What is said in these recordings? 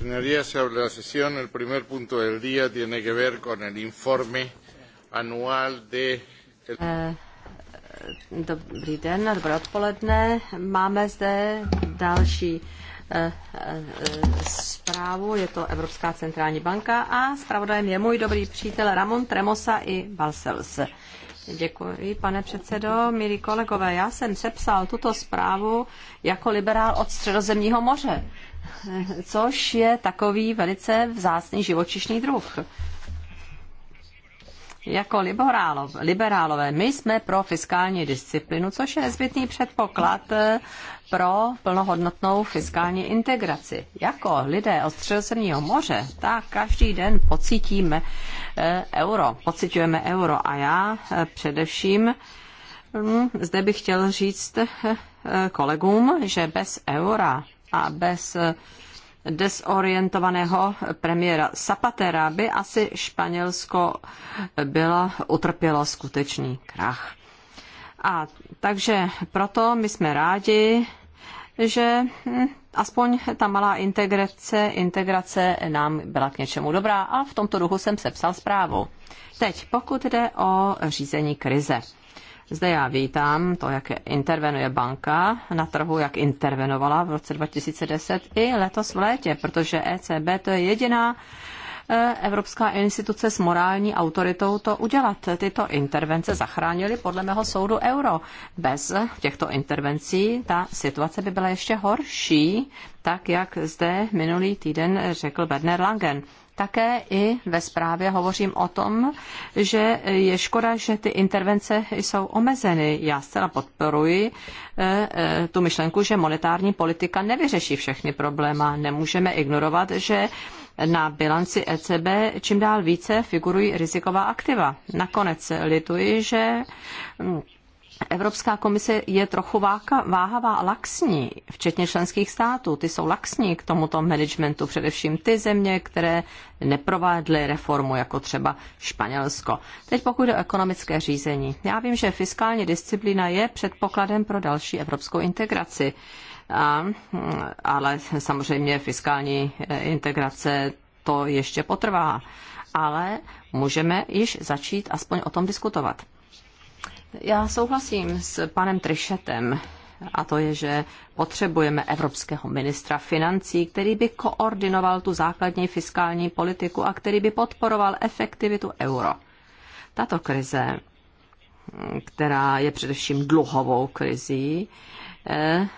Señorías, se abre la sesión. El primer punto del día tiene que ver con el informe anual de. Eh, dobrý den, dobré odpoledne. Máme zde další eh, eh, zprávu, je to Evropská centrální banka a zpravodajem je můj dobrý přítel Ramon Tremosa i Balsels. Děkuji, pane předsedo. Milí kolegové, já jsem sepsal tuto zprávu jako liberál od Středozemního moře, což je takový velice vzácný živočišný druh jako liberálov, liberálové, my jsme pro fiskální disciplinu, což je nezbytný předpoklad eh, pro plnohodnotnou fiskální integraci. Jako lidé od Středozemního moře, tak každý den pocítíme eh, euro, pocitujeme euro a já eh, především hm, zde bych chtěl říct kolegům, že bez eura a bez desorientovaného premiéra Zapatera by asi Španělsko byla, utrpělo skutečný krach. A takže proto my jsme rádi, že hm, aspoň ta malá integrace, integrace nám byla k něčemu dobrá a v tomto duchu jsem sepsal zprávu. Teď, pokud jde o řízení krize. Zde já vítám to, jak intervenuje banka na trhu, jak intervenovala v roce 2010 i letos v létě, protože ECB to je jediná e, evropská instituce s morální autoritou to udělat. Tyto intervence zachránily podle mého soudu euro. Bez těchto intervencí ta situace by byla ještě horší, tak jak zde minulý týden řekl Werner Langen. Také i ve zprávě hovořím o tom, že je škoda, že ty intervence jsou omezeny. Já zcela podporuji eh, eh, tu myšlenku, že monetární politika nevyřeší všechny problémy. Nemůžeme ignorovat, že na bilanci ECB čím dál více figurují riziková aktiva. Nakonec lituji, že hm, Evropská komise je trochu váka, váhavá a laxní, včetně členských států. Ty jsou laxní k tomuto managementu, především ty země, které neprovádly reformu, jako třeba Španělsko. Teď pokud jde o ekonomické řízení. Já vím, že fiskální disciplína je předpokladem pro další evropskou integraci. A, ale samozřejmě fiskální eh, integrace to ještě potrvá. Ale můžeme již začít aspoň o tom diskutovat. Já souhlasím s panem Trišetem, a to je, že potřebujeme evropského ministra financí, který by koordinoval tu základní fiskální politiku a který by podporoval efektivitu euro. Tato krize, která je především dluhovou krizí, eh,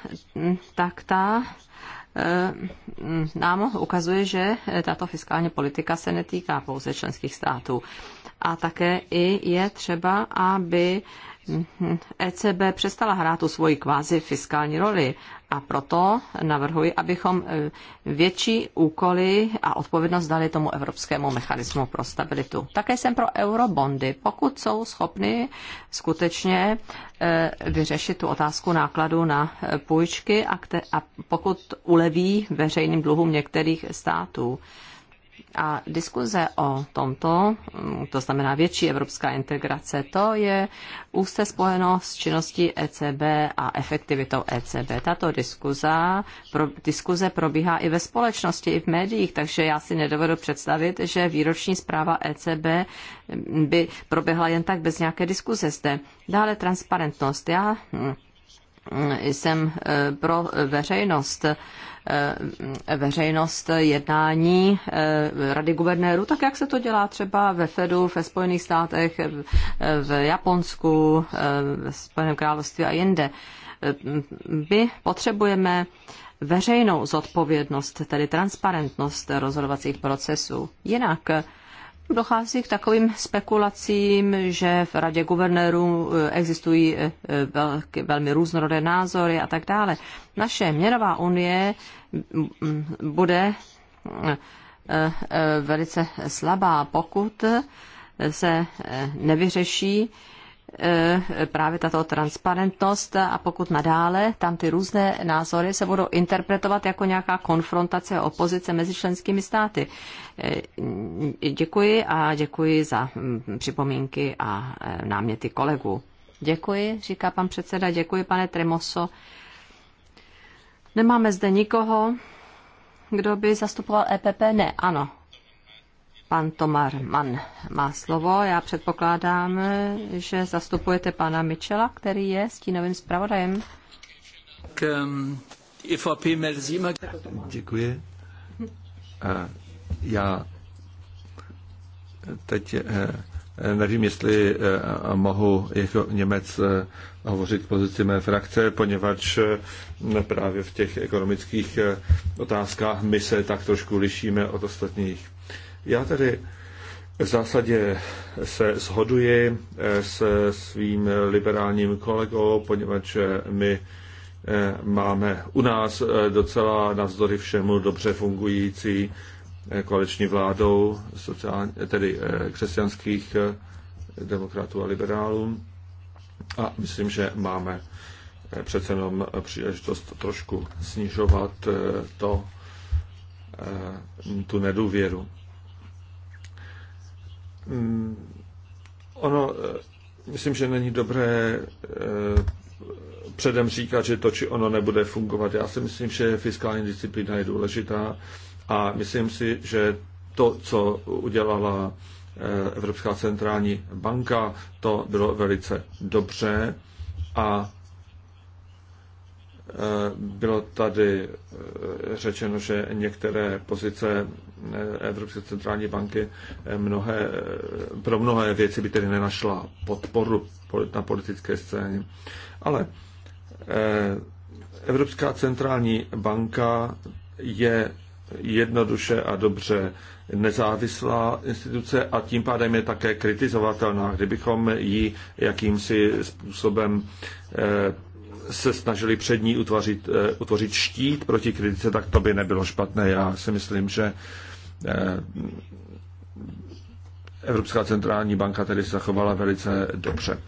tak ta eh, nám ukazuje, že tato fiskální politika se netýká pouze členských států a také i je třeba, aby ECB přestala hrát tu svoji kvázi fiskální roli a proto navrhuji, abychom e, větší úkoly a odpovědnost dali tomu evropskému mechanismu pro stabilitu. Také jsem pro eurobondy, pokud jsou schopny skutečně e, vyřešit tu otázku nákladu na e, půjčky a, a pokud uleví veřejným dluhům některých států. A diskuze o tomto, mm, to znamená větší evropská integrace, to je úzce spojeno s činností ECB a efektivitou ECB. Tato diskuza, pro, diskuze probíhá i ve společnosti, i v médiích, takže já si nedovedu představit, že výroční zpráva ECB mm, by proběhla jen tak bez nějaké diskuze zde. Dále transparentnost. Já mm, jsem e, pro veřejnost Eh, veřejnost jednání eh, Rady guvernérů, tak jak se to dělá třeba ve Fedu, ve Spojených státech, eh, v Japonsku, ve Spojeném království a jinde. My potřebujeme veřejnou zodpovědnost, tedy transparentnost rozhodovacích procesů. Jinak dochází k takovým spekulacím, že v radě guvernérů eh, existují eh, velký, velmi různorodé názory a tak dále. Naše měnová unie mm, mm, bude eh, velice slabá, pokud se nevyřeší E, právě tato transparentnost a pokud nadále tam ty různé názory se budou interpretovat jako nějaká konfrontace a opozice mezi členskými státy. E, děkuji a děkuji za mm, připomínky a e, náměty kolegů. Děkuji, říká pan předseda, děkuji pane Tremoso. Nemáme zde nikoho, kdo by zastupoval EPP? Ne, ano, Pan Tomar Mann má slovo. Já předpokládám, že zastupujete pana Michela, který je stínovým zpravodajem. K, um, ehm, e Děkuji. Já teď eh, nevím, jestli eh, mohu jako Němec eh, hovořit pozici mé frakce, poněvadž právě v těch ekonomických otázkách my se tak trošku lišíme od ostatních. Já tedy v zásadě se shoduji eh, se svým liberálním kolegou, poněvadž eh, my eh, máme u nás docela navzdory všemu dobře fungující koaliční vládou, sociální, tedy křesťanských demokratů a liberálů. A myslím, že máme přece jenom příležitost trošku snižovat to, tu nedůvěru. Mm, ono, eh, myslím, že není dobré eh, předem říkat, že to či ono nebude fungovat. Já si myslím, že fiskální disciplína je důležitá a myslím si, že to, co udělala eh, Evropská centrální banka, to bylo velice dobře a bylo tady řečeno, že některé pozice Evropské centrální banky eh, mnohé, eh, pro mnohé věci by tedy nenašla podporu na politické scéně. Ale eh, Evropská centrální banka je jednoduše a dobře nezávislá instituce a tím pádem je také kritizovatelná. Kdybychom ji jakýmsi způsobem se snažili před ní utvořit, utvořit štít proti kritice, tak to by nebylo špatné. Já si myslím, že Eh, Evropská centrální banka tedy se zachovala velice dobře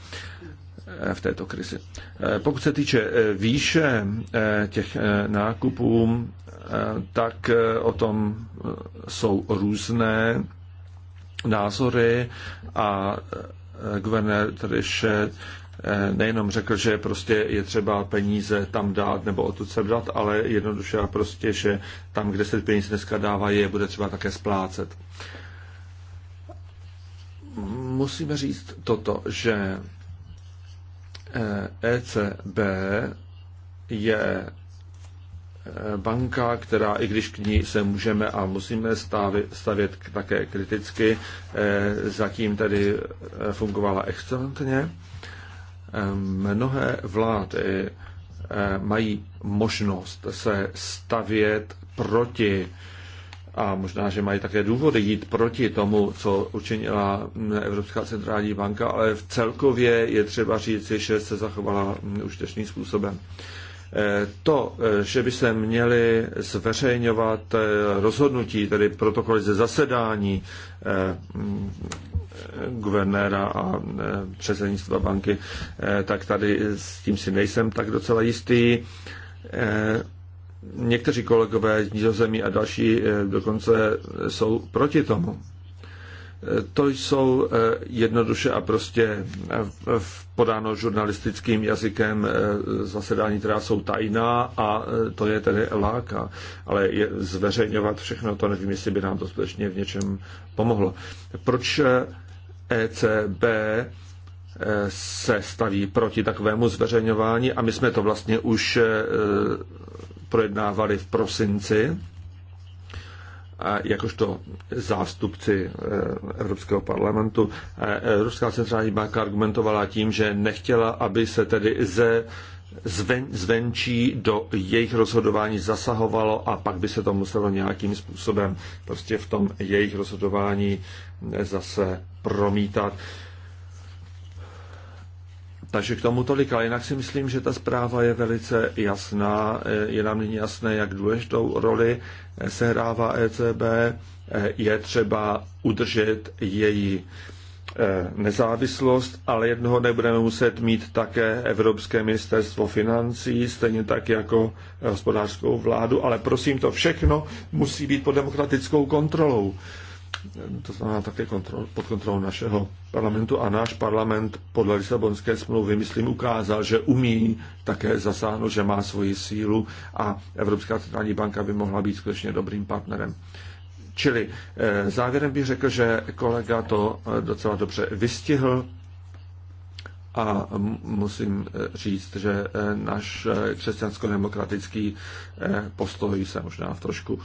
eh, v této krizi. Eh, pokud se týče výše těch nákupů, tak o tom jsou různé názory a guvernér tedy Eh, nejenom řekl, že prostě je třeba peníze tam dát nebo o tu dát, ale jednoduše a prostě, že tam, kde se peníze dneska dávají, je bude třeba také splácet. Musíme říct toto, že ECB eh, e je eh, banka, která i když k ní se můžeme a musíme stavit stavět také kriticky, zatím tedy fungovala excelentně Ehm, mnohé vlády eh, mají možnost se stavět proti a možná, že mají také důvody jít proti tomu, co učinila hm, Evropská centrální banka, ale v celkově je třeba říci, že se zachovala hm, užitečným způsobem. Eh, to, eh, že by se měly zveřejňovat rozhodnutí, tedy protokoly ze zasedání hm, guvernéra a eh, předsednictva banky, eh, tak tady s tím si nejsem tak docela jistý. Eh, někteří kolegové z Nizozemí a další dokonce jsou proti tomu. To jsou jednoduše a prostě podáno žurnalistickým jazykem zasedání, která jsou tajná a to je tedy láka. Ale je, zveřejňovat všechno, to nevím, jestli by nám to skutečně v něčem pomohlo. Proč ECB e, se staví proti takovému zveřejňování a my jsme to vlastně už e, projednávali v prosinci jakožto zástupci e, Evropského parlamentu. Evropská centrální banka argumentovala tím, že nechtěla, aby se tedy ze zven, zvenčí do jejich rozhodování zasahovalo a pak by se to muselo nějakým způsobem prostě v tom jejich rozhodování eh, zase promítat. Takže k tomu tolik, ale jinak si myslím, že ta zpráva je velice jasná. Eh, je nám nyní jasné, jak důležitou roli eh, sehrává ECB. Je třeba udržet její Eh, nezávislost, ale jednoho nebudeme muset mít také Evropské ministerstvo financí, stejně tak jako eh, hospodářskou vládu, ale prosím, to všechno musí být pod demokratickou kontrolou. Eh, to znamená také kontrol, pod kontrolou našeho parlamentu a náš parlament podle Lisabonské smlouvy, myslím, ukázal, že umí také zasáhnout, že má svoji sílu a Evropská centrální banka by mohla být skutečně dobrým partnerem. Čili eh, závěrem bych řekl, že kolega to eh, docela dobře vystihl a musím eh, říct, že náš křesťansko-demokratický postoj se možná v trošku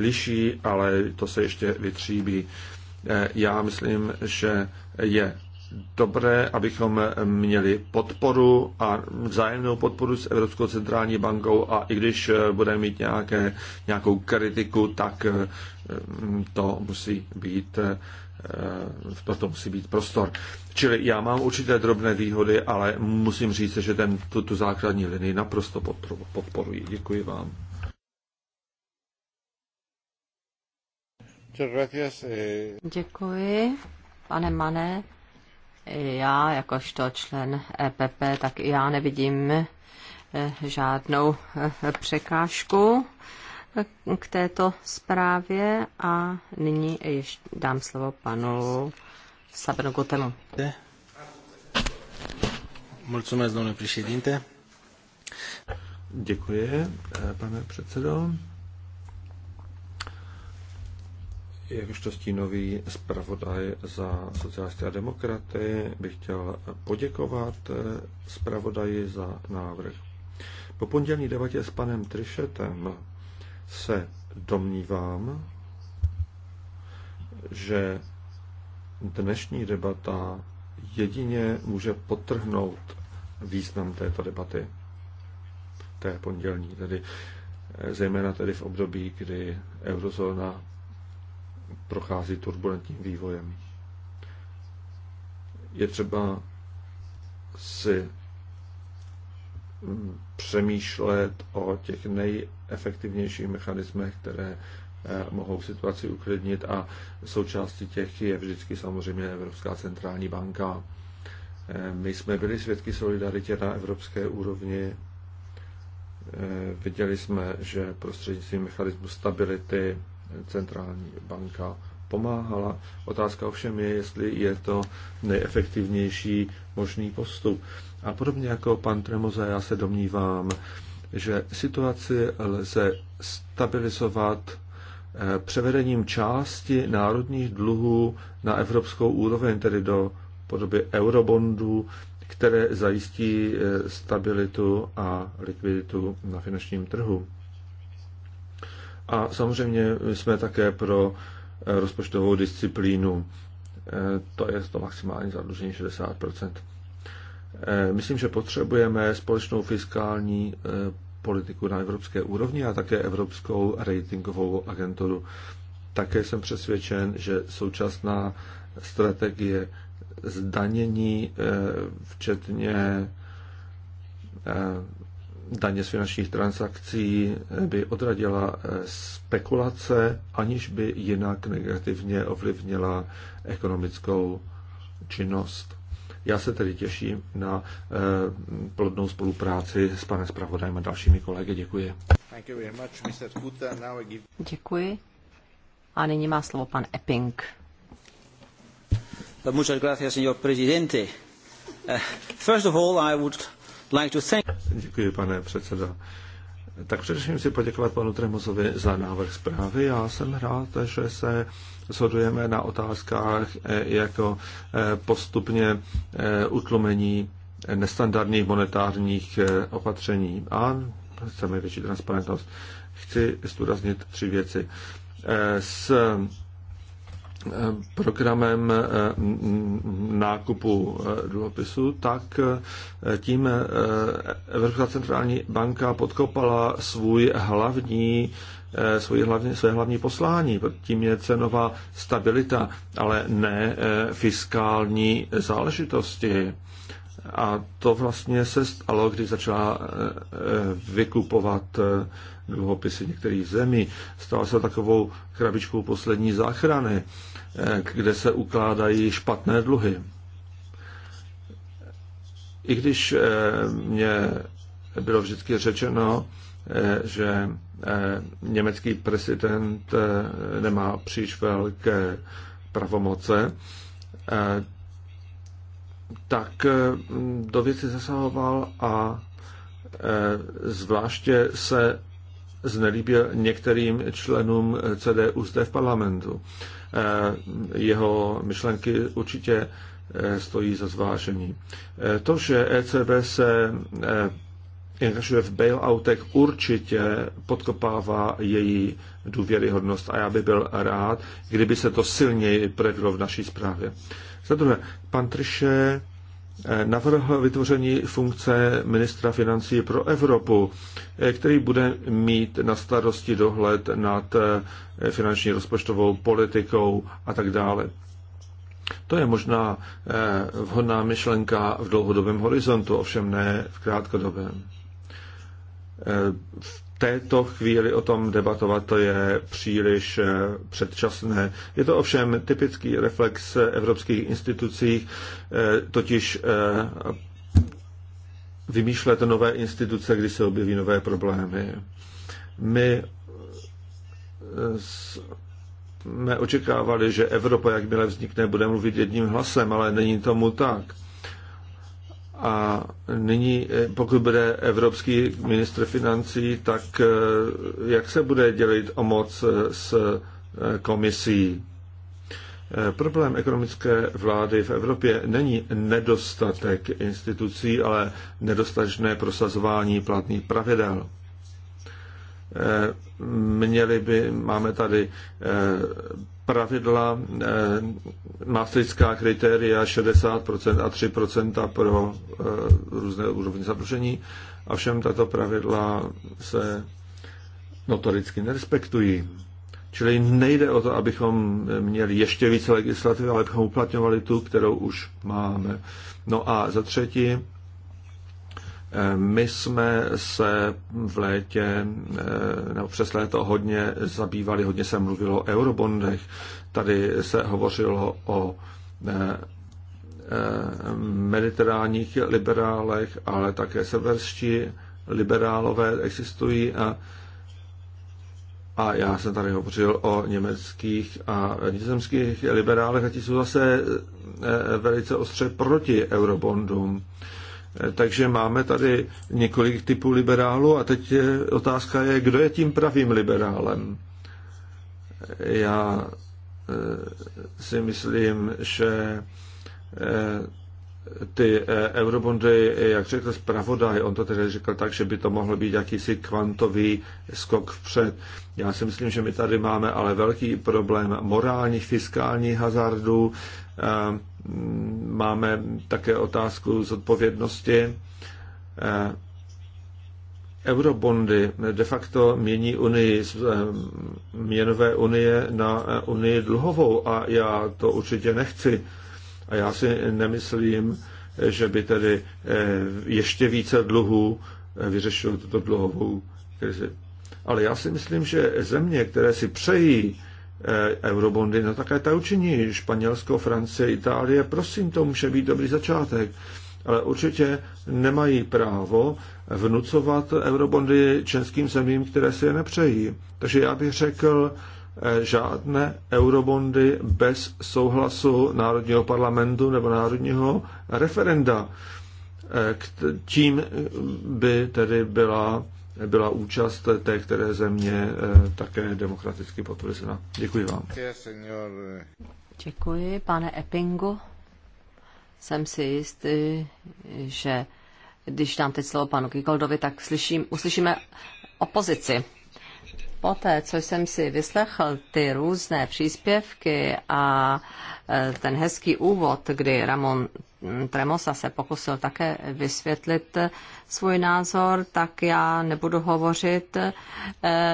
liší, ale to se ještě vytříbí. Já myslím, že je dobré, abychom měli podporu a vzájemnou podporu s Evropskou centrální bankou a i když budeme mít nějaké, nějakou kritiku, tak eh, to musí být proto eh, musí být prostor. Čili já mám určité drobné výhody, ale musím říct, že ten, tu, tu základní linii naprosto podporuji. Děkuji vám. Eh. Děkuji, pane Mané já jakožto člen EPP, tak já nevidím eh, žádnou eh, překážku eh, k této zprávě a nyní ještě dám slovo panu Sabinu Gotemu. Děkuji, pane předsedo. Jakožto stínový zpravodaj za sociální a demokraty bych chtěl poděkovat eh, zpravodaji za návrh. Po pondělní debatě s panem Trišetem se domnívám, že dnešní debata jedině může potrhnout význam této debaty, té pondělní, tedy eh, zejména tedy v období, kdy eurozóna prochází turbulentním vývojem. Je třeba si mm, přemýšlet o těch nejefektivnějších mechanismech, které eh, mohou situaci uklidnit a součástí těch je vždycky samozřejmě Evropská centrální banka. Eh, my jsme byli svědky solidaritě na evropské úrovni. Eh, viděli jsme, že prostřednictvím mechanismu stability centrální banka pomáhala. Otázka ovšem je, jestli je to nejefektivnější možný postup. A podobně jako pan Tremoza, já se domnívám, že situaci lze stabilizovat eh, převedením části národních dluhů na evropskou úroveň, tedy do podoby eurobondů, které zajistí eh, stabilitu a likviditu na finančním trhu. A samozřejmě jsme také pro eh, rozpočtovou disciplínu. Eh, to je to maximální zadlužení 60 eh, Myslím, že potřebujeme společnou fiskální politiku na evropské úrovni a také Evropskou ratingovou agenturu. Také jsem přesvědčen, že současná strategie zdanění, včetně daně z finančních transakcí by odradila eh, spekulace, aniž by jinak negativně ovlivnila ekonomickou činnost. Já se tedy těším na eh, plodnou spolupráci s panem zpravodajem a dalšími kolegy. Děkuji. Děkuji. A nyní má slovo pan Epping. Muchas gracias, señor presidente. Eh, first of all, I would Děkuji, pane předsedo. Tak především si poděkovat panu Tremosovi za návrh zprávy. Já jsem rád, že se shodujeme na otázkách eh, jako eh, postupně eh, utlumení nestandardních monetárních opatření a chceme větší transparentnost. Chci zdůraznit tři věci. S programem eh, nákupu eh, dluhopisu, tak eh, tím Evropská centrální banka podkopala svůj hlavní, svůj hlavní, své hlavní poslání. Tím je cenová stabilita, ale ne fiskální záležitosti. A to vlastně se stalo, když začala vykupovat dluhopisy některých zemí. Stala se takovou krabičkou poslední záchrany. Eh, kde se ukládají špatné dluhy. I když eh, mě bylo vždycky řečeno, eh, že německý prezident nemá příliš velké pravomoce, tak do věci zasahoval a zvláště se znelíbil některým členům CDU zde v parlamentu. Eh, jeho myšlenky určitě eh, stojí za zvážení. Eh, to, že ECB se angažuje v bailoutech, určitě podkopává její důvěryhodnost a já bych byl rád, kdyby se to silněji projevilo v naší zprávě. Za druhé, pan Trše Eh, navrhl vytvoření funkce ministra financí pro Evropu, eh, který bude mít na starosti dohled nad eh, finanční rozpočtovou politikou a tak dále. To je možná vhodná myšlenka v dlouhodobém horizontu, ovšem ne v krátkodobém. V této chvíli o tom debatovat, to je příliš eh, předčasné. Je to ovšem typický reflex evropských institucí, eh, totiž eh, vymýšlet nové instituce, kdy se objeví nové problémy. My jsme očekávali, že Evropa, jakmile vznikne, bude mluvit jedním hlasem, ale není tomu tak. A nyní, eh, pokud bude evropský ministr financí, tak eh, jak se bude dělit o moc eh, s komisí? Problém ekonomické vlády v Evropě není nedostatek institucí, ale nedostatečné prosazování platných pravidel. Měli by, máme tady pravidla, eh, maastrichtská kritéria 60% a 3% pro eh, různé úrovně zadlužení. Avšem tato pravidla se notoricky nerespektují. Čili nejde o to, abychom měli ještě více legislativy, ale abychom uplatňovali tu, kterou už máme. No a za třetí, my jsme se v létě, eh, nebo přes léto hodně zabývali, hodně se mluvilo o eurobondech. Tady se hovořilo o eh, eh, mediteránních liberálech, ale také severští liberálové existují a, a já jsem tady hovořil o německých a nizozemských liberálech a ti jsou zase velice ostře proti eurobondům. Eh, takže máme tady několik typů liberálů a teď je, otázka je, kdo je tím pravým liberálem. Eh, já eh, si myslím, že ty eurobondy, jak řekl zpravodaj, on to tedy řekl tak, že by to mohl být jakýsi kvantový skok vpřed. Já si myslím, že my tady máme ale velký problém morálních fiskálních hazardů, Máme také otázku z odpovědnosti. Eurobondy de facto mění unii z e, měnové unie na e, unii dluhovou a já to určitě nechci. A já si nemyslím, že by tedy e, ještě více dluhů vyřešilo tuto dluhovou krizi. Ale já si myslím, že země, které si přejí Eh, eurobondy, no také ta učiní Španělsko, Francie, Itálie, prosím, to může být dobrý začátek. Ale určitě nemají právo vnucovat eurobondy českým zemím, které si je nepřejí. Takže já bych řekl, eh, žádné eurobondy bez souhlasu Národního parlamentu nebo Národního referenda. Eh, tím by tedy byla byla účast té které země eh, také demokraticky potvrzena. Děkuji vám. Děkuji, pane Eppingu. Jsem si jistý, eh, že když dám teď slovo panu Kikoldovi, tak slyším, uslyšíme opozici poté, co jsem si vyslechl ty různé příspěvky a e, ten hezký úvod, kdy Ramon Tremosa se pokusil také vysvětlit svůj názor, tak já nebudu hovořit e,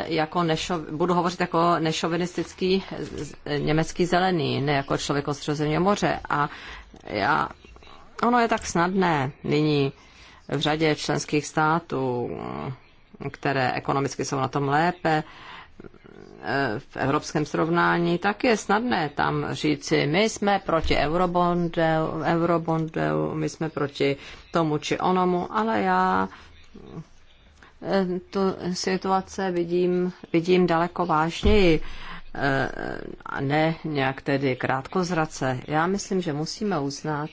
jako nešo, budu hovořit jako nešovinistický e, německý zelený, ne jako člověk o Středozemního moře. A já, ono je tak snadné nyní v řadě členských států které ekonomicky jsou na tom lépe, e, v evropském srovnání, tak je snadné tam říci, my jsme proti eurobondu, my jsme proti tomu či onomu, ale já e, tu situace vidím, vidím daleko vážněji e, a ne nějak tedy krátkozrace. Já myslím, že musíme uznat,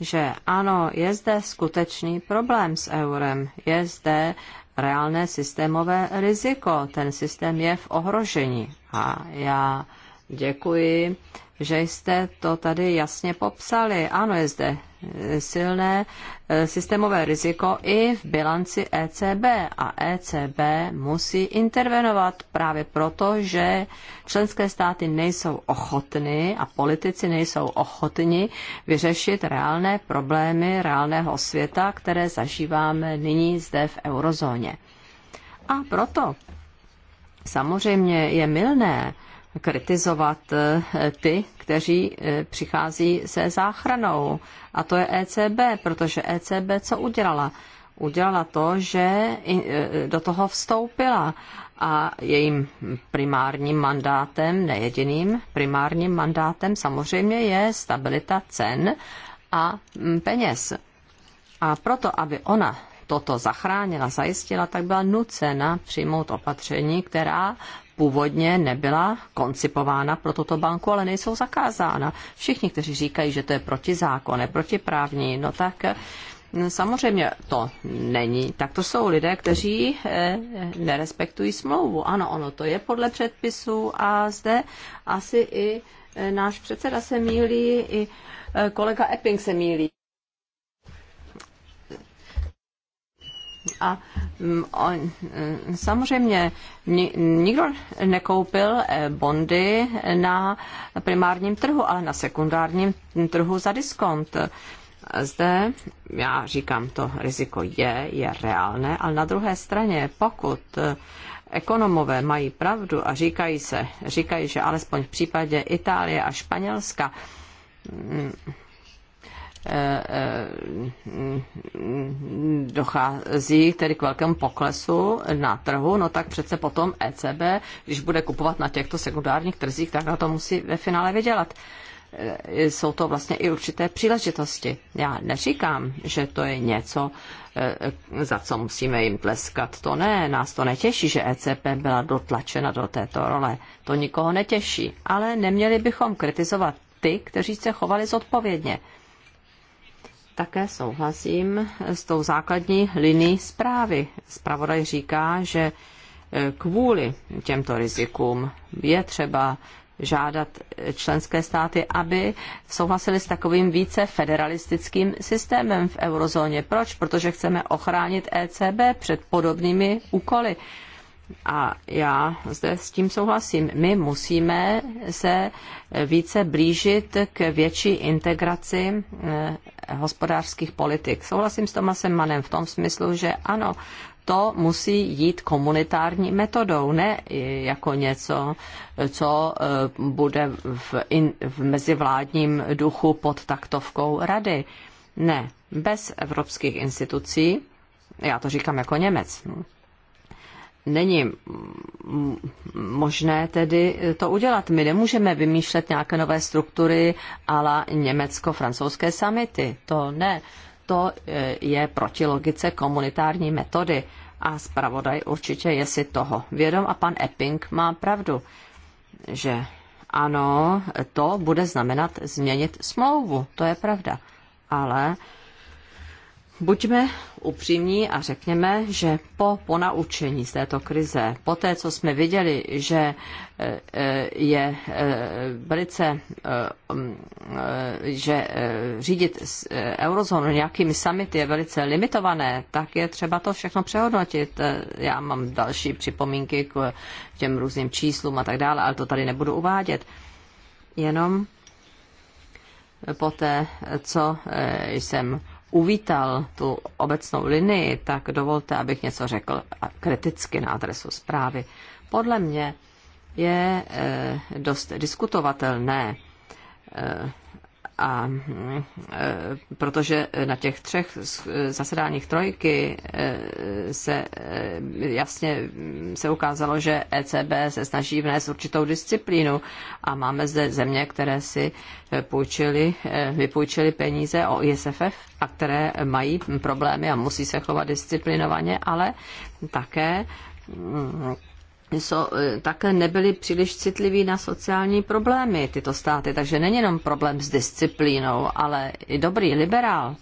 že ano, je zde skutečný problém s eurem, je zde reálné systémové riziko. Ten systém je v ohrožení. A já děkuji, že jste to tady jasně popsali. Ano, je zde silné eh, systémové riziko i v bilanci ECB a ECB musí intervenovat právě proto, že členské státy nejsou ochotny a politici nejsou ochotni vyřešit reálné problémy reálného světa, které zažíváme nyní zde v eurozóně. A proto samozřejmě je milné kritizovat eh, ty, kteří e, přichází se záchranou. A to je ECB, protože ECB co udělala? Udělala to, že e, do toho vstoupila a jejím primárním mandátem, nejediným primárním mandátem samozřejmě je stabilita cen a peněz. A proto, aby ona toto zachránila, zajistila, tak byla nucena přijmout opatření, která původně nebyla koncipována pro tuto banku, ale nejsou zakázána. Všichni, kteří říkají, že to je protizákonné, protiprávní, no tak mm, Samozřejmě to není. Tak to jsou lidé, kteří eh, nerespektují smlouvu. Ano, ono to je podle předpisů a zde asi i eh, náš předseda se mílí, i eh, kolega Epping se mílí. A mm, on, mm, samozřejmě nikdo nekoupil eh, bondy na primárním trhu, ale na sekundárním trhu za diskont. Zde, já říkám, to riziko je, je reálné, ale na druhé straně, pokud eh, ekonomové mají pravdu a říkají se, říkají, že alespoň v případě Itálie a Španělska mm, Eh, eh, dochází tedy k velkému poklesu na trhu, no tak přece potom ECB, když bude kupovat na těchto sekundárních trzích, tak na to musí ve finále vydělat eh, jsou to vlastně i určité příležitosti. Já neříkám, že to je něco, za co musíme jim tleskat. To ne, nás to netěší, že ECP byla dotlačena do této role. To nikoho netěší. Ale neměli bychom kritizovat ty, kteří se chovali zodpovědně. Také souhlasím s tou základní linií zprávy. Spravodaj říká, že e, kvůli těmto rizikům je třeba žádat členské státy, aby souhlasili s takovým více federalistickým systémem v eurozóně. Proč? Protože chceme ochránit ECB před podobnými úkoly. A já zde s tím souhlasím. My musíme se více blížit k větší integraci eh, hospodářských politik. Souhlasím s Tomasem Manem v tom smyslu, že ano, to musí jít komunitární metodou, ne eh, jako něco, co eh, bude v, in, v mezivládním duchu pod taktovkou rady. Ne, bez evropských institucí, já to říkám jako Němec, není možné tedy to udělat. My nemůžeme vymýšlet nějaké nové struktury ale německo-francouzské samity. To ne. To e, je proti logice komunitární metody. A zpravodaj určitě je si toho vědom a pan Epping má pravdu, že ano, to bude znamenat změnit smlouvu. To je pravda. Ale uh, Buďme upřímní a řekněme, že po ponaučení z této krize, po té, co jsme viděli, že e, e, je e, velice, že řídit eurozónu nějakými summity je velice limitované, tak je třeba to všechno přehodnotit. Já mám další připomínky k těm různým číslům a tak dále, ale to tady nebudu uvádět. Jenom po té, co jsem uvítal tu obecnou linii, tak dovolte, abych něco řekl kriticky na adresu zprávy. Podle mě je eh, dost diskutovatelné eh, a eh, protože na těch třech zasedáních trojky eh, se eh, jasně se ukázalo, že ECB se snaží vnést určitou disciplínu a máme zde země, které si půjčili, vypůjčili peníze o ISFF a které mají problémy a musí se chovat disciplinovaně, ale také mm, E, také nebyly příliš citliví na sociální problémy tyto státy. Takže není jenom problém s disciplínou, ale i dobrý liberál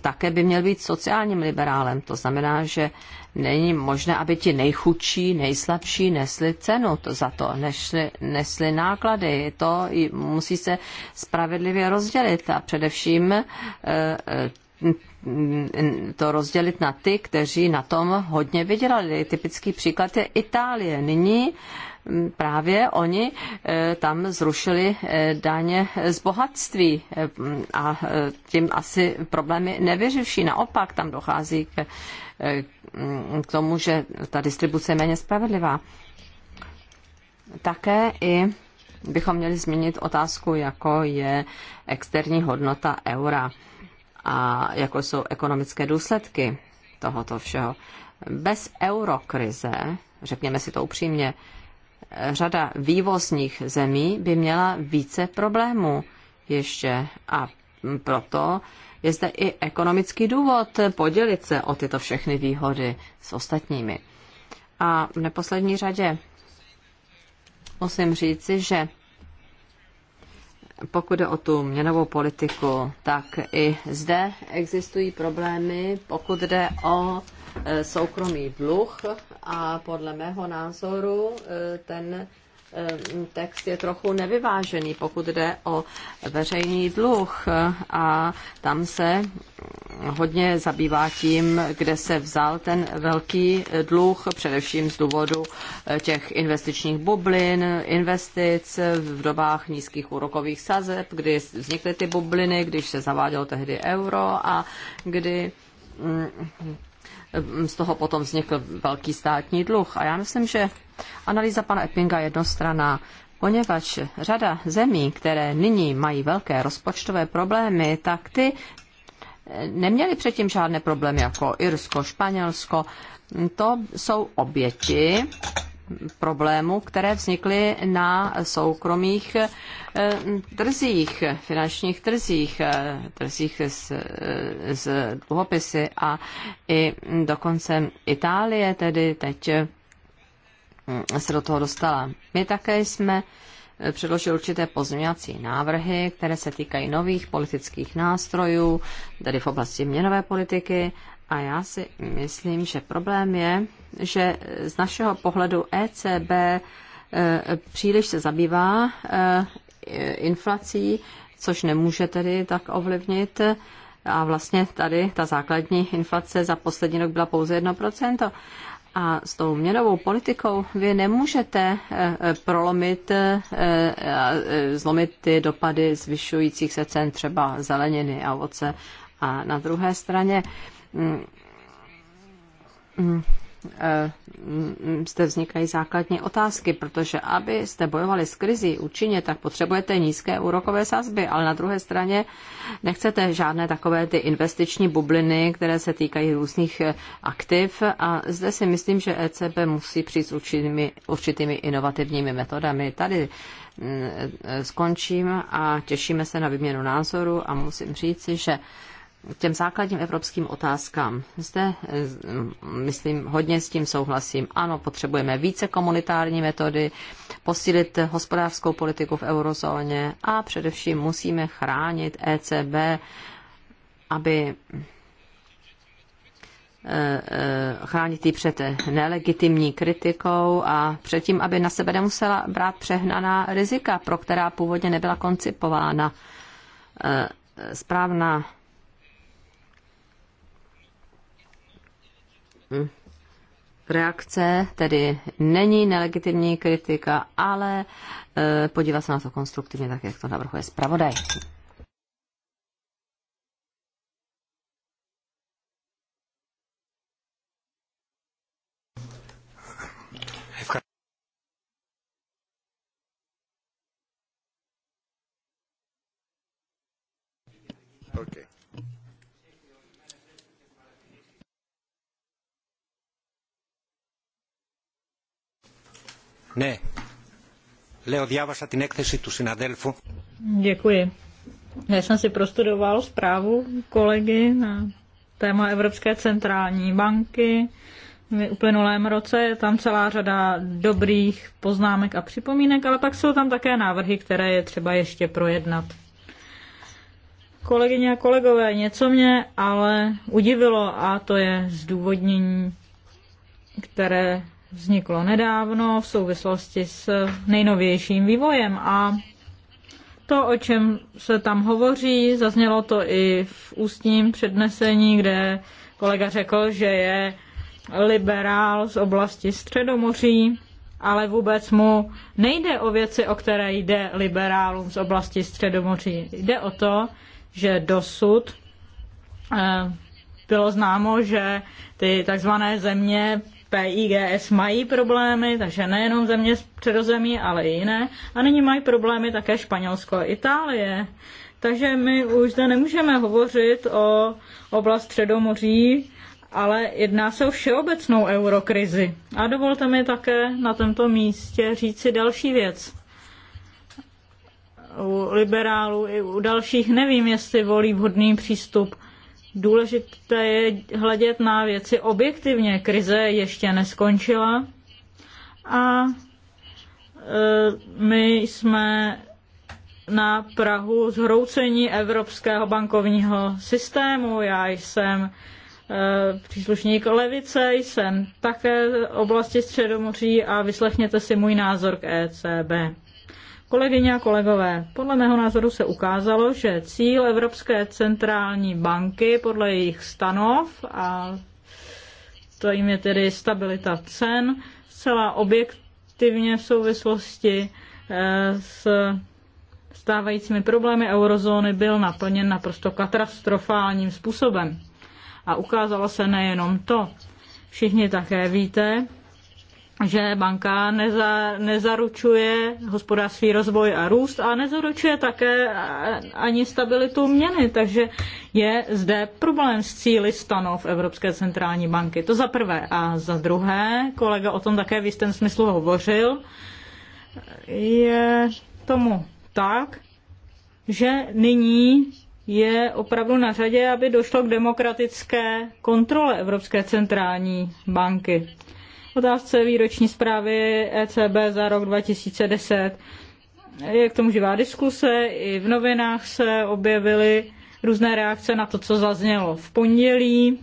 také by měl být sociálním liberálem. To znamená, že není možné, aby ti nejchudší, nejslabší nesli cenu to za to, nesli, nesli náklady. To musí se spravedlivě rozdělit a především e, e, to rozdělit na ty, kteří na tom hodně vydělali. Typický příklad je Itálie. Nyní mm, právě oni eh, tam zrušili eh, daně z bohatství eh, a tím asi problémy nevyřeší. Naopak tam dochází k, k tomu, že ta distribuce je méně spravedlivá. Také i bychom měli zmínit otázku, jako je externí hodnota eura a jako jsou ekonomické důsledky tohoto všeho. Bez eurokrize, řekněme si to upřímně, řada vývozních zemí by měla více problémů ještě a proto je zde i ekonomický důvod podělit se o tyto všechny výhody s ostatními. A v neposlední řadě musím říci, že pokud jde o tu měnovou politiku, tak i zde existují problémy, pokud jde o e, soukromý dluh a podle mého názoru e, ten Ehm, text je trochu nevyvážený, pokud jde o veřejný dluh a tam se hodně zabývá tím, kde se vzal ten velký dluh, především z důvodu eh, těch investičních bublin, investic v dobách nízkých úrokových sazeb, kdy vznikly ty bubliny, když se zavádělo tehdy euro a kdy mm, Eh, z toho potom vznikl velký státní dluh. A já myslím, že analýza pana Eppinga je jednostraná, poněvadž řada zemí, které nyní mají velké rozpočtové problémy, tak ty eh, neměly předtím žádné problémy jako Irsko, Španělsko. To jsou oběti problémů, které vznikly na soukromých eh, trzích, finančních trzích, eh, trzích s, s eh, dluhopisy a i dokonce Itálie tedy teď se do toho dostala. My také jsme předložil určité pozměňovací návrhy, které se týkají nových politických nástrojů, tedy v oblasti měnové politiky a já si myslím, že problém je, že z našeho pohledu ECB eh, příliš se zabývá eh, inflací, což nemůže tedy tak ovlivnit. A vlastně tady ta základní inflace za poslední rok byla pouze 1%. A s tou měnovou politikou vy nemůžete eh, prolomit, zlomit ty dopady zvyšujících se cen třeba zeleniny a ovoce. A na druhé straně Mm, mm, mm, zde vznikají základní otázky, protože abyste bojovali s krizí účinně, tak potřebujete nízké úrokové sazby, ale na druhé straně nechcete žádné takové ty investiční bubliny, které se týkají různých eh, aktiv a zde si myslím, že ECB musí přijít s určitými, určitými inovativními metodami. Tady eh, skončím a těšíme se na výměnu názoru a musím říci, že těm základním evropským otázkám. Zde, eh, myslím, hodně s tím souhlasím. Ano, potřebujeme více komunitární metody, posílit hospodářskou politiku v eurozóně a především musíme chránit ECB, aby eh, eh, chránit ji před nelegitimní kritikou a před tím, aby na sebe nemusela brát přehnaná rizika, pro která původně nebyla koncipována. Správná reakce tedy není nelegitimní kritika, ale e, podívat se na to konstruktivně, tak jak to navrhuje zpravodaj. Okay. Ne. Děkuji. Já jsem si prostudoval zprávu kolegy na téma Evropské centrální banky. V uplynulém roce je tam celá řada dobrých poznámek a připomínek, ale pak jsou tam také návrhy, které je třeba ještě projednat. Kolegyně a kolegové, něco mě ale udivilo a to je zdůvodnění, které vzniklo nedávno v souvislosti s nejnovějším vývojem a to, o čem se tam hovoří, zaznělo to i v ústním přednesení, kde kolega řekl, že je liberál z oblasti Středomoří, ale vůbec mu nejde o věci, o které jde liberálům z oblasti Středomoří. Jde o to, že dosud eh, bylo známo, že ty takzvané země PIGS mají problémy, takže nejenom země z předozemí, ale i jiné. A nyní mají problémy také Španělsko a Itálie. Takže my už zde nemůžeme hovořit o oblast Středomoří, ale jedná se o všeobecnou eurokrizi. A dovolte mi také na tomto místě říci další věc. U liberálů i u dalších nevím, jestli volí vhodný přístup Důležité je hledět na věci objektivně. Krize ještě neskončila a e, my jsme na Prahu zhroucení evropského bankovního systému. Já jsem e, příslušník levice, jsem také oblasti Středomoří a vyslechněte si můj názor k ECB. Kolegyně a kolegové, podle mého názoru se ukázalo, že cíl Evropské centrální banky podle jejich stanov, a to jim je tedy stabilita cen, celá objektivně v souvislosti eh, s stávajícími problémy eurozóny byl naplněn naprosto katastrofálním způsobem. A ukázalo se nejenom to. Všichni také víte, že banka neza, nezaručuje hospodářský rozvoj a růst a nezaručuje také ani stabilitu měny, takže je zde problém s cíly stanov Evropské centrální banky. To za prvé. A za druhé, kolega o tom také v jistém smyslu hovořil, je tomu tak, že nyní je opravdu na řadě, aby došlo k demokratické kontrole Evropské centrální banky otázce výroční zprávy ECB za rok 2010. Je k tomu živá diskuse, i v novinách se objevily různé reakce na to, co zaznělo v pondělí.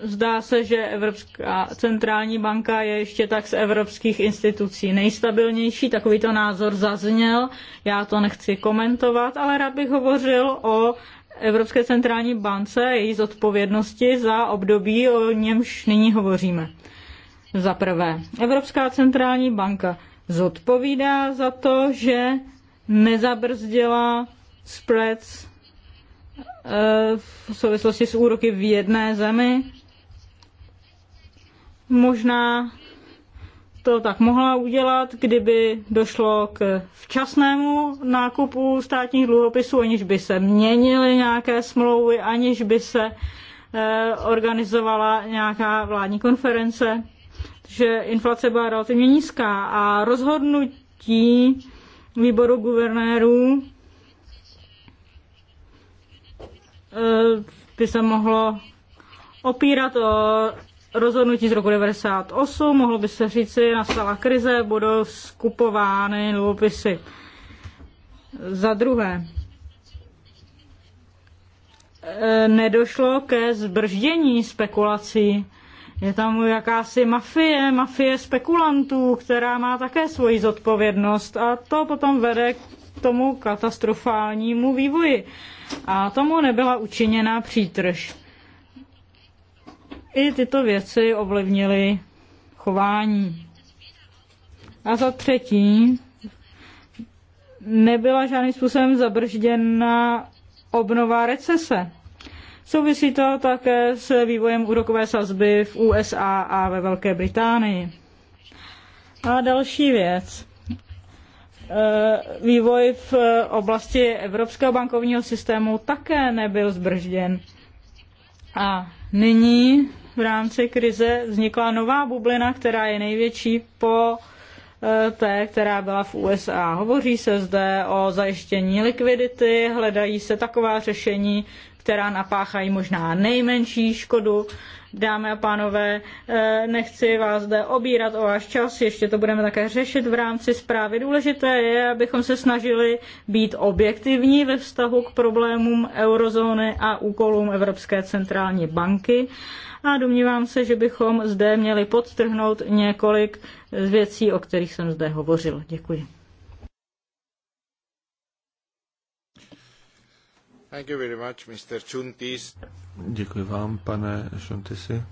Zdá se, že Evropská centrální banka je ještě tak z evropských institucí nejstabilnější. Takovýto názor zazněl. Já to nechci komentovat, ale rád bych hovořil o Evropské centrální bance její zodpovědnosti za období, o němž nyní hovoříme. Za prvé, Evropská centrální banka zodpovídá za to, že nezabrzdila spreads eh, v souvislosti s úroky v jedné zemi. Možná to tak mohla udělat, kdyby došlo k včasnému nákupu státních dluhopisů, aniž by se měnily nějaké smlouvy, aniž by se eh, organizovala nějaká vládní konference, že inflace byla relativně nízká a rozhodnutí výboru guvernérů eh, by se mohlo opírat o rozhodnutí z roku 98, mohlo by se říci, nastala krize, budou skupovány dluhopisy. Za druhé, e, nedošlo ke zbrždění spekulací. Je tam jakási mafie, mafie spekulantů, která má také svoji zodpovědnost a to potom vede k tomu katastrofálnímu vývoji. A tomu nebyla učiněna přítrž i tyto věci ovlivnily chování. A za třetí, nebyla žádným způsobem zabržděna obnova recese. Souvisí to také s vývojem úrokové sazby v USA a ve Velké Británii. A další věc. E, vývoj v oblasti evropského bankovního systému také nebyl zbržděn. A nyní v rámci krize vznikla nová bublina, která je největší po eh, té, která byla v USA. Hovoří se zde o zajištění likvidity, hledají se taková řešení, která napáchají možná nejmenší škodu Dámy a pánové, eh, nechci vás zde obírat o váš čas, ještě to budeme také řešit v rámci zprávy. Důležité je, abychom se snažili být objektivní ve vztahu k problémům eurozóny a úkolům Evropské centrální banky a domnívám se, že bychom zde měli podtrhnout několik z věcí, o kterých jsem zde hovořil. Děkuji. Děkuji vám, pane Šuntisi.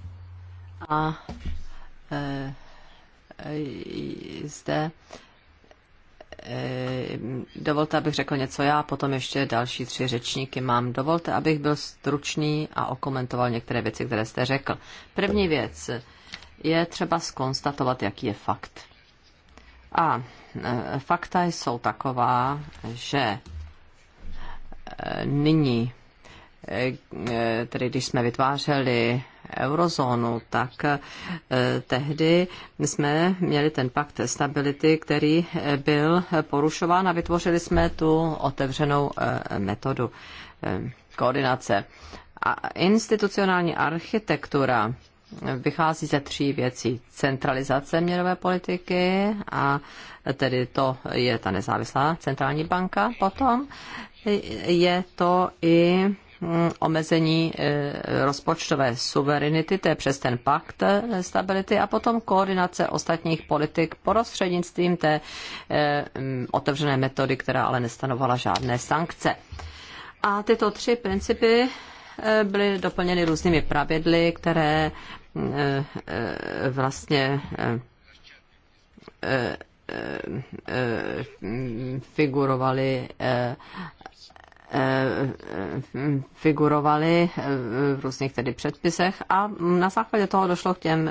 A e, e, e, dovolte, abych řekl něco já, potom ještě další tři řečníky mám. Dovolte, abych byl stručný a okomentoval některé věci, které jste řekl. První věc je třeba skonstatovat, jaký je fakt. A e, fakta jsou taková, že nyní, eh, tedy když jsme vytvářeli eurozónu, tak eh, tehdy jsme měli ten pakt stability, který byl porušován a vytvořili jsme tu otevřenou eh, metodu koordinace. A institucionální architektura vychází ze tří věcí. Centralizace měnové politiky, a tedy to je ta nezávislá centrální banka potom, je to i mm, omezení e, rozpočtové suverenity, to je přes ten pakt e, stability a potom koordinace ostatních politik prostřednictvím té e, mm, otevřené metody, která ale nestanovala žádné sankce. A tyto tři principy Eh, byly doplněny různými pravidly, které eh, eh, vlastně figurovaly figurovaly v různých tedy předpisech a na základě toho došlo k těm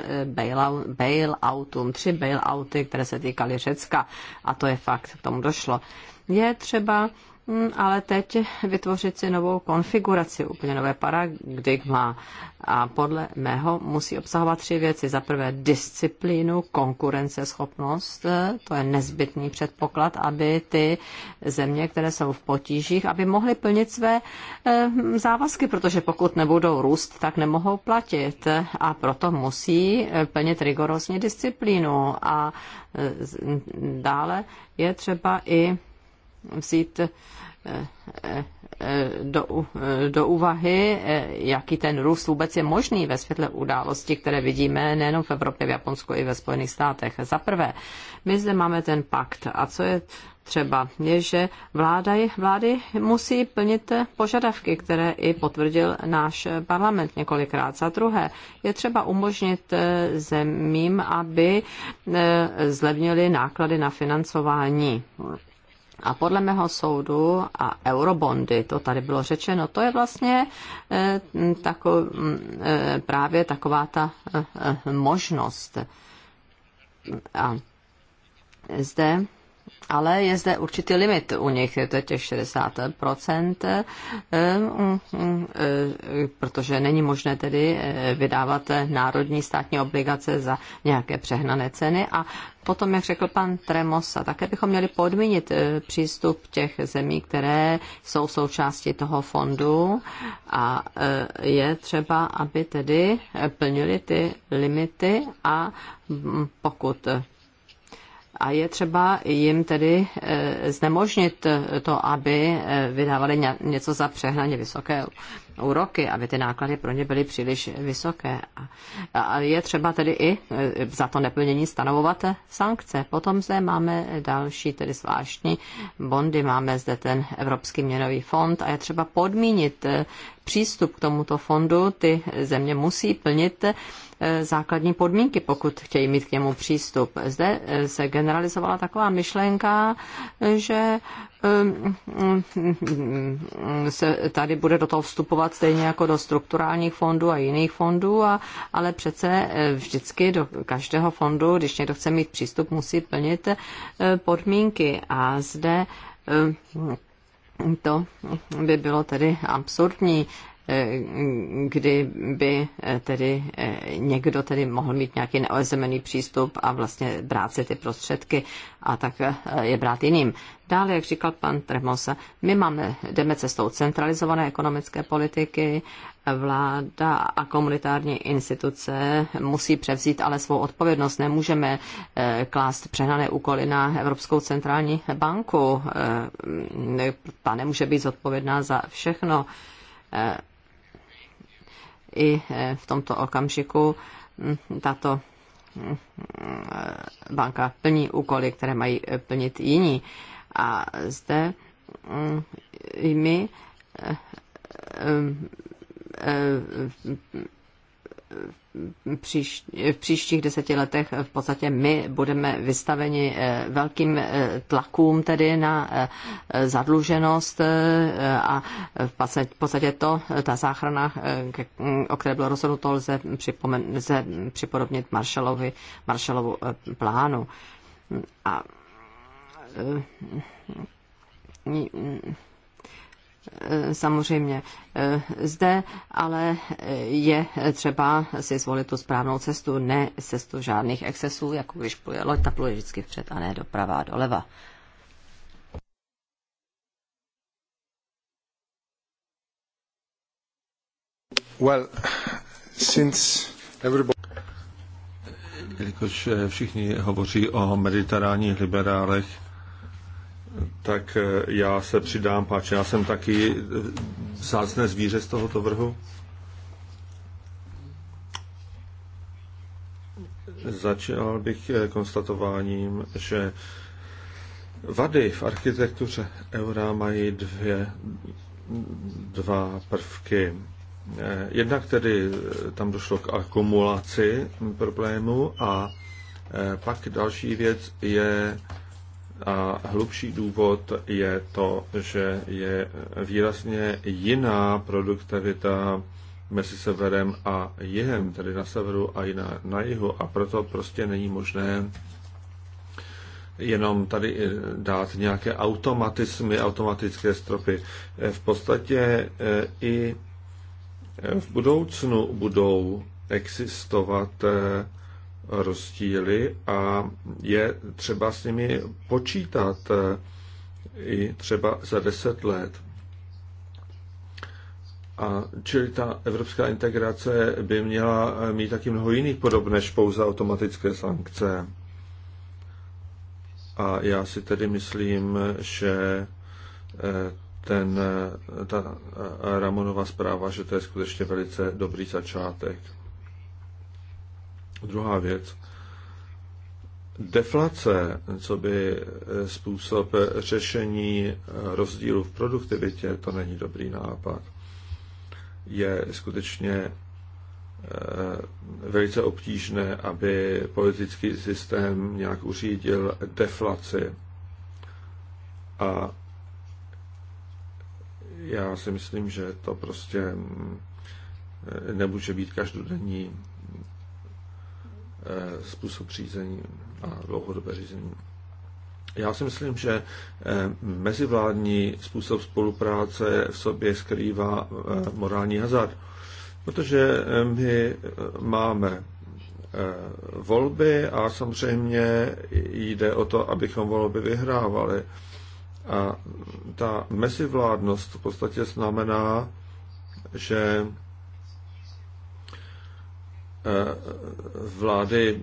bailoutům, tři bailouty, které se týkaly Řecka a to je fakt, k tomu došlo. Je třeba Hmm, ale teď vytvořit si novou konfiguraci, úplně nové paradigma. A podle mého musí obsahovat tři věci. Za prvé disciplínu, konkurenceschopnost, to je nezbytný předpoklad, aby ty země, které jsou v potížích, aby mohly plnit své eh, závazky, protože pokud nebudou růst, tak nemohou platit a proto musí eh, plnit rigorózně disciplínu. A eh, dále je třeba i vzít eh, eh, eh, do, do úvahy, jaký ten růst vůbec je možný ve světle událostí, které vidíme nejenom v Evropě, v Japonsku i ve Spojených státech. Za prvé, my zde máme ten pakt a co je třeba, je, že vláda, vlády musí plnit požadavky, které i potvrdil náš parlament několikrát. Za druhé, je třeba umožnit zemím, aby zlevnili náklady na financování a podle mého soudu a eurobondy, to tady bylo řečeno, to je vlastně eh, tako, mm, eh, právě taková ta eh, možnost. A zde ale je zde určitý limit u nich, je to těch 60%, eh, mm, mm, eh, protože není možné tedy eh, vydávat národní státní obligace za nějaké přehnané ceny a Potom, jak řekl pan Tremosa, také bychom měli podmínit přístup těch zemí, které jsou součástí toho fondu a je třeba, aby tedy plnili ty limity a mm, pokud a je třeba jim tedy eh, znemožnit to, aby eh, vydávali něco za přehnaně vysoké úroky, aby ty náklady pro ně byly příliš vysoké. A je třeba tedy i eh, za to neplnění stanovovat sankce. Potom zde máme další tedy zvláštní bondy, máme zde ten Evropský měnový fond a je třeba podmínit přístup k tomuto fondu. Ty země musí plnit Eh, základní podmínky, pokud chtějí mít k němu přístup. Zde eh, se generalizovala taková myšlenka, eh, že mm, mm, se tady bude do toho vstupovat stejně jako do strukturálních fondů a jiných fondů, a, ale přece vždycky do každého fondu, když někdo chce mít přístup, musí plnit podmínky. A zde to by bylo tedy absurdní Eh, kdyby eh, tedy eh, někdo tedy mohl mít nějaký neozemený přístup a vlastně brát si ty prostředky a tak je brát jiným. Dále, jak říkal pan Tremosa, my máme, jdeme cestou centralizované ekonomické politiky, vláda a komunitární instituce musí převzít ale svou odpovědnost. Nemůžeme klást přehnané úkoly na Evropskou centrální banku. Ta nemůže být zodpovědná za všechno i e, v tomto okamžiku tato banka plní úkoly, které mají e, plnit jiní. A zde my e, příš, v příštích deseti letech v podstatě my budeme vystaveni eh, velkým eh, tlakům tedy na eh, zadluženost a v podstatě to, ta záchrana, mm, o které bylo rozhodnuto, lze, lze připodobnit Marshallovi, Marshallovu plánu. A Eh, samozřejmě eh, zde, ale eh, je třeba si zvolit tu správnou cestu, ne cestu žádných excesů, jako když pluje loď, ta pluje vždycky vpřed a ne doprava a doleva. Well, since everybody... Jelikož všichni hovoří o mediteránních liberálech, tak eh, já se přidám, páč, já jsem taky eh, vzácné zvíře z tohoto vrhu. Začal bych eh, konstatováním, že vady v architektuře eura mají dvě, dva prvky. Jednak tedy tam došlo k akumulaci problému a pak další věc je a hlubší důvod je to, že je výrazně jiná produktivita mezi severem a jihem, tedy na severu a jiná na jihu. A proto prostě není možné jenom tady eh, dát nějaké automatismy, automatické stropy. Eh, v podstatě eh, i v budoucnu budou existovat rozdíly a je třeba s nimi počítat eh, i třeba za deset let. A čili ta evropská integrace by měla mít taky mnoho jiných podob než pouze automatické sankce. A já si tedy myslím, že eh, ten, eh, ta Ramonova zpráva, že to je skutečně velice dobrý začátek. Druhá věc. Deflace, co by způsob řešení rozdílu v produktivitě, to není dobrý nápad. Je skutečně eh, velice obtížné, aby politický systém nějak uřídil deflaci. A já si myslím, že to prostě mm, nemůže být každodenní Eh, způsob řízení a dlouhodobé řízení. Já si myslím, že eh, mezivládní způsob spolupráce v sobě skrývá eh, morální hazard, protože my máme volby a samozřejmě jde o to, abychom volby vyhrávali. A ta mezivládnost v podstatě znamená, že Eh, vlády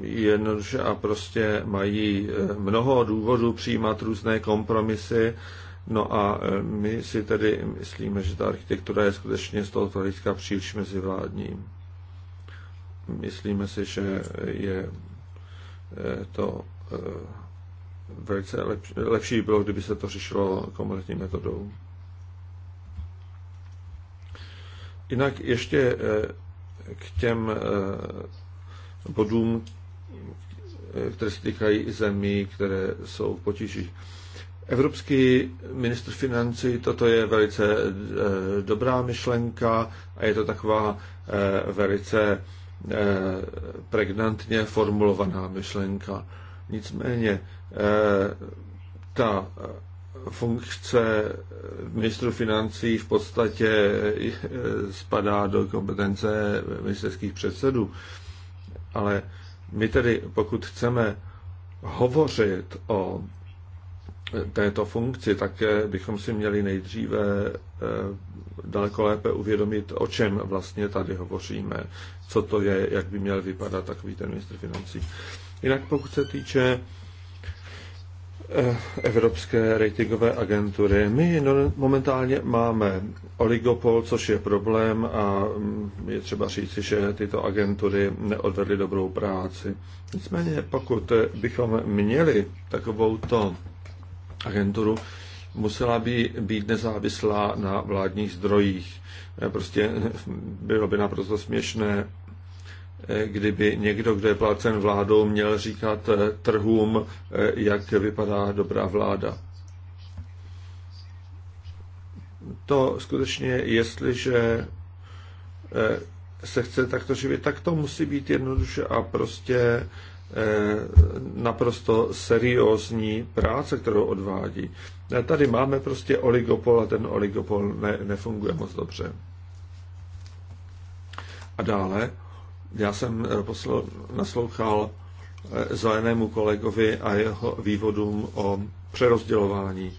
jednoduše a prostě mají eh, mnoho důvodů přijímat různé kompromisy, No a eh, my si tedy myslíme, že ta architektura je skutečně z tohoto hlediska příliš mezivládní. Myslíme si, že je to velice lepší, lepší bylo, kdyby se to řešilo komunitní metodou. Jinak ještě k těm eh, bodům, eh, které se týkají zemí, které jsou v potíži. Evropský ministr financí, toto je velice eh, dobrá myšlenka a je to taková velice pregnantně formulovaná myšlenka. Nicméně ta funkce ministru financí v podstatě e, spadá do kompetence ministerských předsedů. Ale my tedy, pokud chceme hovořit o této funkci, tak e, bychom si měli nejdříve e, daleko lépe uvědomit, o čem vlastně tady hovoříme, co to je, jak by měl vypadat takový ten ministr financí. Jinak pokud se týče Eh, Evropské ratingové agentury. My no, momentálně máme oligopol, což je problém a mm, je třeba říci, že tyto agentury neodvedly dobrou práci. Nicméně, pokud bychom měli takovouto agenturu, musela by být nezávislá na vládních zdrojích. Eh, prostě hm, bylo by naprosto směšné kdyby někdo, kdo je placen vládou, měl říkat eh, trhům, eh, jak vypadá dobrá vláda. To skutečně, jestliže eh, se chce takto živit, tak to musí být jednoduše a prostě naprosto seriózní práce, kterou odvádí. Tady máme prostě oligopol a ten oligopol ne, nefunguje moc dobře. A dále, já jsem eh, posl- naslouchal eh, zelenému kolegovi a jeho vývodům o přerozdělování.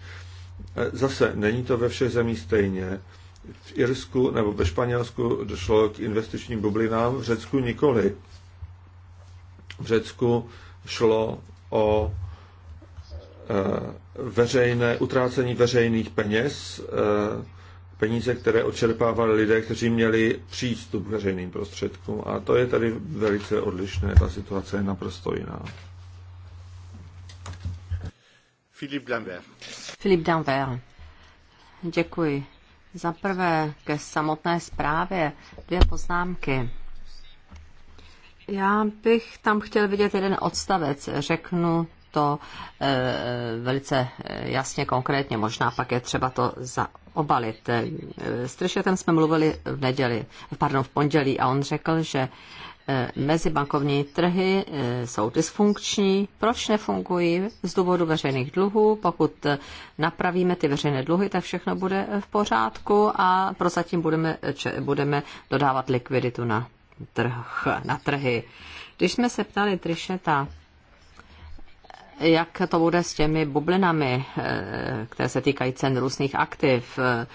Eh, zase není to ve všech zemích stejně. V Irsku nebo ve Španělsku došlo k investičním bublinám, v Řecku nikoli. V Řecku šlo o veřejné, utrácení veřejných peněz, peníze, které odčerpávali lidé, kteří měli přístup k veřejným prostředkům. A to je tady velice odlišné, ta situace je naprosto jiná. Filip Danver. Filip Danver. Děkuji. Za prvé ke samotné zprávě dvě poznámky. Já bych tam chtěl vidět jeden odstavec. Řeknu to e, velice eh, jasně, konkrétně. Možná pak je třeba to za, obalit. Eh, s Tršetem jsme mluvili v neděli, pardon, v pondělí a on řekl, že eh, mezibankovní trhy eh, jsou dysfunkční. Proč nefungují? Z důvodu veřejných dluhů. Pokud napravíme ty veřejné dluhy, tak všechno bude v pořádku a prozatím budeme, če, budeme dodávat likviditu na, trh, na trhy. Když jsme se ptali Trišeta, jak to bude s těmi bublinami, eh, které se týkají cen různých aktiv, eh,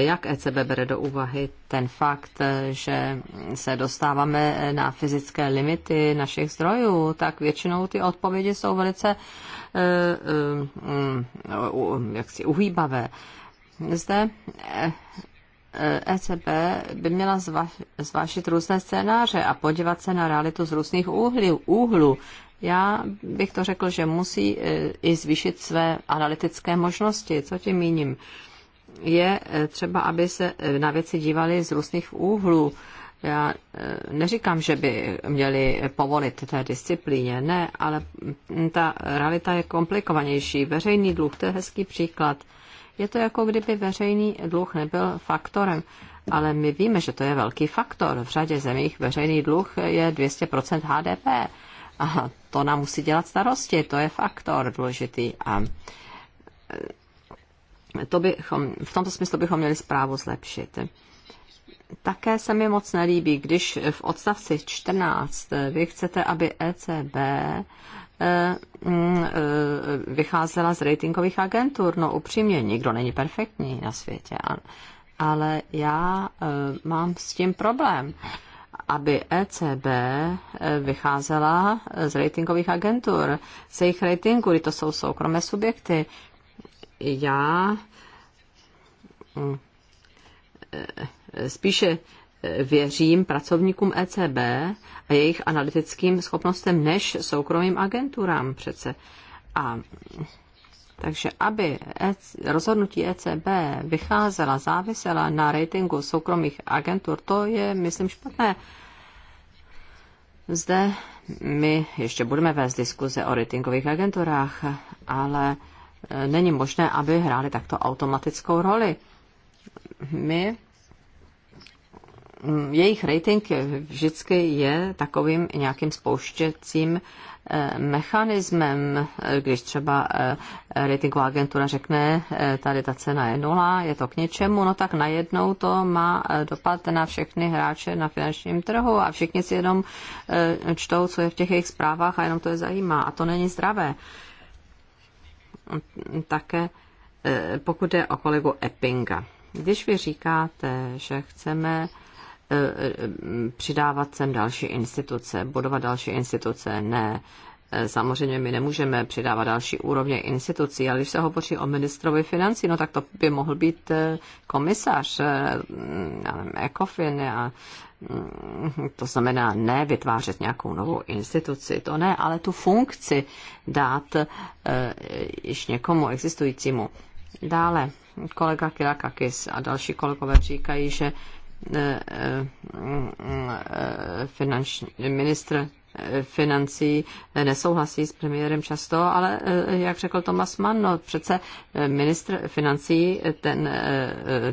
jak ECB bere do úvahy ten fakt, eh, že se dostáváme na fyzické limity našich zdrojů, tak většinou ty odpovědi jsou velice jaksi uhýbavé. Zde ECB e by měla zvážit různé scénáře a podívat se na realitu z různých úhlů, já bych to řekl, že musí e, i zvýšit své analytické možnosti. Co tím míním? Je e, třeba, aby se e, na věci dívali z různých úhlů. Já neříkám, že by měli povolit té disciplíně, ne, ale ta realita je komplikovanější. Veřejný dluh, to je hezký příklad. Je to jako kdyby veřejný dluh nebyl faktorem, ale my víme, že to je velký faktor. V řadě zemích veřejný dluh je 200% HDP. A to nám musí dělat starosti, to je faktor důležitý. A e, to bychom, v tomto smyslu bychom měli zprávu zlepšit. Také se mi moc nelíbí, když v odstavci 14 vy chcete, aby ECB e, mm, e, vycházela z ratingových agentur. No upřímně, nikdo není perfektní na světě, ale já mám s tím problém aby ECB eh, vycházela eh, z ratingových agentur, z jejich ratingů, kdy to jsou soukromé subjekty. Já mm, eh, spíše věřím pracovníkům ECB a jejich analytickým schopnostem než soukromým agenturám přece. A takže aby e rozhodnutí ECB vycházela, závisela na ratingu soukromých agentur, to je, myslím, špatné. Zde my ještě budeme vést diskuze o ratingových agenturách, ale e, není možné, aby hráli takto automatickou roli. My Mm, jejich rating vždycky je takovým nějakým spouštěcím eh, mechanismem, když třeba eh, ratingová agentura řekne, eh, tady ta cena je nula, je to k něčemu, no tak najednou to má dopad na všechny hráče na finančním trhu a všichni si jenom čtou, co je v těch jejich zprávách a jenom to je zajímá a to není zdravé. Také pokud je o kolegu Eppinga. Když vy říkáte, že chceme Eh, přidávat sem další instituce, budovat další instituce, ne. Eh, samozřejmě my nemůžeme přidávat další úrovně institucí, ale když se hovoří o ministrovi financí, no tak to by mohl být eh, komisař, ECOFIN a mm, to znamená ne vytvářet nějakou novou instituci, to ne, ale tu funkci dát již někomu existujícímu. Dále kolega Kirakakis a další kolegové říkají, že Eh, eh, finanční, ministr eh, financí nesouhlasí s premiérem často, ale jak řekl Tomas Mann, no přece ministr financí ten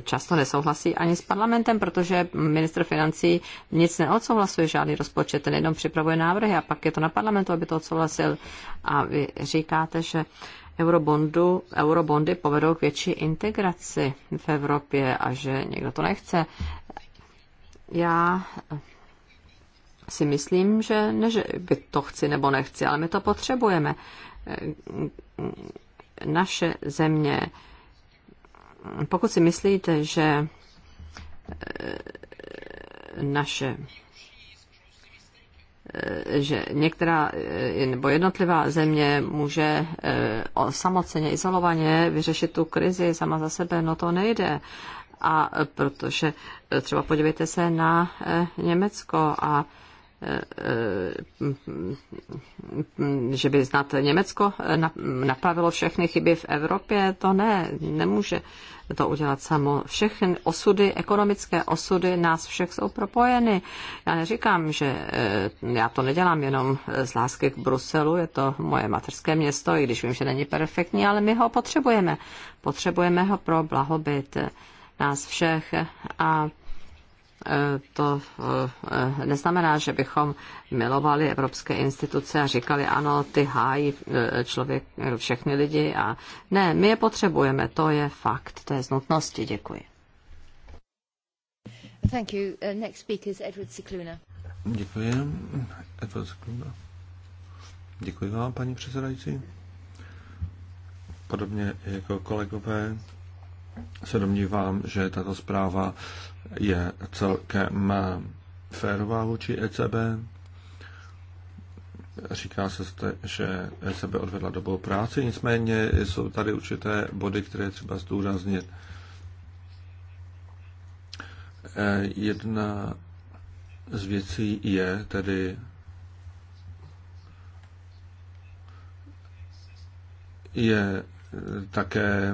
často nesouhlasí ani s parlamentem, protože ministr financí nic neodsouhlasuje, žádný rozpočet, ten jenom připravuje návrhy a pak je to na parlamentu, aby to odsouhlasil. A vy říkáte, že eurobondu, eurobondy povedou k větší integraci v Evropě a že někdo to nechce já si myslím, že ne, že by to chci nebo nechci, ale my to potřebujeme. Naše země, pokud si myslíte, že eh, naše eh, že některá eh, nebo jednotlivá země může samoceně, izolovaně vyřešit tu krizi sama za sebe, no to nejde a protože e, třeba podívejte se na e, Německo a e, že by snad Německo napravilo všechny chyby v Evropě, to ne, nemůže to udělat samo. Všechny osudy, ekonomické osudy nás všech jsou propojeny. Já neříkám, že já to nedělám jenom z lásky k Bruselu, je to moje materské město, i když vím, že není perfektní, ale my ho potřebujeme. Potřebujeme ho pro blahobyt nás všech a e, to e, neznamená, že bychom milovali evropské instituce a říkali, ano, ty hájí e, člověk, všechny lidi a ne, my je potřebujeme, to je fakt, to je z nutnosti, děkuji. Thank you. Uh, next speaker is Edward Cicluna. Děkuji. Edward Cicluna. Děkuji vám, paní předsedající. Podobně jako kolegové, se domnívám, že tato zpráva je celkem férová vůči ECB. Říká se zde, že ECB odvedla dobrou práci, nicméně jsou tady určité body, které třeba zdůraznit. E, jedna z věcí je tedy je také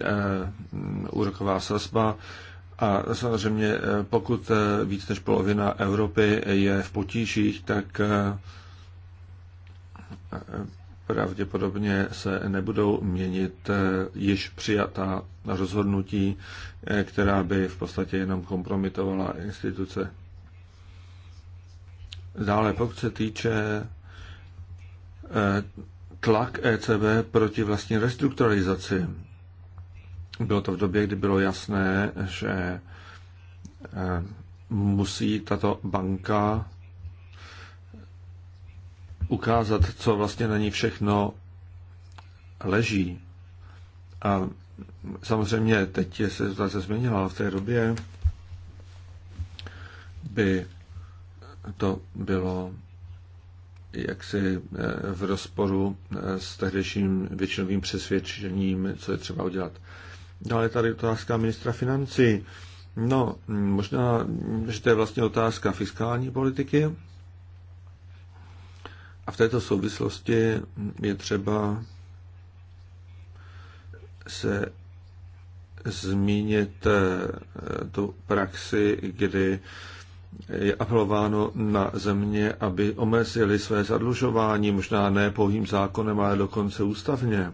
Eh, úroková sazba a samozřejmě eh, pokud eh, víc než polovina Evropy je v potížích, tak pravděpodobně se nebudou měnit již přijatá rozhodnutí, která by v podstatě jenom kompromitovala instituce. Dále, pokud se týče tlak ECB proti vlastní restrukturalizaci, bylo to v době, kdy bylo jasné, že eh, musí tato banka ukázat, co vlastně na ní všechno leží. A samozřejmě teď se zase změnila, ale v té době by to bylo jaksi eh, v rozporu eh, s tehdejším většinovým přesvědčením, co je třeba udělat. Dále tady otázka ministra financí. No, možná, že to je vlastně otázka fiskální politiky. A v této souvislosti je třeba se zmínit eh, tu praxi, kdy je apelováno na země, aby omezili své zadlužování, možná ne pouhým zákonem, ale dokonce ústavně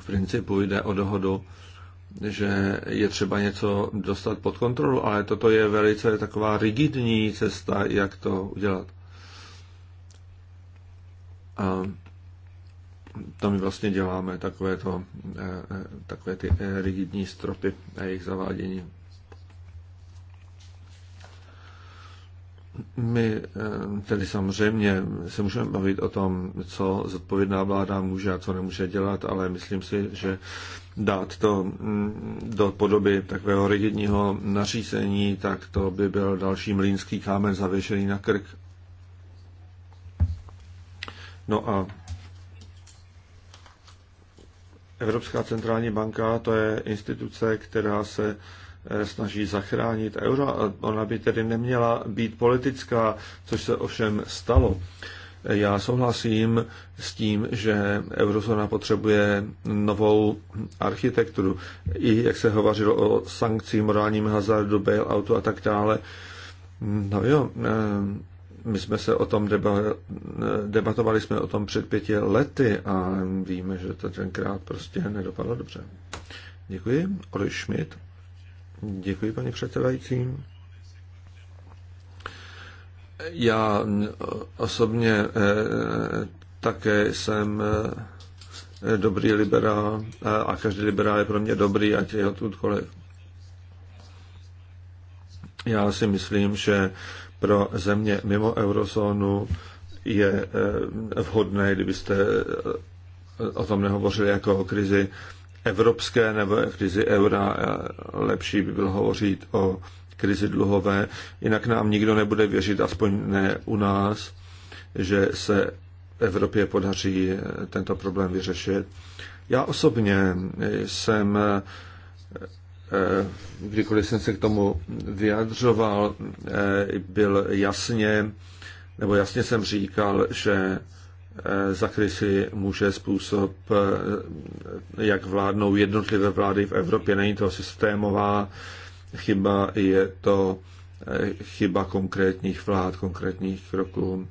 v principu jde o dohodu, že je třeba něco dostat pod kontrolu, ale toto je velice taková rigidní cesta, jak to udělat. A to my vlastně děláme, takové, to, eh, eh, takové ty eh, rigidní stropy a jejich zavádění. My eh, tedy samozřejmě se můžeme bavit o tom, co zodpovědná vláda může a co nemůže dělat, ale myslím si, že dát to mm, do podoby takového rigidního nařízení, tak to by byl další mlínský kámen zavěšený na krk. No a Evropská centrální banka to je instituce, která se Eh, snaží zachránit euro a ona by tedy neměla být politická, což se ovšem stalo. Eh, já souhlasím s tím, že eurozóna potřebuje novou architekturu. I jak se hovořilo o sankcích, morálním hazardu, bailoutu a tak dále. No jo, eh, my jsme se o tom debatovali jsme o tom před pěti lety a víme, že to tenkrát prostě nedopadlo dobře. Děkuji. Oli Schmidt. Děkuji, paní předsedající. Já osobně eh, také jsem eh, dobrý liberál a každý liberál je pro mě dobrý, ať je odkudkoliv. Já si myslím, že pro země mimo eurozónu je eh, vhodné, kdybyste o tom nehovořili jako o krizi evropské nebo krizi eura. Lepší by bylo hovořit o krizi dluhové, jinak nám nikdo nebude věřit, aspoň ne u nás, že se Evropě podaří tento problém vyřešit. Já osobně jsem, eh, kdykoliv jsem se k tomu vyjadřoval, eh, byl jasně, nebo jasně jsem říkal, že Eh, za krysy může způsob, eh, jak vládnou jednotlivé vlády v Evropě. Není to systémová chyba, je to eh, chyba konkrétních vlád, konkrétních kroků.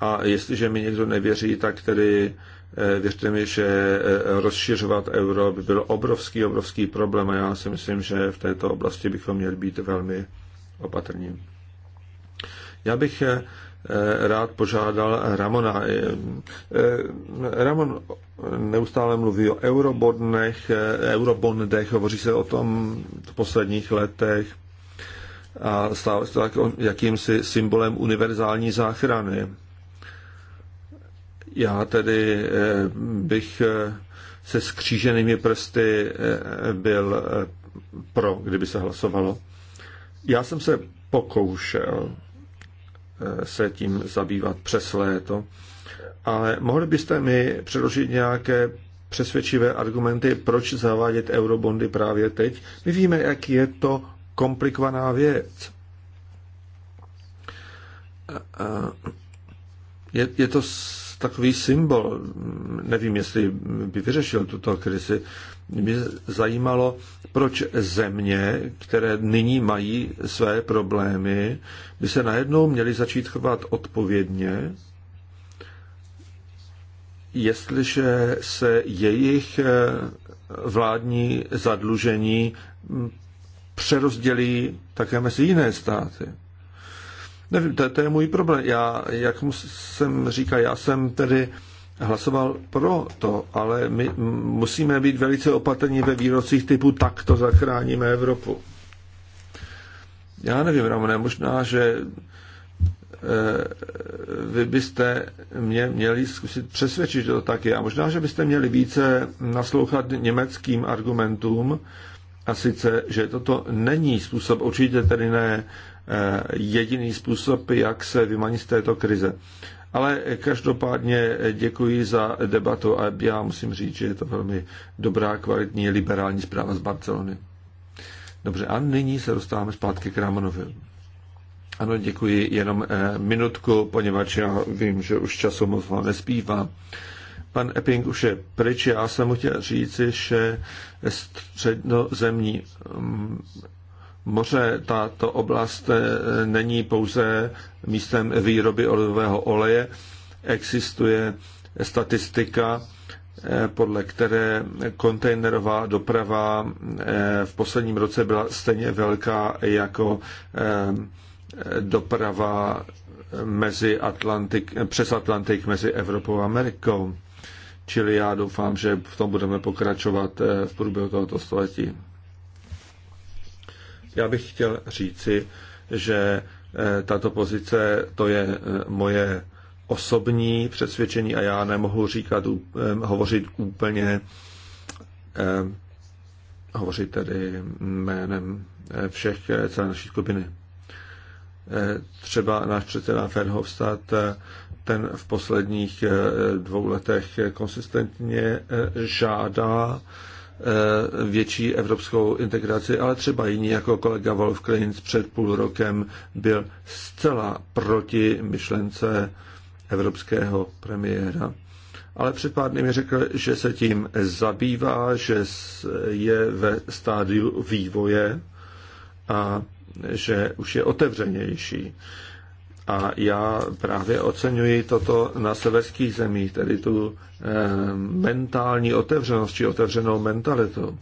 A jestliže mi někdo nevěří, tak tedy věřte mi, že rozšiřovat euro by byl obrovský, obrovský problém a já si myslím, že v této oblasti bychom měli být velmi opatrní. Já bych Eh, rád požádal Ramona. Eh, eh, Ramon neustále mluví o eurobondech, eurobondech, hovoří se o tom v posledních letech a stále se tak jakýmsi symbolem univerzální záchrany. Já tedy bych se skříženými prsty byl pro, kdyby se hlasovalo. Já jsem se pokoušel se tím zabývat přes léto. Ale mohli byste mi předložit nějaké přesvědčivé argumenty, proč zavádět eurobondy právě teď? My víme, jak je to komplikovaná věc. Je, je to takový symbol, nevím, jestli by vyřešil tuto krizi, mě zajímalo, proč země, které nyní mají své problémy, by se najednou měly začít chovat odpovědně, jestliže se jejich eh, vládní zadlužení hm, přerozdělí také mezi jiné státy. Nevím, to, to je můj problém. Já, jak jsem říkal, já jsem tedy hlasoval pro to, ale my musíme být velice opatrní ve výrocích typu takto zachráníme Evropu. Já nevím, Ramone, možná, že e, vy byste mě měli zkusit přesvědčit, že to tak je. A možná, že byste měli více naslouchat německým argumentům, a sice, že toto není způsob, určitě tedy ne e, jediný způsob, jak se vymanit z této krize. Ale každopádně děkuji za debatu a já musím říct, že je to velmi dobrá, kvalitní liberální zpráva z Barcelony. Dobře, a nyní se dostáváme zpátky k Ramonovi. Ano, děkuji, jenom eh, minutku, poněvadž já vím, že už času moc vám nespívá. Pan Epping už je pryč, já jsem mu chtěl říci, že střednozemní mm, Moře, tato oblast eh, není pouze místem výroby olivového oleje. Existuje statistika, eh, podle které kontejnerová doprava eh, v posledním roce byla stejně velká jako doprava mezi Atlantik, přes Atlantik mezi Evropou a Amerikou. Čili já doufám, že v tom budeme pokračovat v průběhu tohoto století. Já bych chtěl říci, že e, tato pozice to je e, moje osobní přesvědčení a já nemohu říkat, e, hovořit úplně, hovořit tedy jménem všech celé naší skupiny. Třeba náš předseda Verhofstadt, ten v posledních dvou letech konsistentně žádá Eh, větší evropskou integraci, ale třeba jiní, jako kolega Wolf Klins před půl rokem byl zcela proti myšlence evropského premiéra. Ale před pár dny mi řekl, že se tím zabývá, že je ve stádiu vývoje a že už je otevřenější. A já právě oceňuji toto na severských zemích, tedy tu eh, mentální otevřenost či otevřenou mentalitu.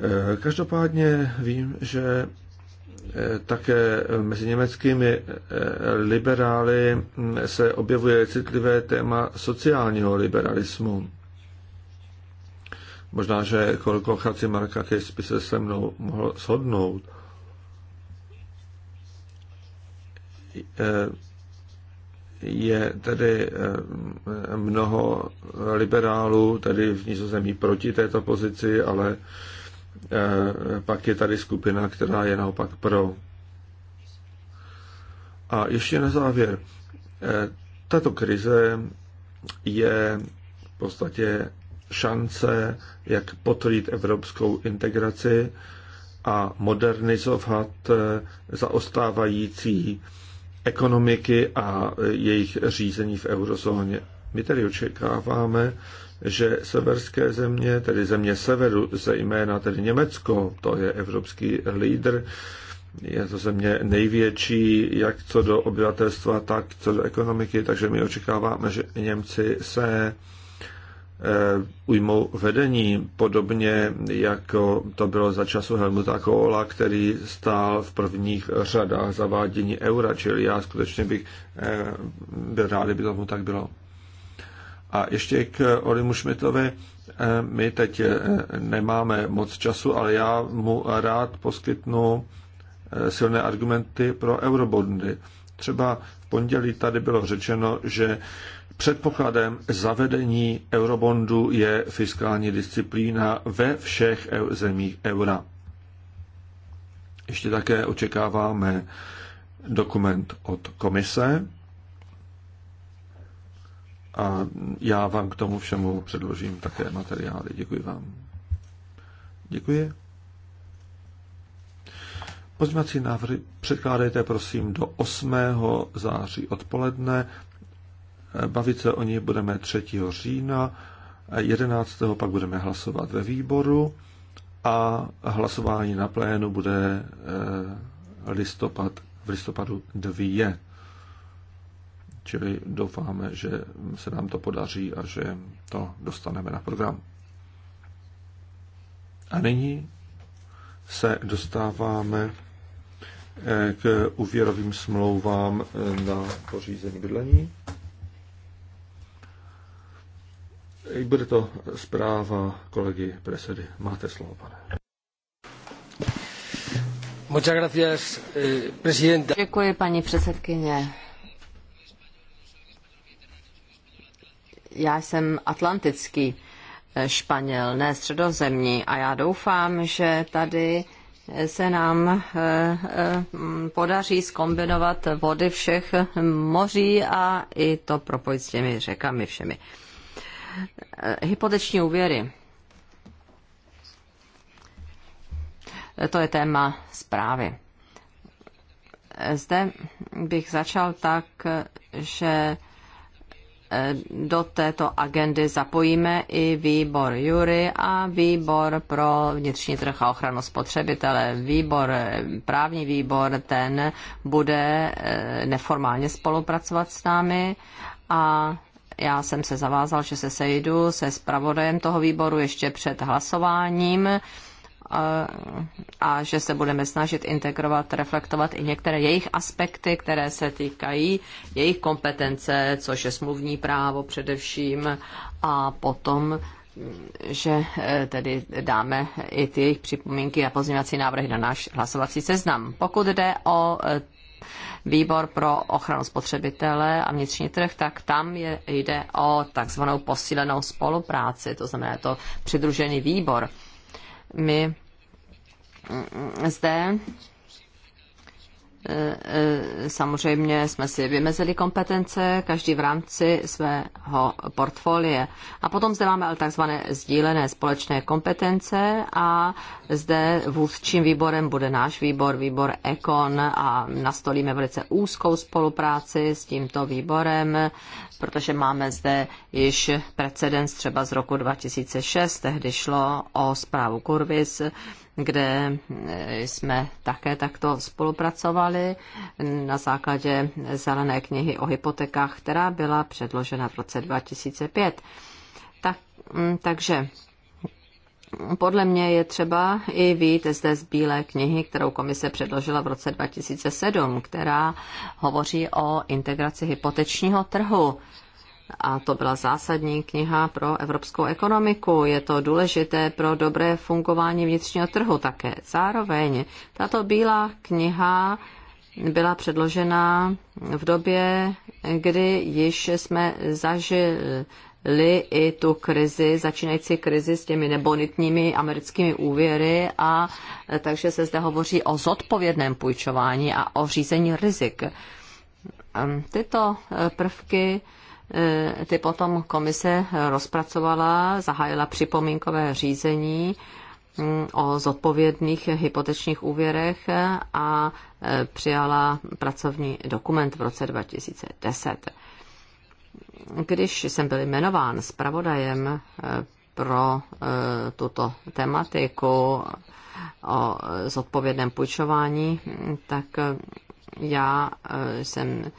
Eh, každopádně vím, že eh, také mezi německými liberály hm, se objevuje citlivé téma sociálního liberalismu. Možná, že kolego Marka by se se mnou mohl shodnout. je tedy eh, mnoho liberálů, tedy v Nizozemí proti této pozici, ale eh, pak je tady skupina, která je naopak pro. A ještě na závěr. Eh, tato krize je v podstatě šance, jak potvrdit evropskou integraci a modernizovat zaostávající ekonomiky a jejich řízení v eurozóně. My tedy očekáváme, že severské země, tedy země severu, zejména tedy Německo, to je evropský lídr, je to země největší, jak co do obyvatelstva, tak co do ekonomiky, takže my očekáváme, že Němci se Eh, ujmou vedení, podobně jako to bylo za času Helmuta Kohola, který stál v prvních řadách zavádění eura, čili já skutečně bych eh, byl rád, kdyby tomu tak bylo. A ještě k Olimu Šmitovi. Eh, my teď nemáme moc času, ale já mu rád poskytnu silné argumenty pro eurobondy. Třeba v pondělí tady bylo řečeno, že předpokladem zavedení eurobondu je fiskální disciplína ve všech zemích eura. Ještě také očekáváme dokument od komise a já vám k tomu všemu předložím také materiály. Děkuji vám. Děkuji. Pozměňovací návrhy předkládejte prosím do 8. září odpoledne. Bavit se o nich budeme 3. října, 11. pak budeme hlasovat ve výboru a hlasování na plénu bude eh, listopad, v listopadu 2. Čili doufáme, že se nám to podaří a že to dostaneme na program. A nyní se dostáváme k úvěrovým smlouvám na pořízení bydlení. Bude to zpráva kolegy Presedy. Máte slovo, pane. Eh, Děkuji, paní předsedkyně. Já jsem atlantický eh, Španěl, ne středozemní a já doufám, že tady se nám eh, eh, podaří skombinovat vody všech moří a i to propojit s těmi řekami všemi. Eh, hypoteční úvěry. To je téma zprávy. Zde bych začal tak, že do této agendy zapojíme i výbor Jury a výbor pro vnitřní trh a ochranu spotřebitele. Výbor, právní výbor, ten bude eh, neformálně spolupracovat s námi a já jsem se zavázal, že se sejdu se zpravodajem toho výboru ještě před hlasováním a, a že se budeme snažit integrovat, reflektovat i některé jejich aspekty, které se týkají jejich kompetence, což je smluvní právo především, a potom že e, tedy dáme i ty jejich připomínky a pozměňovací návrhy na náš hlasovací seznam. Pokud jde o e, výbor pro ochranu spotřebitele a vnitřní trh, tak tam je, jde o takzvanou posílenou spolupráci, to znamená to přidružený výbor my mm, mm, zde e, e, samozřejmě jsme si vymezili kompetence, každý v rámci svého portfolie. A potom zde máme ale takzvané sdílené společné kompetence a zde vůdčím výborem bude náš výbor, výbor Ekon a nastolíme velice úzkou spolupráci s tímto výborem, protože máme zde již precedens třeba z roku 2006, tehdy šlo o zprávu Kurvis, kde jsme také takto spolupracovali na základě zelené knihy o hypotekách, která byla předložena v roce 2005. Tak, mm, takže podle mě je třeba i vít zde z Bílé knihy, kterou komise předložila v roce 2007, která hovoří o integraci hypotečního trhu. A to byla zásadní kniha pro evropskou ekonomiku. Je to důležité pro dobré fungování vnitřního trhu také. Zároveň tato bílá kniha byla předložena v době, kdy již jsme zažili li i tu krizi, začínající krizi s těmi nebonitními americkými úvěry a takže se zde hovoří o zodpovědném půjčování a o řízení rizik. Tyto eh, prvky eh, ty potom komise rozpracovala, zahájila připomínkové řízení hm, o zodpovědných hypotečních úvěrech a eh, přijala pracovní dokument v roce 2010 když jsem byl jmenován zpravodajem eh, pro eh, tuto tematiku eh, o zodpovědném půjčování, tak já jsem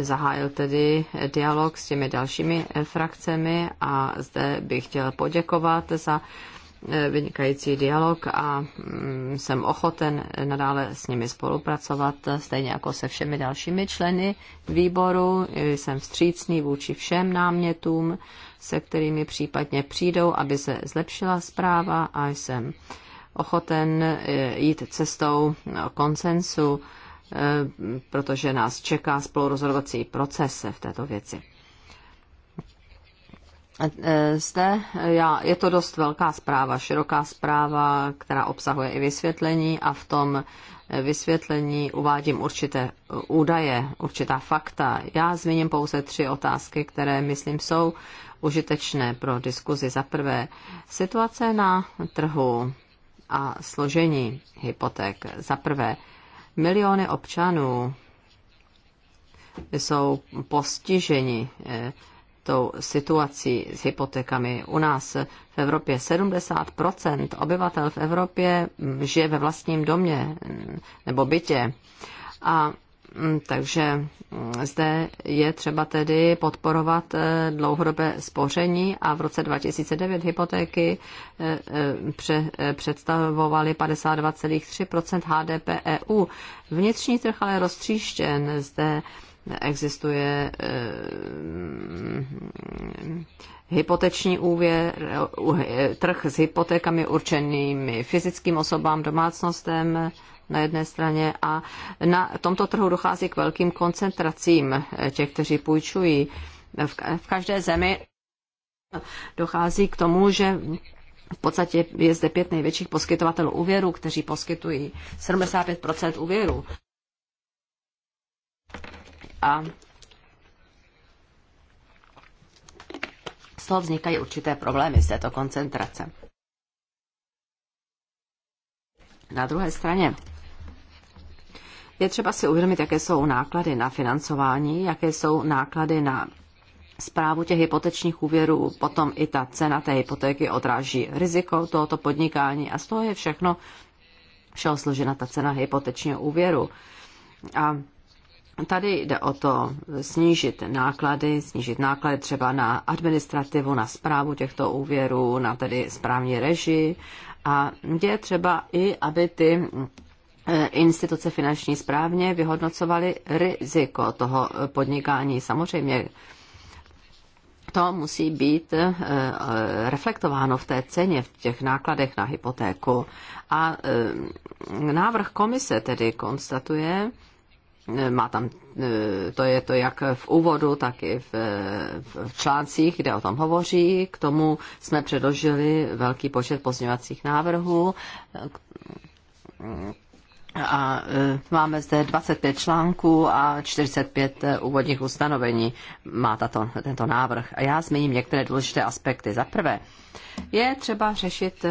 zahájil tedy dialog s těmi dalšími frakcemi a zde bych chtěl poděkovat za Eh, vynikající dialog a mm, jsem ochoten nadále s nimi spolupracovat, stejně jako se všemi dalšími členy výboru. Jsem vstřícný vůči všem námětům, se kterými případně přijdou, aby se zlepšila zpráva a jsem ochoten eh, jít cestou konsensu, eh, protože nás čeká spolurozhodovací proces v této věci. E, zde e, já, je to dost velká zpráva, široká zpráva, která obsahuje i vysvětlení a v tom e, vysvětlení uvádím určité údaje, určitá fakta. Já zmíním pouze tři otázky, které myslím jsou užitečné pro diskuzi. Za prvé, situace na trhu a složení hypoték. Za prvé, miliony občanů jsou postiženi eh, tou situací s hypotékami. U nás v Evropě 70 obyvatel v Evropě mm, žije ve vlastním domě mm, nebo bytě. A mm, takže zde je třeba tedy podporovat e, dlouhodobé spoření a v roce 2009 hypotéky e, e, představovaly 52,3 HDP EU. Vnitřní trh ale roztříštěn. Zde existuje eh, hypoteční úvěr, trh s hypotékami určenými fyzickým osobám, domácnostem na jedné straně a na tomto trhu dochází k velkým koncentracím eh, těch, kteří půjčují. V každé zemi dochází k tomu, že v podstatě je zde pět největších poskytovatelů úvěru, kteří poskytují 75 úvěru a z toho vznikají určité problémy z této koncentrace. Na druhé straně je třeba si uvědomit, jaké jsou náklady na financování, jaké jsou náklady na zprávu těch hypotečních úvěrů, potom i ta cena té hypotéky odráží riziko tohoto podnikání a z toho je všechno, všeho složena ta cena hypotečního úvěru. A Tady jde o to snížit náklady, snížit náklady třeba na administrativu, na zprávu těchto úvěrů, na tedy správní režii a je třeba i, aby ty eh, instituce finanční správně vyhodnocovaly riziko toho podnikání. Samozřejmě to musí být eh, eh, reflektováno v té ceně, v těch nákladech na hypotéku. A návrh komise tedy konstatuje, má tam, e, to je to jak v úvodu, tak i v, v článcích, kde o tom hovoří. K tomu jsme předložili velký počet pozměňovacích návrhů. A e, máme zde 25 článků a 45 e, úvodních ustanovení má tato, tento návrh. A já zmíním některé důležité aspekty. Za prvé, je třeba řešit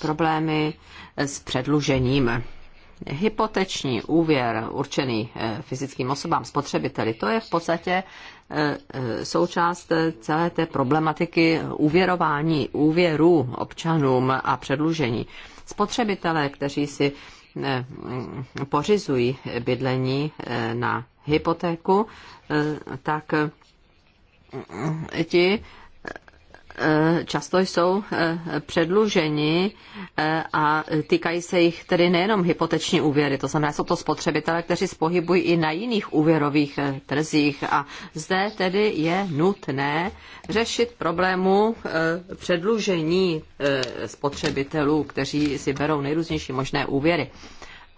problémy s předlužením hypoteční úvěr určený eh, fyzickým osobám, spotřebiteli, to je v podstatě eh, eh, součást celé té problematiky úvěrování úvěru občanům a předlužení. Spotřebitelé, kteří si mm, pořizují bydlení na hypotéku, tak mm, ti často jsou eh, předluženi eh, a týkají se jich tedy nejenom hypoteční úvěry, to znamená, jsou to spotřebitelé, kteří spohybují i na jiných úvěrových eh, trzích a zde tedy je nutné řešit problému předlužení spotřebitelů, kteří si berou nejrůznější možné úvěry.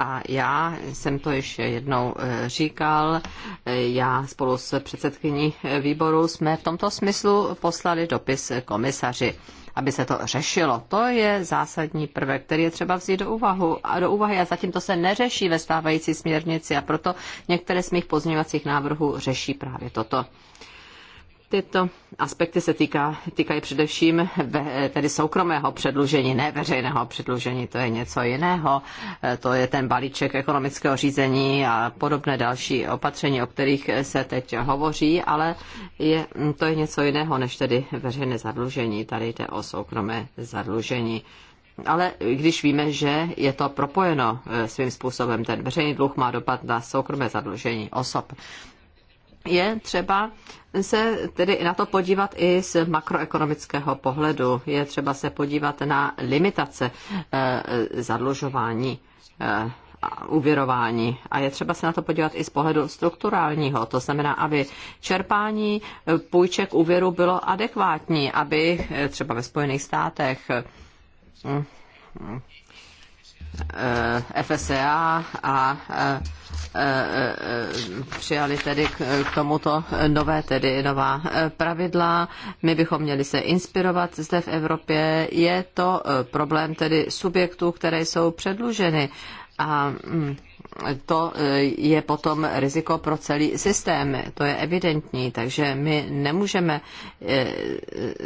A já jsem to již jednou eh, říkal, eh, já spolu s předsedkyní výboru jsme v tomto smyslu poslali dopis komisaři aby se to řešilo. To je zásadní prvek, který je třeba vzít do, úvahu a do úvahy a zatím to se neřeší ve stávající směrnici a proto některé z mých pozměňovacích návrhů řeší právě toto. Tyto aspekty se týká, týkají především ve, tedy soukromého předlužení, ne veřejného předlužení, to je něco jiného. E, to je ten balíček ekonomického řízení a podobné další opatření, o kterých se teď hovoří, ale je, to je něco jiného než tedy veřejné zadlužení. Tady jde o soukromé zadlužení. Ale když víme, že je to propojeno e, svým způsobem, ten veřejný dluh má dopad na soukromé zadlužení osob je třeba se tedy na to podívat i z makroekonomického pohledu. Je třeba se podívat na limitace eh, zadlužování eh, a uvěrování. A je třeba se na to podívat i z pohledu strukturálního. To znamená, aby čerpání eh, půjček úvěru bylo adekvátní, aby třeba ve Spojených státech Eh, FSA a eh, eh, přijali tedy k tomuto nové, tedy nová pravidla. My bychom měli se inspirovat zde v Evropě. Je to problém tedy subjektů, které jsou předluženy. A mm, to e, je potom riziko pro celý systém. To je evidentní, takže my nemůžeme e,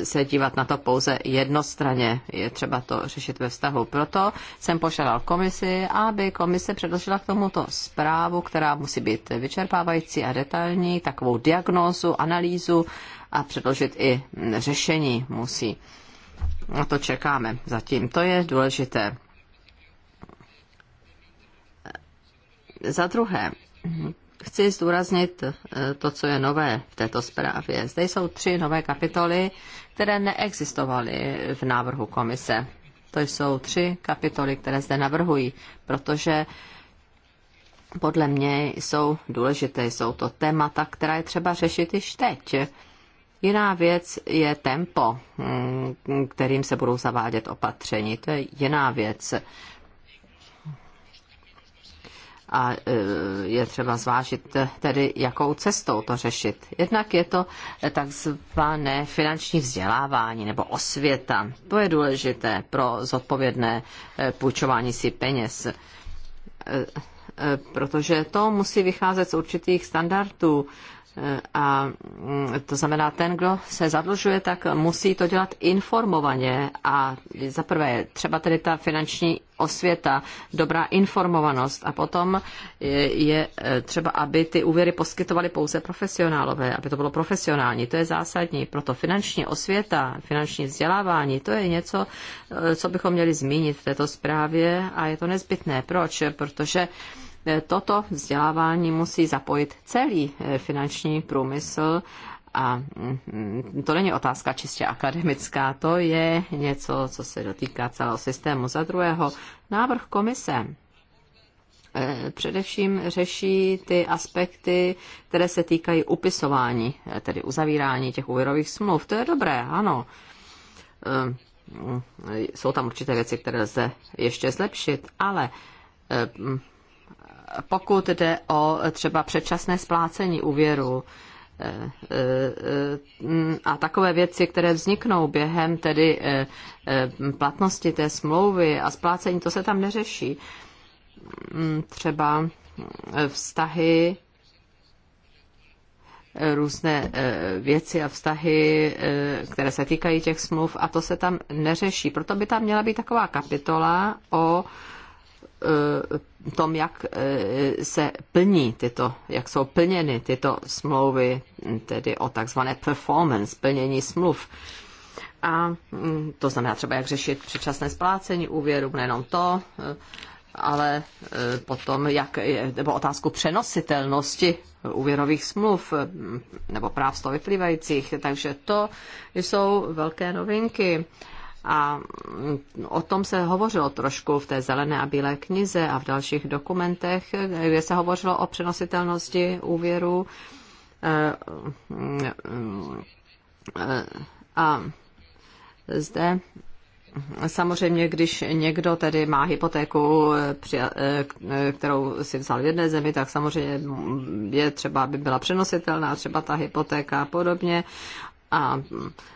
se dívat na to pouze jednostraně. Je třeba to řešit ve vztahu. Proto jsem požádal komisi, aby komise předložila k tomuto zprávu, která musí být vyčerpávající a detailní, takovou diagnózu, analýzu a předložit i řešení musí. Na to čekáme zatím. To je důležité. Za druhé, chci zdůraznit eh, to, co je nové v této zprávě. Zde jsou tři nové kapitoly, které neexistovaly v návrhu komise. To jsou tři kapitoly, které zde navrhují, protože podle mě jsou důležité. Jsou to témata, která je třeba řešit již teď. Jiná věc je tempo, mm, kterým se budou zavádět opatření. To je jiná věc a e, je třeba zvážit e, tedy, jakou cestou to řešit. Jednak je to e, takzvané finanční vzdělávání nebo osvěta. To je důležité pro zodpovědné půjčování si peněz protože to musí vycházet z určitých standardů a mm, to znamená, ten, kdo se zadlužuje, tak musí to dělat informovaně. A za prvé, třeba tedy ta finanční osvěta, dobrá informovanost. A potom je, je e, třeba, aby ty úvěry poskytovali pouze profesionálové, aby to bylo profesionální. To je zásadní. Proto finanční osvěta, finanční vzdělávání, to je něco, e, co bychom měli zmínit v této zprávě a je to nezbytné. Proč? Protože toto vzdělávání musí zapojit celý eh, finanční průmysl a mm, to není otázka čistě akademická, to je něco, co se dotýká celého systému. Za druhého, návrh komise eh, především řeší ty aspekty, které se týkají upisování, eh, tedy uzavírání těch úvěrových smluv. To je dobré, ano. Mm, jsou tam určité věci, které lze ještě zlepšit, ale mm, pokud jde o třeba předčasné splácení úvěru eh, eh, a takové věci, které vzniknou během tedy eh, platnosti té smlouvy a splácení, to se tam neřeší. Mm, třeba vztahy různé věci a vztahy, které se týkají těch smluv a to se tam neřeší. Proto by tam měla být taková kapitola o Eh, tom, jak eh, se plní tyto, jak jsou plněny tyto smlouvy, tedy o takzvané performance, plnění smluv. A mm, to znamená třeba, jak řešit předčasné splácení úvěru, nejenom to, eh, ale potom jak, nebo otázku přenositelnosti úvěrových smluv mm, nebo práv z toho vyplývajících. Takže to jsou velké novinky. A o tom se hovořilo trošku v té zelené a bílé knize a v dalších dokumentech, kde se hovořilo o přenositelnosti úvěru a zde Samozřejmě, když někdo tedy má hypotéku, kterou si vzal v jedné zemi, tak samozřejmě je třeba, aby byla přenositelná, třeba ta hypotéka a podobně a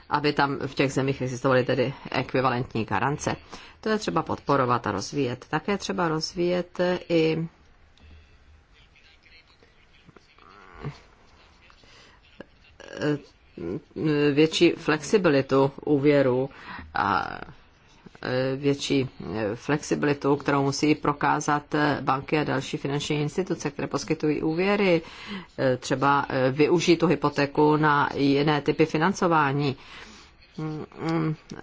aby tam v těch zemích existovaly tedy ekvivalentní garance. To je třeba podporovat a rozvíjet. Také třeba rozvíjet i e, větší flexibilitu úvěru a Eh, větší eh, flexibilitu, kterou musí prokázat eh, banky a další finanční instituce, které poskytují úvěry, třeba využít tu hypotéku na jiné typy financování.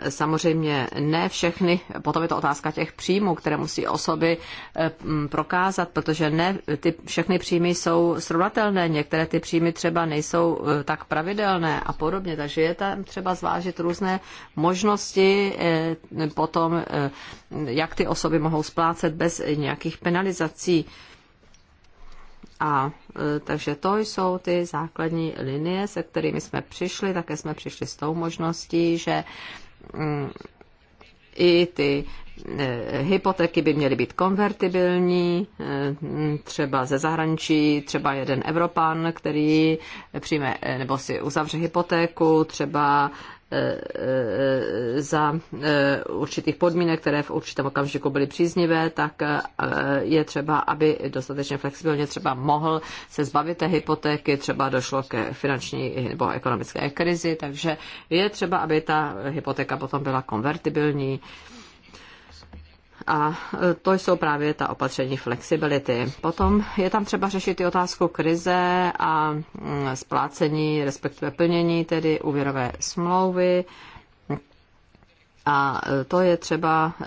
Samozřejmě ne všechny, potom je to otázka těch příjmů, které musí osoby eh, prokázat, protože ne ty všechny příjmy jsou srovnatelné, některé ty příjmy třeba nejsou eh, tak pravidelné a podobně, takže je tam třeba zvážit různé možnosti eh, potom, jak ty osoby mohou splácet bez nějakých penalizací. A e, takže to jsou ty základní linie, se kterými jsme přišli. Také jsme přišli s tou možností, že mm, i ty e, hypotéky by měly být konvertibilní, e, třeba ze zahraničí, třeba jeden Evropan, který přijme nebo si uzavře hypotéku, třeba E, e, za e, určitých podmínek, které v určitém okamžiku byly příznivé, tak je třeba, aby dostatečně flexibilně třeba mohl se zbavit té hypotéky, třeba došlo ke finanční nebo ekonomické krizi, takže je třeba, aby ta hypotéka potom byla konvertibilní. A e, to jsou právě ta opatření flexibility. Potom je tam třeba řešit i otázku krize a mm, splácení, respektive plnění, tedy úvěrové smlouvy. A e, to je třeba e,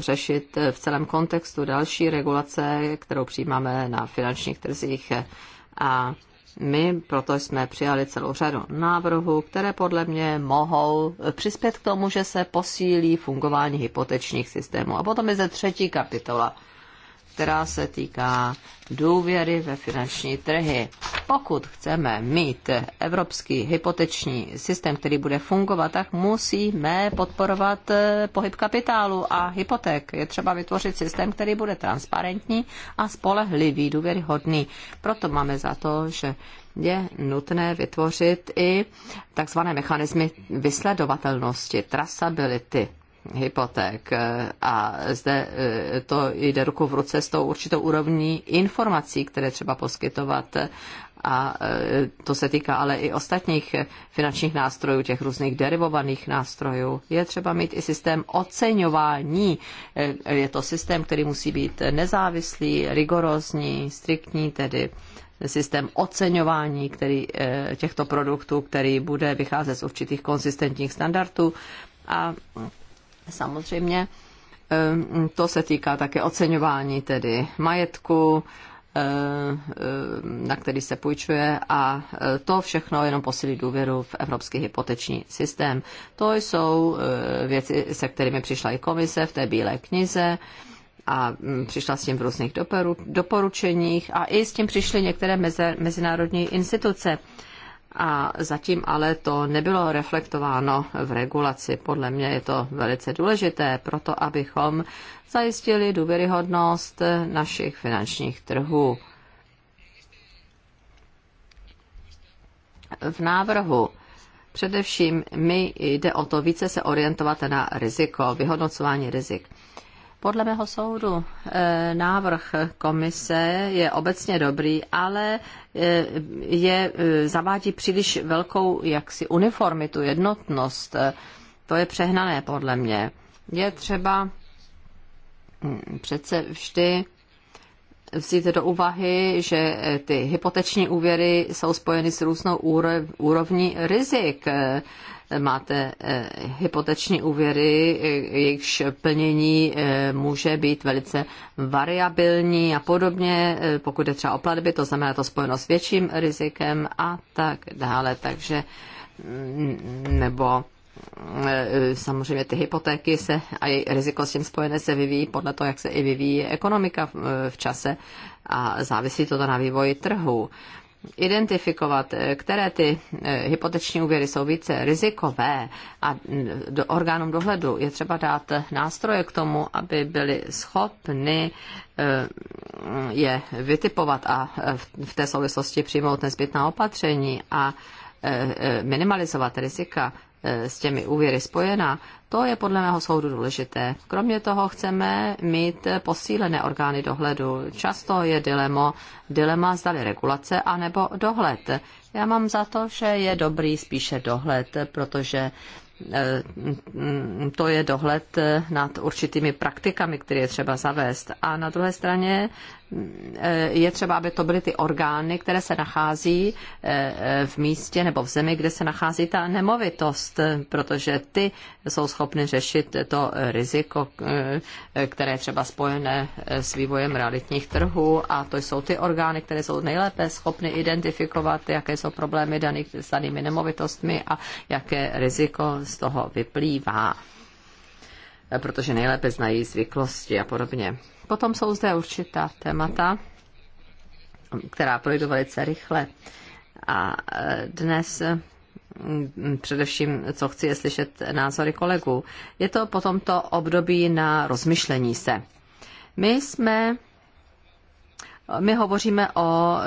řešit v celém kontextu další regulace, kterou přijímáme na finančních trzích. A my proto jsme přijali celou řadu návrhů, které podle mě mohou přispět k tomu, že se posílí fungování hypotečních systémů. A potom je ze třetí kapitola která se týká důvěry ve finanční trhy. Pokud chceme mít evropský hypoteční systém, který bude fungovat, tak musíme podporovat eh, pohyb kapitálu a hypoték. Je třeba vytvořit systém, který bude transparentní a spolehlivý, důvěryhodný. Proto máme za to, že je nutné vytvořit i takzvané mechanismy vysledovatelnosti, trasability hypoték. A zde e, to jde ruku v ruce s tou určitou úrovní informací, které třeba poskytovat a e, to se týká ale i ostatních finančních nástrojů, těch různých derivovaných nástrojů. Je třeba mít i systém oceňování. E, je to systém, který musí být nezávislý, rigorózní, striktní, tedy systém oceňování který, těchto produktů, který bude vycházet z určitých konsistentních standardů a Samozřejmě eh, to se týká také oceňování tedy majetku, eh, eh, na který se půjčuje a to všechno jenom posílí důvěru v evropský hypoteční systém. To jsou věci, se kterými přišla i komise v té bílé knize a mm, přišla s tím v různých doporučeních a i s tím přišly některé mezinárodní instituce a zatím ale to nebylo reflektováno v regulaci. Podle mě je to velice důležité proto, abychom zajistili důvěryhodnost našich finančních trhů. V návrhu především mi jde o to více se orientovat na riziko, vyhodnocování rizik. Podle mého soudu eh, návrh komise je obecně dobrý, ale eh, je, eh, zavádí příliš velkou jaksi uniformitu, jednotnost. To je přehnané podle mě. Je třeba hm, přece vždy vzít do úvahy, že eh, ty hypoteční úvěry jsou spojeny s různou úrovní rizik. Eh, máte eh, hypoteční úvěry, jejichž plnění může být velice variabilní a podobně, pokud je třeba o platby, to znamená to spojeno s větším rizikem a tak dále. Takže mm, nebo Eh, samozřejmě ty hypotéky se a její riziko s tím spojené se vyvíjí podle toho, jak se i vyvíjí ekonomika v eh, čase a závisí to na vývoji trhu. Identifikovat, eh, které ty hypoteční úvěry jsou více rizikové a mm, do orgánům dohledu je třeba dát nástroje k tomu, aby byli schopni je vytipovat a v té souvislosti přijmout nezbytná opatření a Eh, eh, minimalizovat rizika eh, s těmi úvěry spojená, to je podle mého soudu důležité. Kromě toho chceme mít posílené orgány dohledu. Často je dilemo, dilema zdali regulace anebo dohled. Já mám za to, že je dobrý spíše dohled, protože to je dohled nad určitými praktikami, které je třeba zavést. A na druhé straně je třeba, aby to byly ty orgány, které se nachází eh, eh, v místě nebo v zemi, kde se nachází ta nemovitost, protože ty jsou schopny řešit to riziko, eh, které je třeba spojené s vývojem realitních trhů a to jsou ty orgány, které jsou nejlépe schopny identifikovat, jaké jsou problémy daných s danými nemovitostmi a jaké riziko z toho vyplývá protože nejlépe znají zvyklosti a podobně. Potom jsou zde určitá témata, která projdu velice rychle. A e, dnes především, co chci, je slyšet názory kolegů. Je to po tomto období na rozmyšlení se. My jsme my hovoříme o e,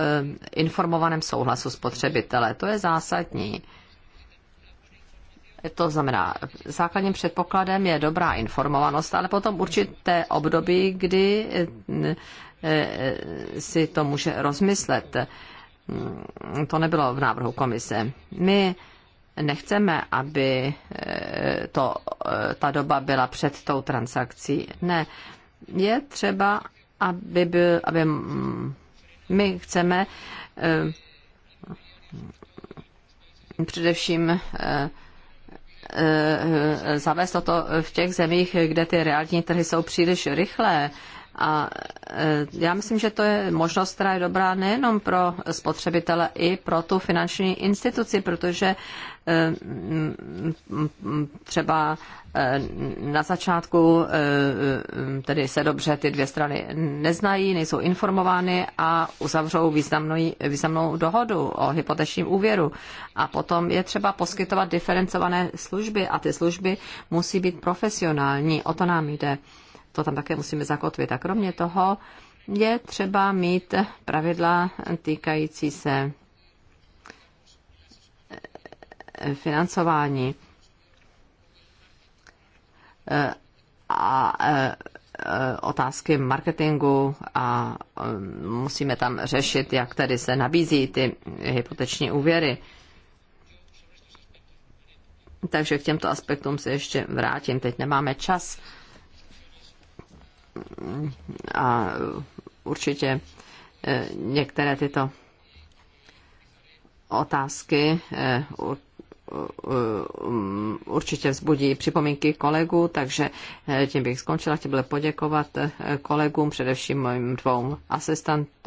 informovaném souhlasu spotřebitele. To je zásadní. To znamená, základním předpokladem je dobrá informovanost, ale potom určité období, kdy eh, eh, si to může rozmyslet. Mm, to nebylo v návrhu komise. My nechceme, aby eh, to, ta doba byla před tou transakcí. Ne. Je třeba, aby, byl, aby my chceme především Eh, zavést toto v těch zemích, kde ty realitní trhy jsou příliš rychlé a e, já myslím, že to je možnost, která je dobrá nejenom pro spotřebitele, i pro tu finanční instituci, protože e, třeba e, na začátku tedy se dobře ty dvě strany neznají, nejsou informovány a uzavřou významnou, významnou dohodu o hypotečním úvěru. A potom je třeba poskytovat diferencované služby a ty služby musí být profesionální, o to nám jde to tam také musíme zakotvit. A kromě toho je třeba mít pravidla týkající se eh, financování. Eh, a eh, otázky marketingu a musíme tam řešit, jak tady se nabízí ty hypoteční úvěry. Takže k těmto aspektům se ještě vrátím. Teď nemáme čas a určitě e, některé tyto otázky e, určitě vzbudí připomínky kolegů, takže e, tím bych skončila. Chtěl bych poděkovat kolegům, především mojim dvou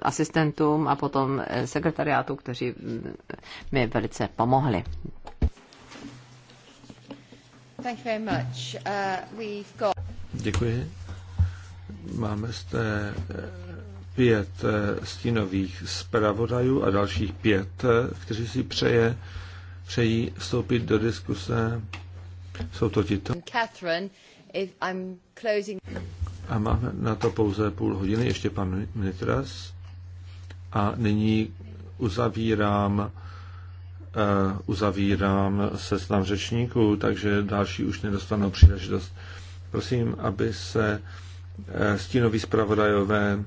asistentům a potom sekretariátu, kteří mi velice pomohli. Uh, Děkuji. Máme zde eh, pět eh, stínových zpravodajů a dalších pět, eh, kteří si přeje, přejí vstoupit do diskuse. Jsou to tito. Catherine, I'm closing... A máme na to pouze půl hodiny, ještě pan Nitras. A nyní uzavírám uh, uzavírám seznam řečníků, takže další už nedostanou příležitost. Prosím, aby se Eh, stínoví zpravodajové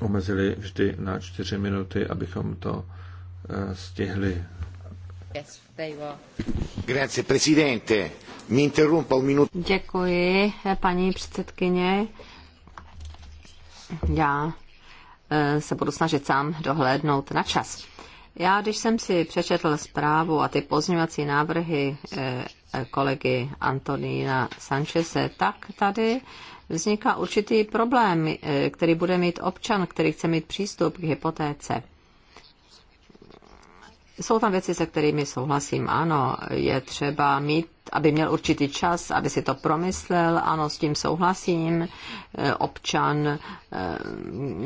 omezili vždy na čtyři minuty, abychom to eh, stihli. Děkuji, paní předsedkyně. Já eh, se budu snažit sám dohlédnout na čas. Já, když jsem si přečetl zprávu a ty pozměňovací návrhy kolegy Antonína Sancheze, tak tady vzniká určitý problém, eh, který bude mít občan, který chce mít přístup k hypotéce jsou tam věci, se kterými souhlasím. Ano, je třeba mít, aby měl určitý čas, aby si to promyslel. Ano, s tím souhlasím. E, občan, e,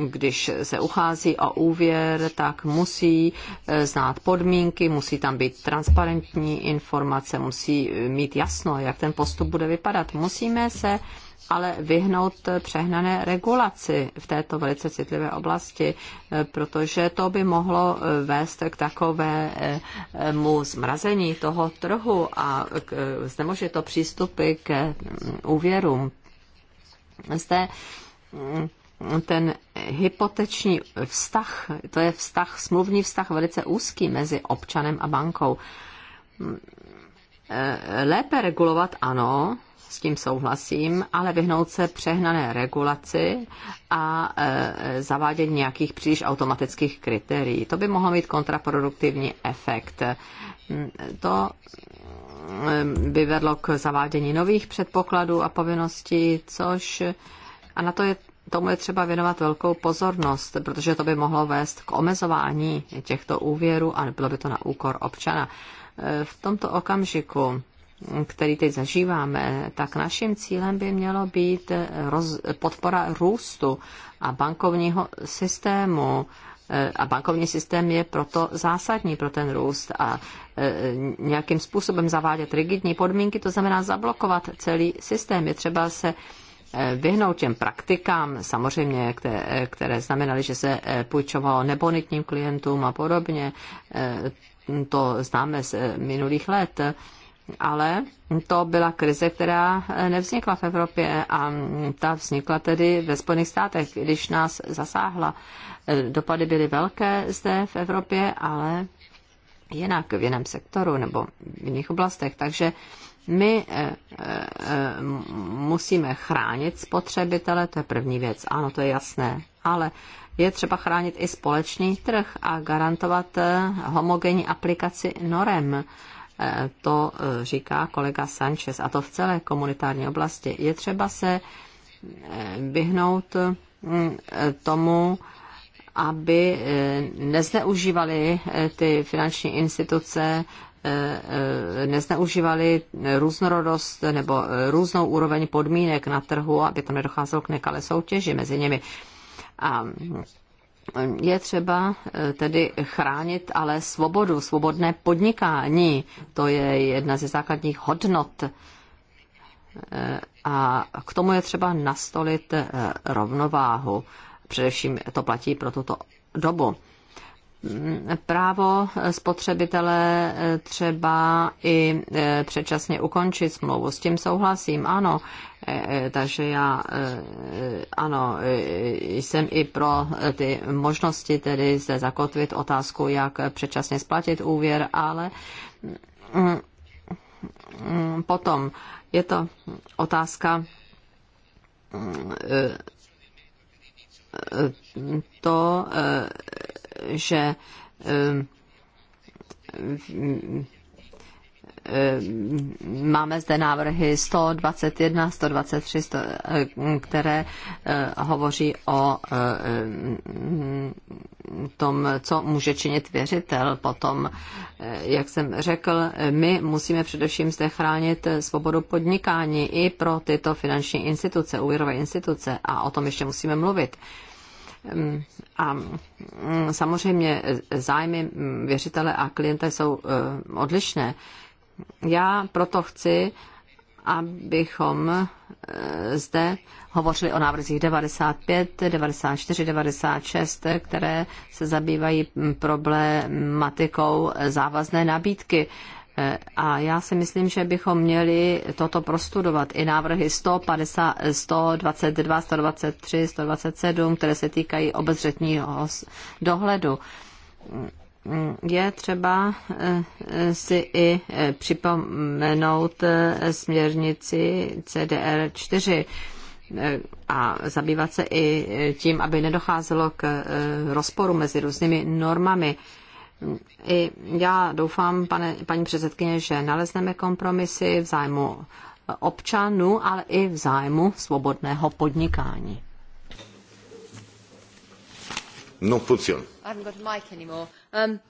když se uchází o úvěr, tak musí e, znát podmínky, musí tam být transparentní informace, musí mít jasno, jak ten postup bude vypadat. Musíme se ale vyhnout přehnané regulaci v této velice citlivé oblasti, eh, protože to by mohlo eh, vést k takovému eh, zmrazení toho trhu a znemožit to přístupy k mm, úvěrům. Zde mm, ten hypoteční vztah, to je vztah, smluvní vztah velice úzký mezi občanem a bankou. Mm, lépe regulovat ano, s tím souhlasím, ale vyhnout se přehnané regulaci a e, zavádět nějakých příliš automatických kritérií. To by mohlo mít kontraproduktivní efekt. Mm, to mm, by vedlo k zavádění nových předpokladů a povinností, což a na to je tomu je třeba věnovat velkou pozornost, protože to by mohlo vést k omezování těchto úvěrů a bylo by to na úkor občana. E, v tomto okamžiku který teď zažíváme, tak naším cílem by mělo být roz, podpora růstu a bankovního systému. A bankovní systém je proto zásadní pro ten růst a e, nějakým způsobem zavádět rigidní podmínky, to znamená zablokovat celý systém. Je třeba se e, vyhnout těm praktikám, samozřejmě, které, které znamenaly, že se e, půjčovalo nebonitním klientům a podobně. To známe z minulých let ale to byla krize, která nevznikla v Evropě a ta vznikla tedy ve Spojených státech, když nás zasáhla. Dopady byly velké zde v Evropě, ale jinak v jiném sektoru nebo v jiných oblastech. Takže my eh, eh, musíme chránit spotřebitele, to je první věc, ano, to je jasné, ale je třeba chránit i společný trh a garantovat eh, homogenní aplikaci norem Eh, to eh, říká kolega Sanchez, a to v celé komunitární oblasti. Je třeba se eh, vyhnout hm, tomu, aby nezneužívali ty finanční instituce, nezneužívali různorodost nebo různou úroveň podmínek na trhu, aby to nedocházelo k nekalé soutěži mezi nimi. A je třeba eh, tedy chránit ale svobodu, svobodné podnikání. To je jedna ze základních hodnot. Eh, a k tomu je třeba nastolit eh, rovnováhu. Především to platí pro tuto dobu právo spotřebitele eh, třeba i eh, předčasně ukončit smlouvu. S tím souhlasím, ano. Eh, takže já ano, jsem i pro ty možnosti tedy zde zakotvit otázku, jak předčasně splatit úvěr, ale mm, mm, potom je to otázka mm, to, eh, že eh, Eh, máme zde návrhy 121, 123, eh, které eh, hovoří o tom, co může činit věřitel. Potom, jak jsem řekl, my musíme především zde chránit svobodu podnikání i pro tyto finanční instituce, úvěrové instituce a o tom ještě musíme mluvit. A mm, samozřejmě zájmy mm, věřitele a klienta jsou odlišné. Já proto chci, abychom eh, zde hovořili o návrzích 95, 94, 96, které se zabývají mm, problematikou závazné nabídky. Eh, a já si myslím, že bychom měli toto prostudovat. I návrhy 150, 122, 123, 127, které se týkají obezřetního dohledu Mm, je třeba eh, si i eh, připomenout eh, směrnici CDR 4 a zabývat se i tím, aby nedocházelo k rozporu mezi různými normami. I já doufám, pane, paní předsedkyně, že nalezneme kompromisy v zájmu občanů, ale i v zájmu svobodného podnikání non fonctionne. Um,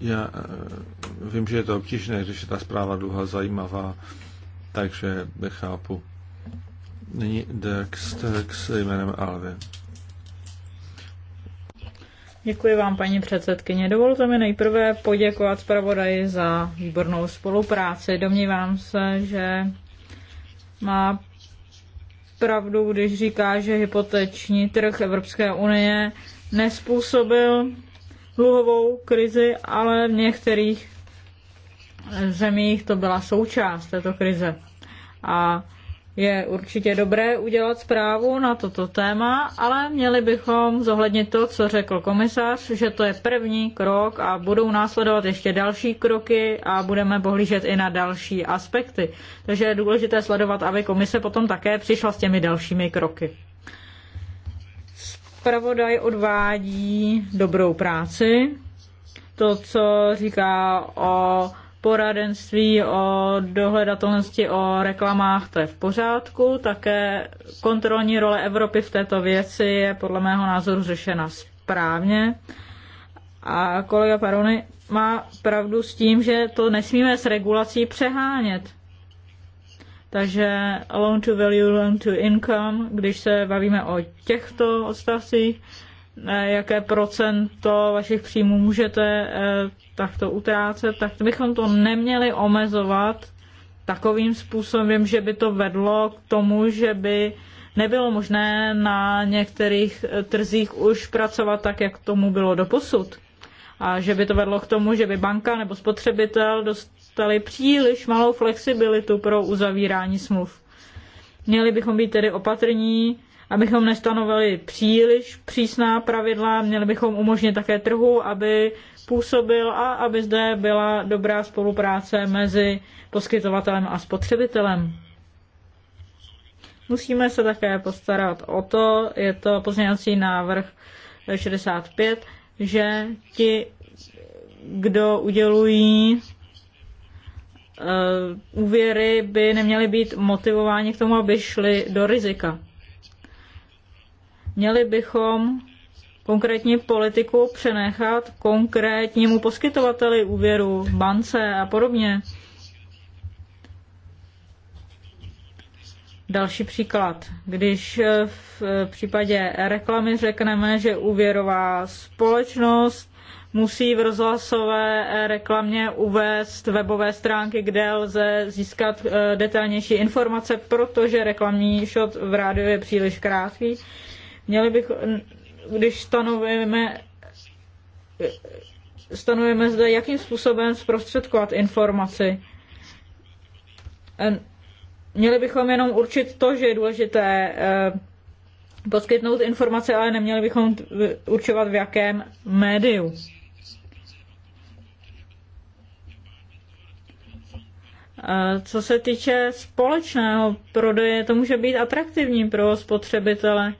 Já eh, vím, že je to obtížné, když je ta zpráva dlouhá zajímavá, takže nechápu. Nyní Dex, Dex jménem Alvin. Děkuji vám, paní předsedkyně. Dovolte mi nejprve poděkovat zpravodaji za výbornou spolupráci. Domnívám se, že má pravdu, když říká, že hypoteční trh Evropské unie nespůsobil dluhovou krizi, ale v některých zemích to byla součást této krize. A je určitě dobré udělat zprávu na toto téma, ale měli bychom zohlednit to, co řekl komisař, že to je první krok a budou následovat ještě další kroky a budeme pohlížet i na další aspekty. Takže je důležité sledovat, aby komise potom také přišla s těmi dalšími kroky. Spravodaj odvádí dobrou práci. To, co říká o poradenství o dohledatelnosti o reklamách, to je v pořádku. Také kontrolní role Evropy v této věci je podle mého názoru řešena správně. A kolega Parony má pravdu s tím, že to nesmíme s regulací přehánět. Takže loan to value, loan to income, když se bavíme o těchto odstavcích, jaké procento vašich příjmů můžete eh, takto utrácet, tak bychom to neměli omezovat takovým způsobem, že by to vedlo k tomu, že by nebylo možné na některých eh, trzích už pracovat tak, jak tomu bylo doposud. A že by to vedlo k tomu, že by banka nebo spotřebitel dostali příliš malou flexibilitu pro uzavírání smluv. Měli bychom být tedy opatrní abychom nestanovali příliš přísná pravidla, měli bychom umožnit také trhu, aby působil a aby zde byla dobrá spolupráce mezi poskytovatelem a spotřebitelem. Musíme se také postarat o to, je to pozměňovací návrh 65, že ti, kdo udělují eh, úvěry by neměly být motivováni k tomu, aby šli do rizika. Měli bychom konkrétní politiku přenechat konkrétnímu poskytovateli úvěru, bance a podobně. Další příklad. Když eh, eh, v případě reklamy řekneme, že úvěrová společnost musí v rozhlasové eh, reklamě uvést webové stránky, kde lze získat detailnější informace, protože reklamní shot v rádiu je příliš krátký, Měli bych, když stanovíme stanovíme zde, jakým způsobem zprostředkovat informaci. Eh, měli bychom jenom určit to, že je důležité eh, poskytnout informace, ale neměli bychom určovat v jakém médiu. Eh, co se týče společného prodeje, to může být atraktivní pro spotřebitele.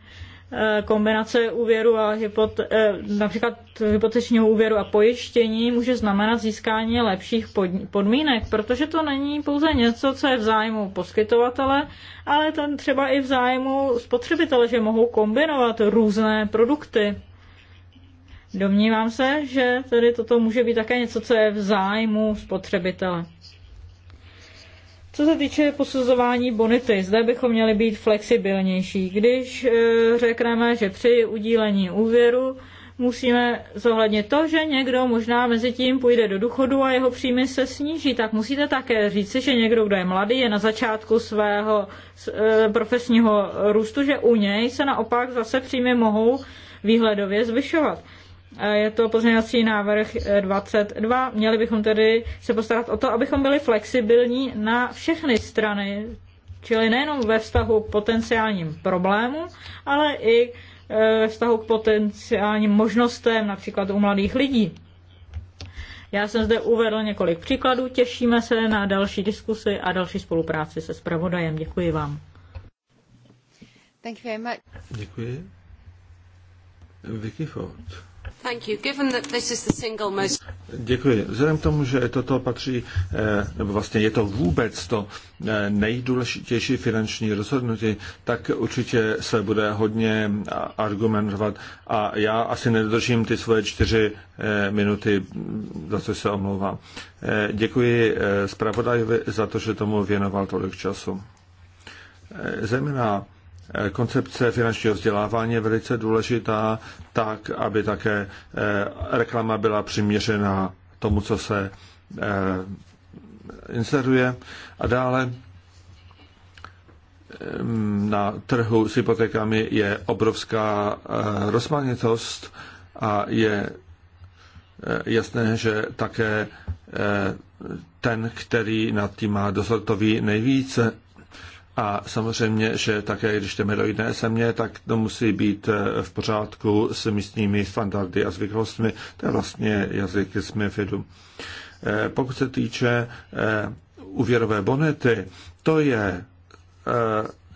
Eh, kombinace úvěru a hypot, eh, například hypotečního úvěru a pojištění může znamenat získání lepších podmínek, protože to není pouze něco, co je v zájmu poskytovatele, ale ten třeba i v zájmu spotřebitele, že mohou kombinovat různé produkty. Domnívám se, že tedy toto může být také něco, co je v zájmu spotřebitele. Co se týče posuzování bonity, zde bychom měli být flexibilnější. Když e, řekneme, že při udílení úvěru musíme zohlednit to, že někdo možná mezi tím půjde do důchodu a jeho příjmy se sníží, tak musíte také říci, že někdo, kdo je mladý, je na začátku svého e, profesního růstu, že u něj se naopak zase příjmy mohou výhledově zvyšovat. Je to pozměňovací návrh 22. Eh, Měli bychom tedy se postarat o to, abychom byli flexibilní na všechny strany, čili nejenom ve vztahu k potenciálním problémům, ale i ve eh, vztahu k potenciálním možnostem, například u mladých lidí. Já jsem zde uvedl několik příkladů, těšíme se na další diskusy a další spolupráci se zpravodajem. Děkuji vám. Thank you very much. Děkuji. Vicky Ford. Děkuji. Vzhledem k tomu, že toto patří, eh, nebo vlastně je to vůbec to eh, nejdůležitější finanční rozhodnutí, tak určitě se bude hodně eh, argumentovat a já asi nedodržím ty svoje čtyři minuty, za což se omlouvám. Děkuji zpravodajovi za to, že tomu věnoval tolik času. Zemina Eh, koncepce finančního vzdělávání je velice důležitá, tak, aby také eh, reklama byla přiměřená tomu, co se eh, inseruje. A dále ehm, na trhu s hypotékami je obrovská rozmanitost a je jasné, že také ten, který nad tím má dozor, to ví nejvíce a samozřejmě, že také, když jdeme do jiné země, tak to musí být eh, v pořádku s místními standardy a zvyklostmi. To je vlastně jazyk z MIFIDu. Eh, pokud se týče eh, úvěrové bonety, to je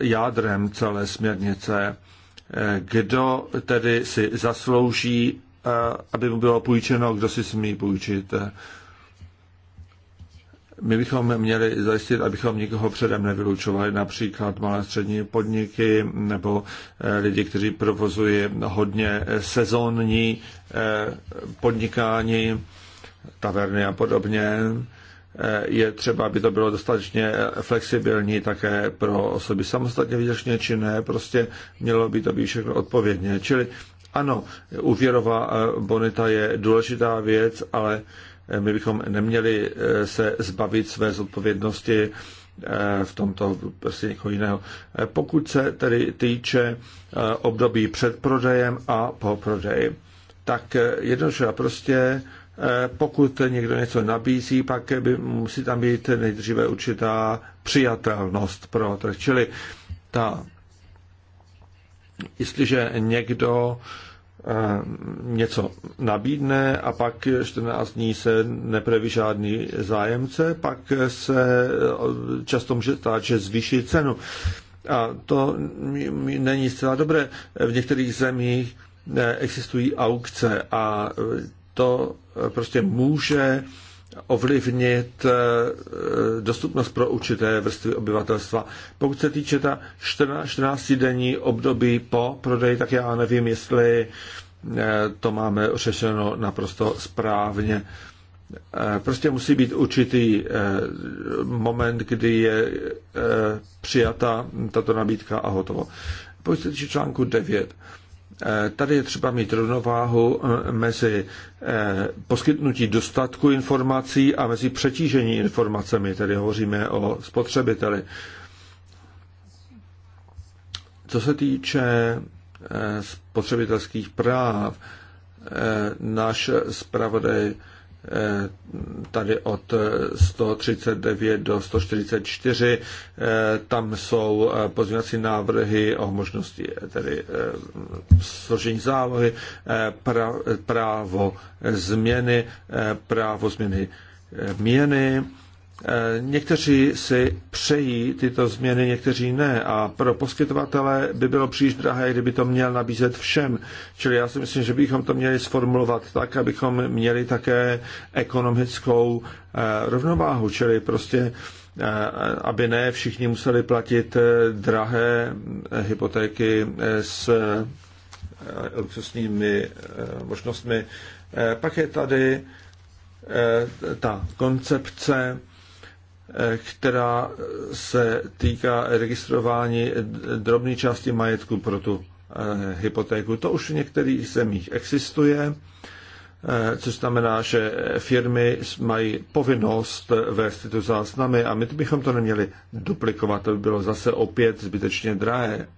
jádrem celé směrnice. Kdo tedy si zaslouží, aby mu bylo půjčeno, kdo si smí půjčit. My bychom měli zajistit, abychom nikoho předem nevylučovali, například malé střední podniky nebo eh, lidi, kteří provozují hodně eh, sezónní eh, podnikání, taverny a podobně. Je třeba, aby to bylo dostatečně flexibilní také pro osoby samostatně výdělečně ne. prostě mělo by to být všechno odpovědně. Čili ano, úvěrová bonita je důležitá věc, ale my bychom neměli eh, se zbavit své zodpovědnosti eh, v tomto prostě někoho jiného. Eh, pokud se tedy týče období před prodejem a po prodeji, tak jednoduše prostě pokud někdo něco nabízí, pak by, musí tam být nejdříve určitá přijatelnost pro trh. Čili ta, jestliže někdo Eh, něco nabídne a pak 14 dní se nepreví žádný zájemce, pak se eh, často může stát, že zvýší cenu. A to není zcela dobré. V některých zemích eh, existují aukce a to prostě může ovlivnit eh, dostupnost pro určité vrstvy obyvatelstva. Pokud se týče ta 14, denní období po prodeji, tak já nevím, jestli eh, to máme řešeno naprosto správně. Eh, prostě musí být určitý moment, kdy je přijata tato nabídka a hotovo. Pokud se týče článku 9, Eh, tady je třeba mít rovnováhu eh, mezi eh, poskytnutí dostatku informací a mezi přetížení informacemi, tedy hovoříme o spotřebiteli. Co se týče spotřebitelských práv, náš zpravodaj Eh, tady od 139 eh, do 144. Eh, tam jsou pozměňovací návrhy o možnosti tedy složení zálohy, právo změny, právo změny měny, Eh, někteří si přejí tyto změny, někteří ne. A pro poskytovatele by bylo příliš drahé, kdyby to měl nabízet všem. Čili já si myslím, že bychom to měli sformulovat tak, abychom měli také ekonomickou eh, rovnováhu. Čili prostě, eh, aby ne všichni museli platit drahé hypotéky s luxusními možnostmi. Pak je tady ta koncepce Eh, která se týká registrování drobné části majetku pro tu eh, hypotéku. To už v některých zemích existuje, eh, což znamená, že firmy mají povinnost vést tyto záznamy a my bychom to neměli duplikovat, to by bylo zase opět zbytečně drahé.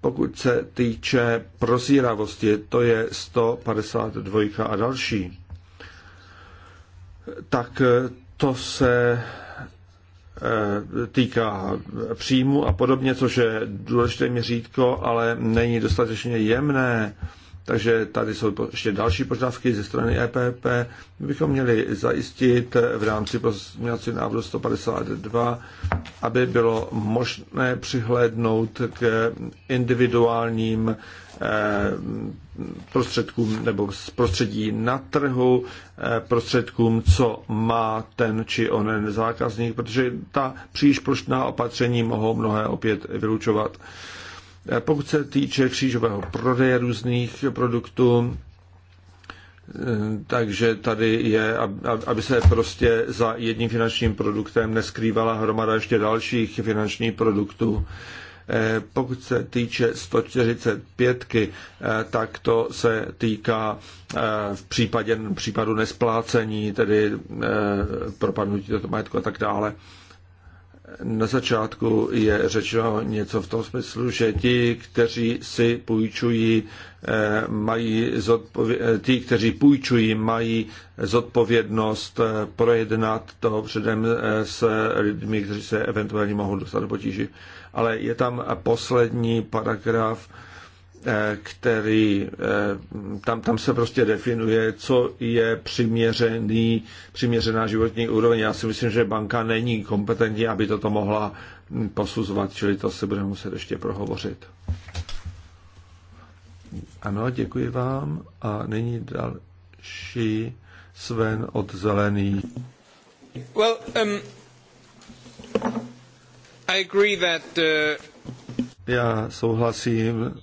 Pokud se týče prozíravosti, to je 152 a další, tak to se Eh, týká příjmu a podobně, což je důležité měřítko, ale není dostatečně jemné. Takže tady jsou ještě další požadavky ze strany EPP. My bychom měli zajistit v rámci pozměňovacího návrhu 152, aby bylo možné přihlédnout k individuálním Eh, prostředkům nebo z prostředí na trhu, eh, prostředkům, co má ten či onen zákazník, protože ta příliš plošná opatření mohou mnohé opět vylučovat. Eh, pokud se týče křížového prodeje různých produktů, takže tady je, aby se prostě za jedním finančním produktem neskrývala hromada ještě dalších finančních produktů. Eh, pokud se týče 145, eh, tak to se týká eh, v případě v případu nesplácení, tedy propadnutí toto majetku a tak dále. Na začátku je řečeno něco v tom smyslu, že ti, kteří si půjčují, mají zodpovědnost, ti, kteří půjčují, mají zodpovědnost projednat to předem s lidmi, kteří se eventuálně mohou dostat do potíži ale je tam poslední paragraf, eh, který eh, tam, tam se prostě definuje, co je přiměřený, přiměřená životní úroveň. Já si myslím, že banka není kompetentní, aby toto mohla hm, posuzovat, čili to se budeme muset ještě prohovořit. Ano, děkuji vám. A nyní další Sven od Zelený. Well, um, Uh, já souhlasím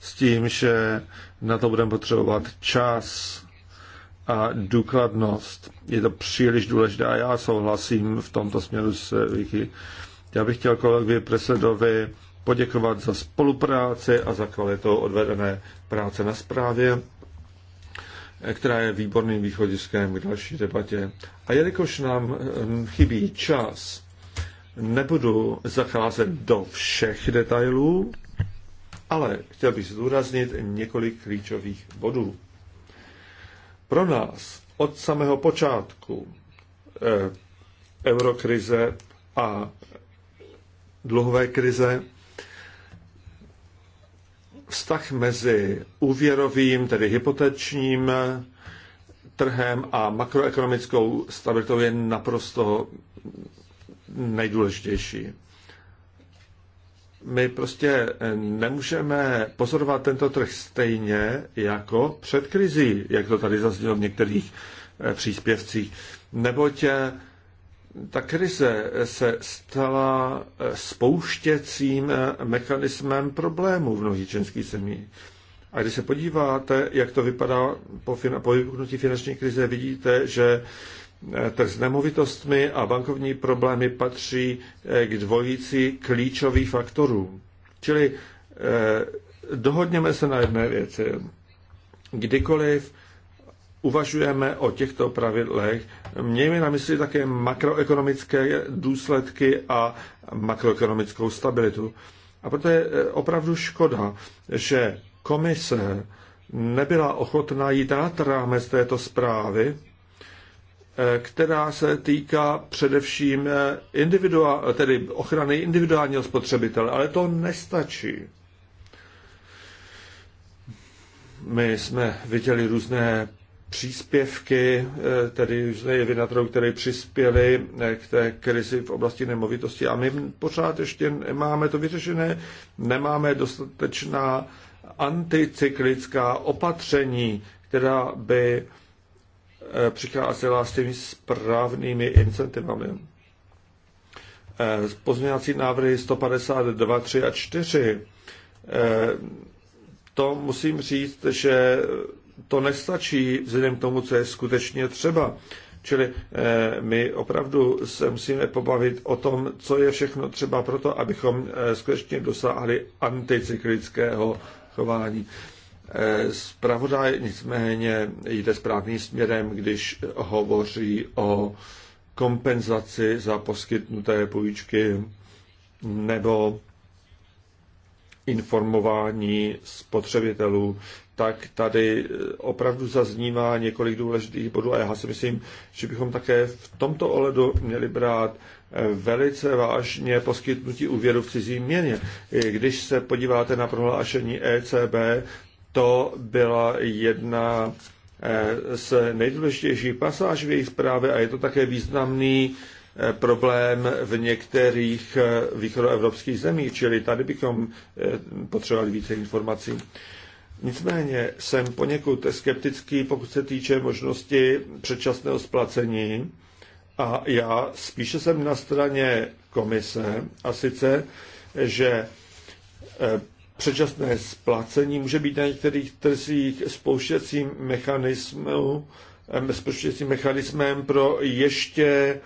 s tím, že na to budeme potřebovat čas a důkladnost. Je to příliš důležité a já souhlasím v tomto směru s Vicky. Já bych chtěl kolegovi Presedovi poděkovat za spolupráci a za kvalitu odvedené práce na zprávě, která je výborným východiskem k další debatě. A jelikož nám eh, chybí čas, Nebudu zacházet do všech detailů, ale chtěl bych zdůraznit několik klíčových bodů. Pro nás od samého počátku eh, eurokrize a dluhové krize vztah mezi úvěrovým, tedy hypotečním trhem a makroekonomickou stabilitou je naprosto nejdůležitější. My prostě nemůžeme pozorovat tento trh stejně jako před krizí, jak to tady zaznělo v některých eh, příspěvcích, neboť eh, ta krize se stala eh, spouštěcím mechanismem problémů v mnohých českých zemích. A když se podíváte, jak to vypadá po, po vypuknutí finanční krize, vidíte, že Eh, trh s nemovitostmi a bankovní problémy patří eh, k dvojici klíčových faktorů. Čili eh, dohodněme se na jedné věci. Kdykoliv uvažujeme o těchto pravidlech, mějme na mysli také makroekonomické důsledky a makroekonomickou stabilitu. A proto je opravdu škoda, že komise nebyla ochotná jít nad rámec této zprávy Eh, která se týká především eh, individua, tedy ochrany individuálního spotřebitele, ale to nestačí. My jsme viděli různé příspěvky, eh, tedy různé jevy na trhu, které přispěly k té krizi v oblasti nemovitosti. A my pořád ještě nemáme to vyřešené, nemáme dostatečná anticyklická opatření, která by Eh, přicházela s těmi správnými incentivami. Eh, pozměňovací návrhy 152, 3 a 4. Eh, to musím říct, že to nestačí vzhledem k tomu, co je skutečně třeba. Čili my opravdu se musíme pobavit o tom, co je všechno třeba pro to, abychom skutečně dosáhli anticyklického chování. Zpravodaj nicméně jde správným směrem, když hovoří o kompenzaci za poskytnuté půjčky nebo informování spotřebitelů, tak tady opravdu zaznívá několik důležitých bodů a já si myslím, že bychom také v tomto ohledu měli brát velice vážně poskytnutí úvěru v cizí měně. Když se podíváte na prohlášení ECB, to byla jedna eh, z nejdůležitějších pasáží v jejich zprávě a je to také významný eh, problém v některých eh, východoevropských zemích, čili tady bychom potřebovali více informací. Nicméně jsem poněkud skeptický, pokud se týče možnosti předčasného splacení a já spíše jsem na straně komise a sice, že předčasné splacení může být na některých trzích spouštěcím mechanismem, spouštěcím mechanismem pro ještě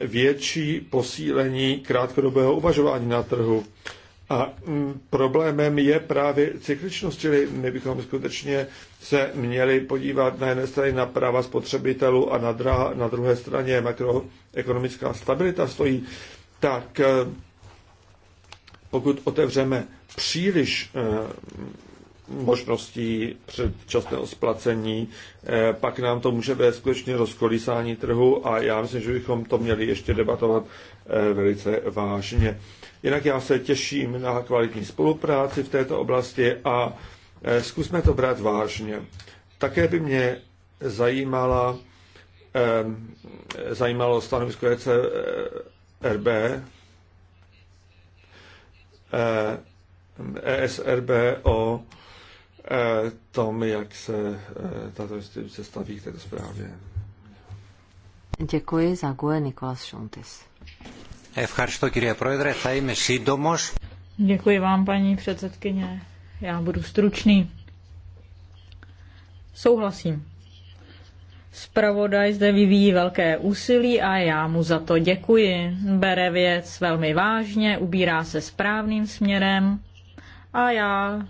větší posílení krátkodobého uvažování na trhu. A mm, problémem je právě cykličnost, čili my bychom skutečně se měli podívat na jedné straně na práva spotřebitelů a na, dra, na druhé straně makroekonomická stabilita stojí, tak eh, pokud otevřeme příliš eh, možností předčasného splacení, eh, pak nám to může vést skutečně rozkolísání trhu a já myslím, že bychom to měli ještě debatovat eh, velice vážně. Jinak já se těším na kvalitní spolupráci v této oblasti a zkusme to brát vážně. Také by mě zajímala, zajímalo stanovisko ECRB, ESRB o e, tom, jak se e, tato instituce staví k této zprávě. Děkuji za GUE Nikolas Šuntis. Děkuji vám, paní předsedkyně. Já budu stručný. Souhlasím. Spravodaj zde vyvíjí velké úsilí a já mu za to děkuji. Bere věc velmi vážně, ubírá se správným směrem a já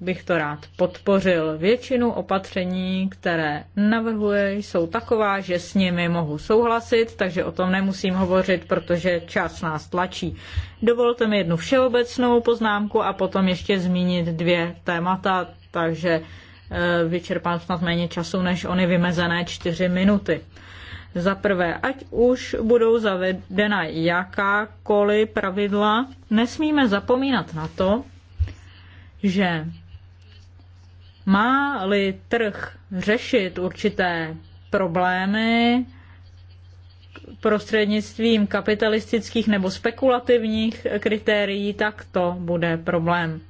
bych to rád podpořil. Většinu opatření, které navrhuje, jsou taková, že s nimi mohu souhlasit, takže o tom nemusím hovořit, protože čas nás tlačí. Dovolte mi jednu všeobecnou poznámku a potom ještě zmínit dvě témata, takže eh, vyčerpám snad méně času než ony vymezené čtyři minuty. Za prvé, ať už budou zavedena jakákoliv pravidla, nesmíme zapomínat na to, že má-li trh řešit určité problémy prostřednictvím kapitalistických nebo spekulativních kritérií, tak to bude problém.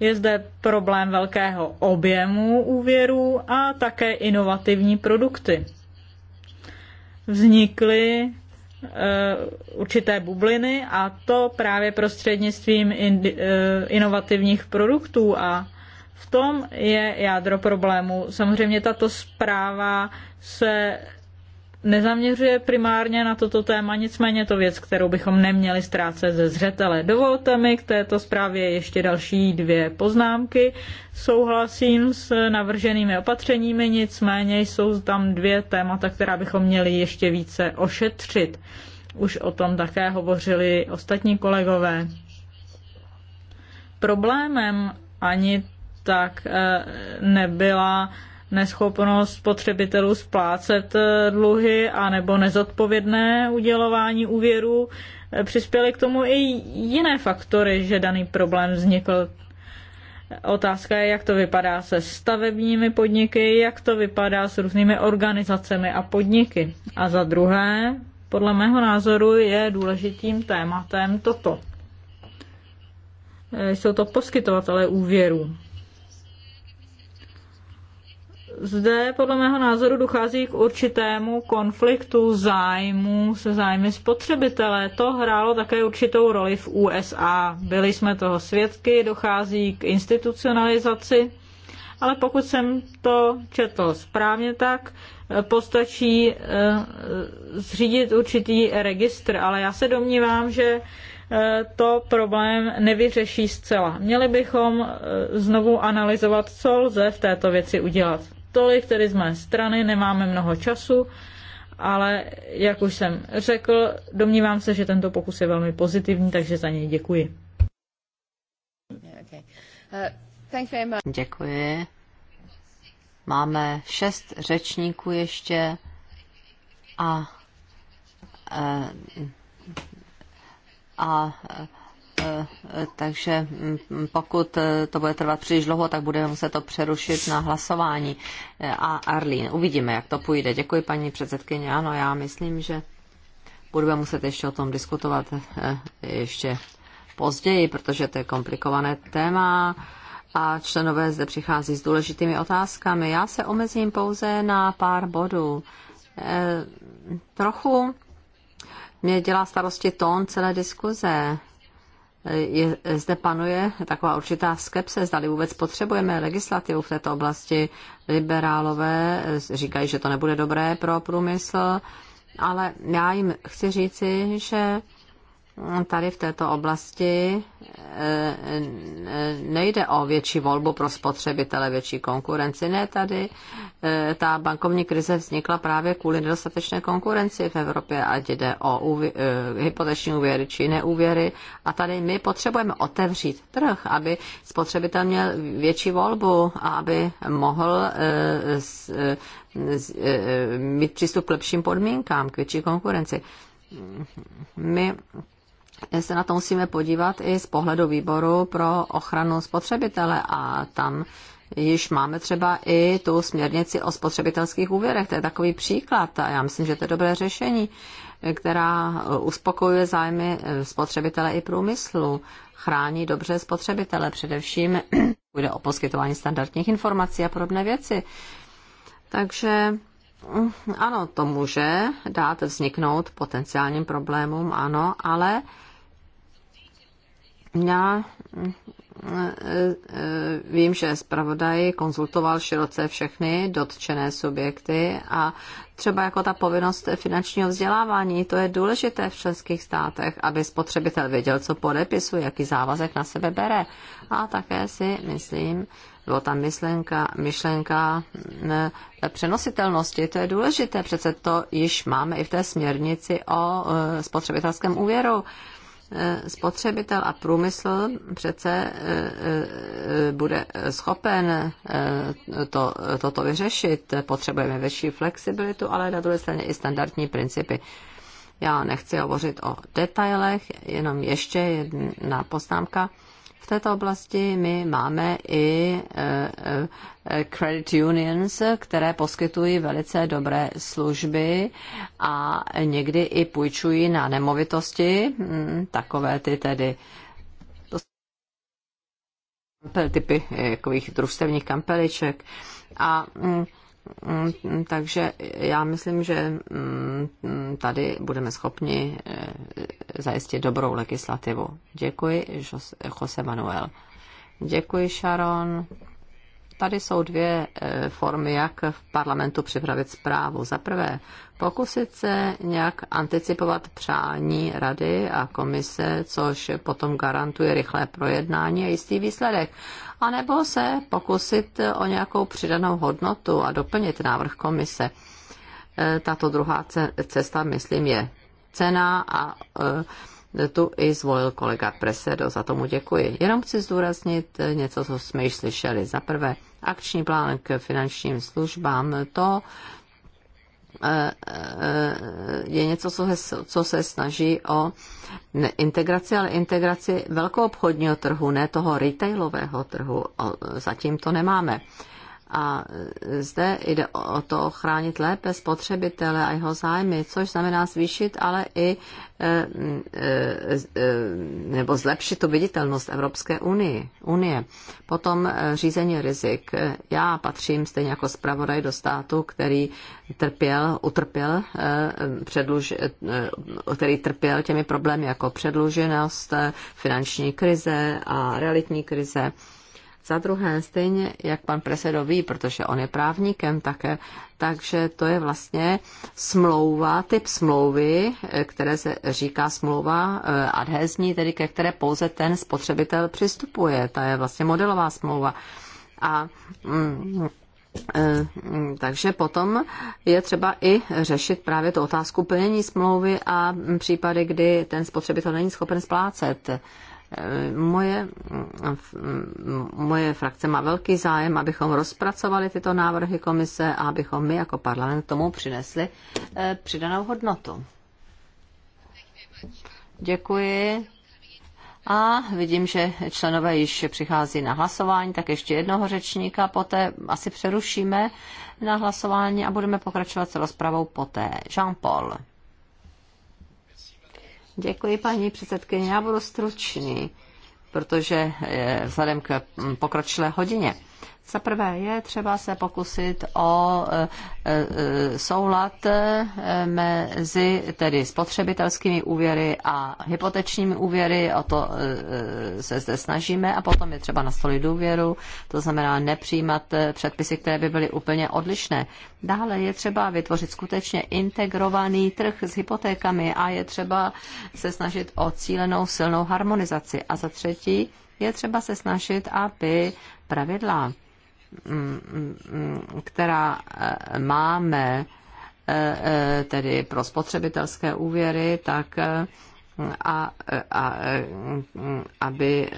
Je zde problém velkého objemu úvěru a také inovativní produkty. Vznikly Eh, určité bubliny a to právě prostřednictvím eh, inovativních produktů a v tom je jádro problému. Samozřejmě tato zpráva se nezaměřuje primárně na toto téma, nicméně to věc, kterou bychom neměli ztrácet ze zřetele. Dovolte mi k této zprávě ještě další dvě poznámky. Souhlasím s navrženými opatřeními, nicméně jsou tam dvě témata, která bychom měli ještě více ošetřit. Už o tom také hovořili ostatní kolegové. Problémem ani tak eh, nebyla neschopnost spotřebitelů splácet eh, dluhy a nebo nezodpovědné udělování úvěru. Eh, přispěly k tomu i jiné faktory, že daný problém vznikl. Otázka je, jak to vypadá se stavebními podniky, jak to vypadá s různými organizacemi a podniky. A za druhé, podle mého názoru je důležitým tématem toto. Eh, jsou to poskytovatele úvěru zde podle mého názoru dochází k určitému konfliktu zájmu se zájmy spotřebitele. To hrálo také určitou roli v USA. Byli jsme toho svědky, dochází k institucionalizaci, ale pokud jsem to četl správně, tak eh, postačí eh, zřídit určitý registr, ale já se domnívám, že eh, to problém nevyřeší zcela. Měli bychom znovu analyzovat, co lze v této věci udělat. Tolik tedy z mé strany, nemáme mnoho času, ale jak už jsem řekl, domnívám se, že tento pokus je velmi pozitivní, takže za něj děkuji. Uh, děkuji. Máme šest řečníků ještě a, eh, a, a Eh, takže mm, pokud eh, to bude trvat příliš dlouho, tak budeme muset to přerušit na hlasování. Eh, a Arlín, uvidíme, jak to půjde. Děkuji, paní předsedkyně. Ano, já myslím, že budeme muset ještě o tom diskutovat ještě později, protože to je komplikované téma a členové zde přichází s důležitými otázkami. Já se omezím pouze na pár bodů. trochu mě dělá starosti tón celé diskuze je, zde panuje taková určitá skepse, zdali vůbec potřebujeme legislativu v této oblasti. Liberálové eh, říkají, že to nebude dobré pro průmysl, ale já jim chci říci, že tady v této oblasti eh, eh, nejde o větší volbu pro spotřebitele, větší konkurenci. Ne, tady eh, ta bankovní krize vznikla právě kvůli nedostatečné konkurenci v Evropě, ať jde o úvě- hypoteční úvěry či jiné úvěry. A tady my potřebujeme otevřít trh, aby spotřebitel měl větší volbu a aby mohl mít přístup k lepším podmínkám, k větší konkurenci. My Eh, se na to musíme podívat i z pohledu výboru pro ochranu spotřebitele a tam již máme třeba i tu směrnici o spotřebitelských úvěrech. To je takový příklad a já myslím, že to je dobré řešení, eh, která eh, uspokojuje zájmy spotřebitele i průmyslu, chrání dobře spotřebitele, především bude o poskytování standardních informací a podobné věci. Takže mm, ano, to může dát vzniknout potenciálním problémům, ano, ale já eh, eh, vím, že zpravodaj konzultoval široce všechny dotčené subjekty a třeba jako ta povinnost finančního vzdělávání, to je důležité v členských státech, aby spotřebitel věděl, co podepisuje, jaký závazek na sebe bere. A také si myslím, bylo tam myšlenka, myšlenka eh, přenositelnosti, to je důležité, přece to již máme i v té směrnici o spotřebitelském úvěru. Eh, spotřebitel a průmysl přece eh, eh, bude schopen to, toto vyřešit. Potřebujeme větší flexibilitu, ale na druhé straně i standardní principy. Já nechci hovořit o detailech, jenom ještě jedna poznámka této oblasti my máme i e, e, credit unions, které poskytují velice dobré služby a někdy i půjčují na nemovitosti, hm, takové ty tedy typy e, takových družstevních kampeliček. A hm, Mm, takže já myslím, že mm, tady budeme schopni eh, zajistit dobrou legislativu. Děkuji, Jose Manuel. Děkuji, Sharon. Tady jsou dvě eh, formy, jak v parlamentu připravit zprávu. Za prvé, pokusit se nějak anticipovat přání rady a komise, což potom garantuje rychlé projednání a jistý výsledek. A nebo se pokusit o nějakou přidanou hodnotu a doplnit návrh komise. Eh, tato druhá cesta, myslím, je cena a eh, tu i zvolil kolega Presedo, za tomu děkuji. Jenom chci zdůraznit něco, co jsme již slyšeli. Za prvé, akční plán k finančním službám, to eh, eh, je něco, co se, co se snaží o integraci, ale integraci velkoobchodního trhu, ne toho retailového trhu. Zatím to nemáme. A e, zde jde o to ochránit lépe spotřebitele a jeho zájmy, což znamená zvýšit ale i e, e, nebo zlepšit tu viditelnost Evropské unii, unie. Potom řízení rizik. Já patřím stejně jako zpravodaj do státu, který trpěl, utrpěl, předluž, který trpěl těmi problémy jako předluženost, finanční krize a realitní krize. Za druhé, stejně jak pan Presedo ví, protože on je právníkem také, takže to je vlastně smlouva, typ smlouvy, eh, které se říká smlouva eh, adhezní, tedy ke které pouze ten spotřebitel přistupuje. Ta je vlastně modelová smlouva. A mm, eh, mm takže potom je třeba i řešit právě tu otázku plnění smlouvy a mm, případy, kdy ten spotřebitel není schopen splácet. Moje, moje frakce má velký zájem, abychom rozpracovali tyto návrhy komise a abychom my jako parlament tomu přinesli eh, přidanou hodnotu. Děkuji. A vidím, že členové již přichází na hlasování, tak ještě jednoho řečníka, poté asi přerušíme na hlasování a budeme pokračovat s rozpravou poté. Jean-Paul. Děkuji, paní předsedkyně. Já budu stručný, protože eh, vzhledem k pokročilé hodině. Za prvé je třeba se pokusit o e, e, soulad e, mezi tedy spotřebitelskými úvěry a hypotečními úvěry, o to se zde snažíme a potom je třeba nastolit důvěru, to znamená nepřijímat předpisy, které by byly úplně odlišné. Dále je třeba vytvořit skutečně integrovaný trh s hypotékami a je třeba se snažit o cílenou silnou harmonizaci. A za třetí, je třeba se snažit, aby pravidla, mm, mm, která eh, máme, eh, eh, tedy pro spotřebitelské úvěry, tak a, a, aby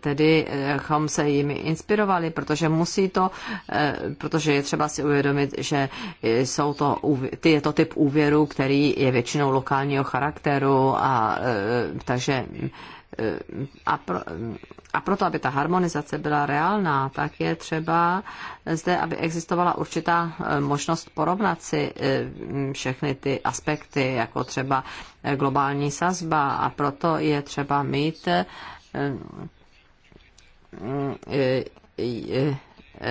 tedy chom se jimi inspirovali, protože musí to, protože je třeba si uvědomit, že jsou to, je to typ úvěru, který je většinou lokálního charakteru a takže a, pro, a proto, aby ta harmonizace byla reálná, tak je třeba zde, aby existovala určitá eh, možnost porovnat si eh, všechny ty aspekty, jako třeba eh, globální sazba a proto je třeba mít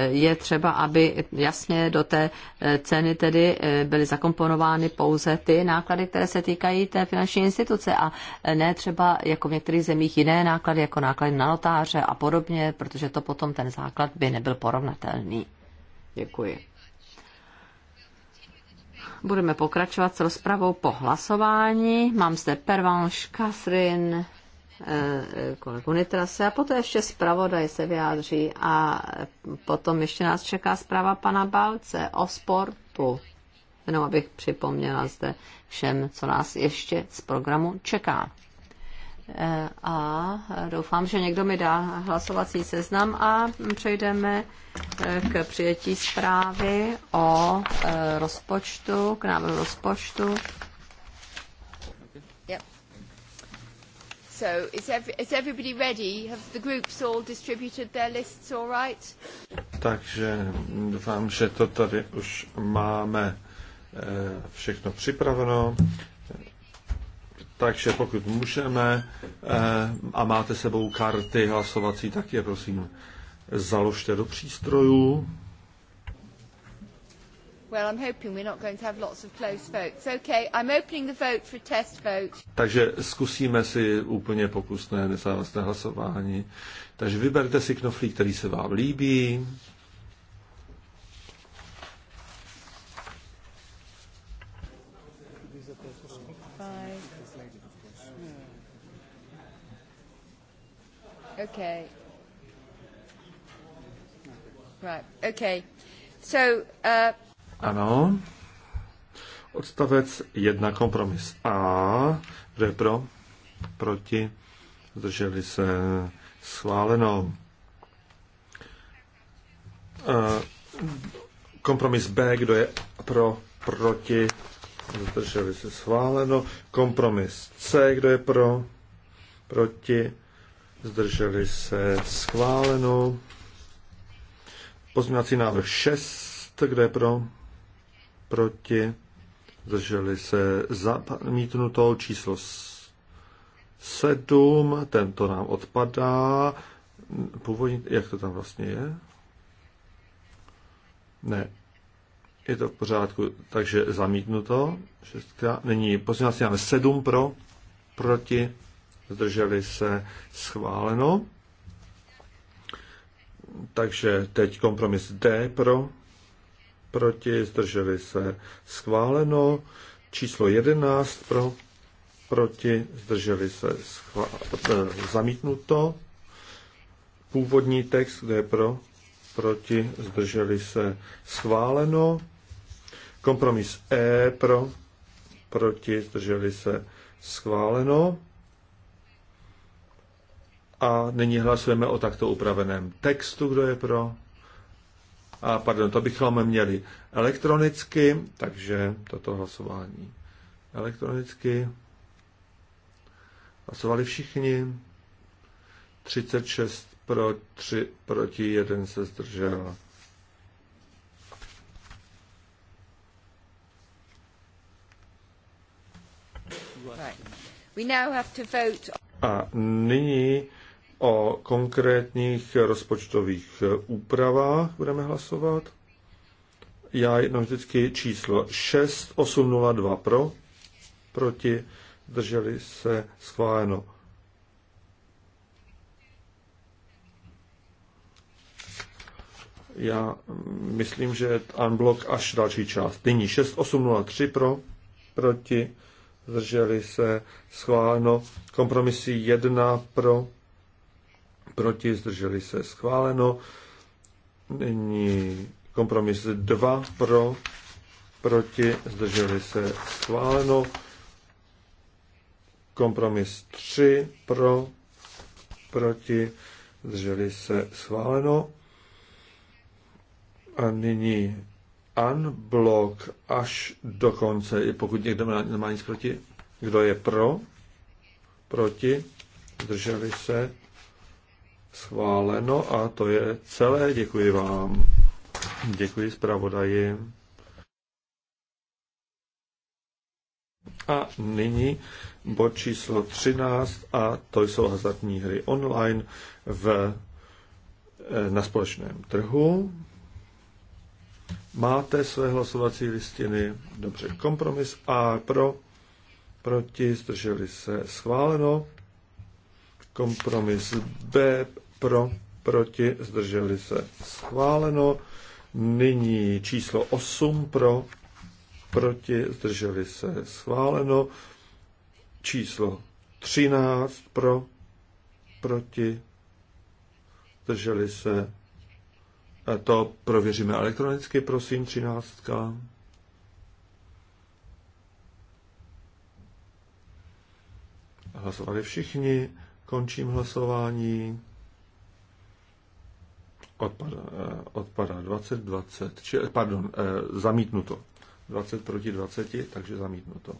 je třeba, aby jasně do té eh, ceny tedy eh, byly zakomponovány pouze ty náklady, které se týkají té finanční instituce a eh, ne třeba jako v některých zemích jiné náklady, jako náklady na notáře a podobně, protože to potom ten základ by nebyl porovnatelný. Děkuji. Budeme pokračovat s rozpravou po hlasování. Mám zde Pervanš Kasrin, Eh, kolegu Nitrase a poté ještě zpravodaj se vyjádří a potom ještě nás čeká zpráva pana Balce o sportu. Jenom abych připomněla zde všem, co nás ještě z programu čeká. Eh, a doufám, že někdo mi dá hlasovací seznam a přejdeme eh, k přijetí zprávy o rozpočtu, k návrhu rozpočtu. So is, every, is everybody ready? Have the groups all distributed their lists all right? Takže doufám, že to tady už máme e, všechno připraveno. Takže pokud můžeme e, a máte sebou karty hlasovací, tak je prosím založte do přístrojů. Well, I'm hoping we're not going to have lots of close votes. Okay, I'm opening the vote for test vote. Takže zkusíme si úplně pokusné nezávazné hlasování. Takže vyberte si knoflík, který se vám líbí. Okay. Right. Okay. So, uh, ano. Odstavec 1, kompromis A. Kdo je pro? Proti? Zdrželi se schváleno. E, kompromis B, kdo je pro, proti, zdrželi se schváleno. Kompromis C, kdo je pro, proti, zdrželi se schváleno. Pozměňovací návrh 6, kdo je pro, proti, zdrželi se zamítnutou číslo 7, tento nám odpadá. Původní, jak to tam vlastně je? Ne, je to v pořádku, takže zamítnuto. Šestka. Nyní pozměňovací máme 7 pro, proti, zdrželi se schváleno. Takže teď kompromis D pro, proti, zdrželi se schváleno, číslo 11 pro, proti, zdrželi se schvá- eh, zamítnuto, původní text, kde je pro, proti, zdrželi se schváleno, kompromis E pro, proti, zdrželi se schváleno. A nyní hlasujeme o takto upraveném textu, kdo je pro, a pardon, to bychom měli elektronicky, takže toto hlasování elektronicky. Hlasovali všichni. 36 pro, 3 proti, 1 se zdržel. A nyní O konkrétních rozpočtových úpravách budeme hlasovat. Já jedno vždycky číslo 6802 pro, proti, drželi se schváleno. Já myslím, že unblock až další část. Nyní 6803 pro, proti, zdrželi se, schváleno. Kompromisy 1 pro, proti, zdrželi se schváleno. Nyní kompromis 2 pro, proti, zdrželi se schváleno. Kompromis 3 pro, proti, zdrželi se schváleno. A nyní unblock až do konce, i pokud někdo nemá nic proti. Kdo je pro? Proti? Zdrželi se? Schváleno a to je celé. Děkuji vám. Děkuji zpravodaji. A nyní bod číslo 13 a to jsou hazardní hry online v, eh, na společném trhu. Máte své hlasovací listiny? Dobře, kompromis A pro, proti, zdrželi se, schváleno. Kompromis B pro, proti, zdrželi se. Schváleno. Nyní číslo 8 pro, proti, zdrželi se. Schváleno. Číslo 13 pro, proti, zdrželi se. A to prověříme elektronicky, prosím, 13. Hlasovali všichni, končím hlasování. Eh, odpadá, odpadá 20, 20, či, eh, pardon, eh, zamítnuto. 20 proti 20, takže zamítnuto.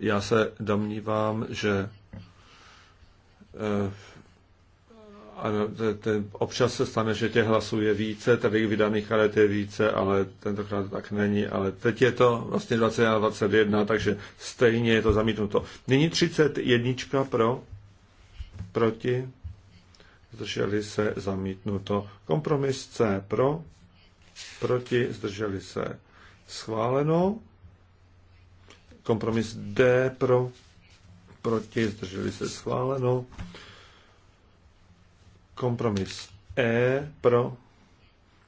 Já se domnívám, že ano, ten, občas se stane, že těch hlasů je více, tady vydaných karet je více, ale tentokrát tak není, ale teď je to vlastně 20 a 21, takže stejně je to zamítnuto. Nyní 31 pro, proti, zdrželi se zamítnuto. Kompromis C pro, proti, zdrželi se schváleno. Kompromis D pro, proti, zdrželi se schváleno. Kompromis E pro,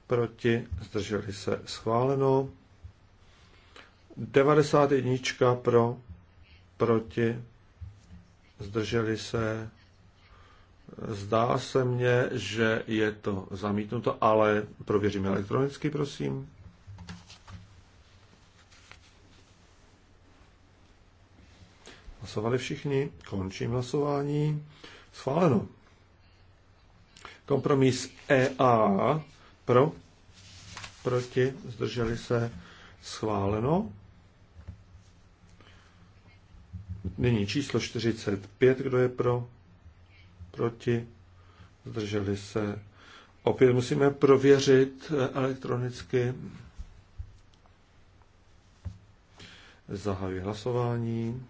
proti, zdrželi se schváleno. 91 pro, proti, zdrželi se. Zdá se mně, že je to zamítnuto, ale prověříme elektronicky, prosím. Hlasovali všichni, končím hlasování. Schváleno. Kompromis EA pro, proti, zdrželi se, schváleno. Nyní číslo 45, kdo je pro, proti, zdrželi se. Opět musíme prověřit elektronicky. Zahajuji hlasování.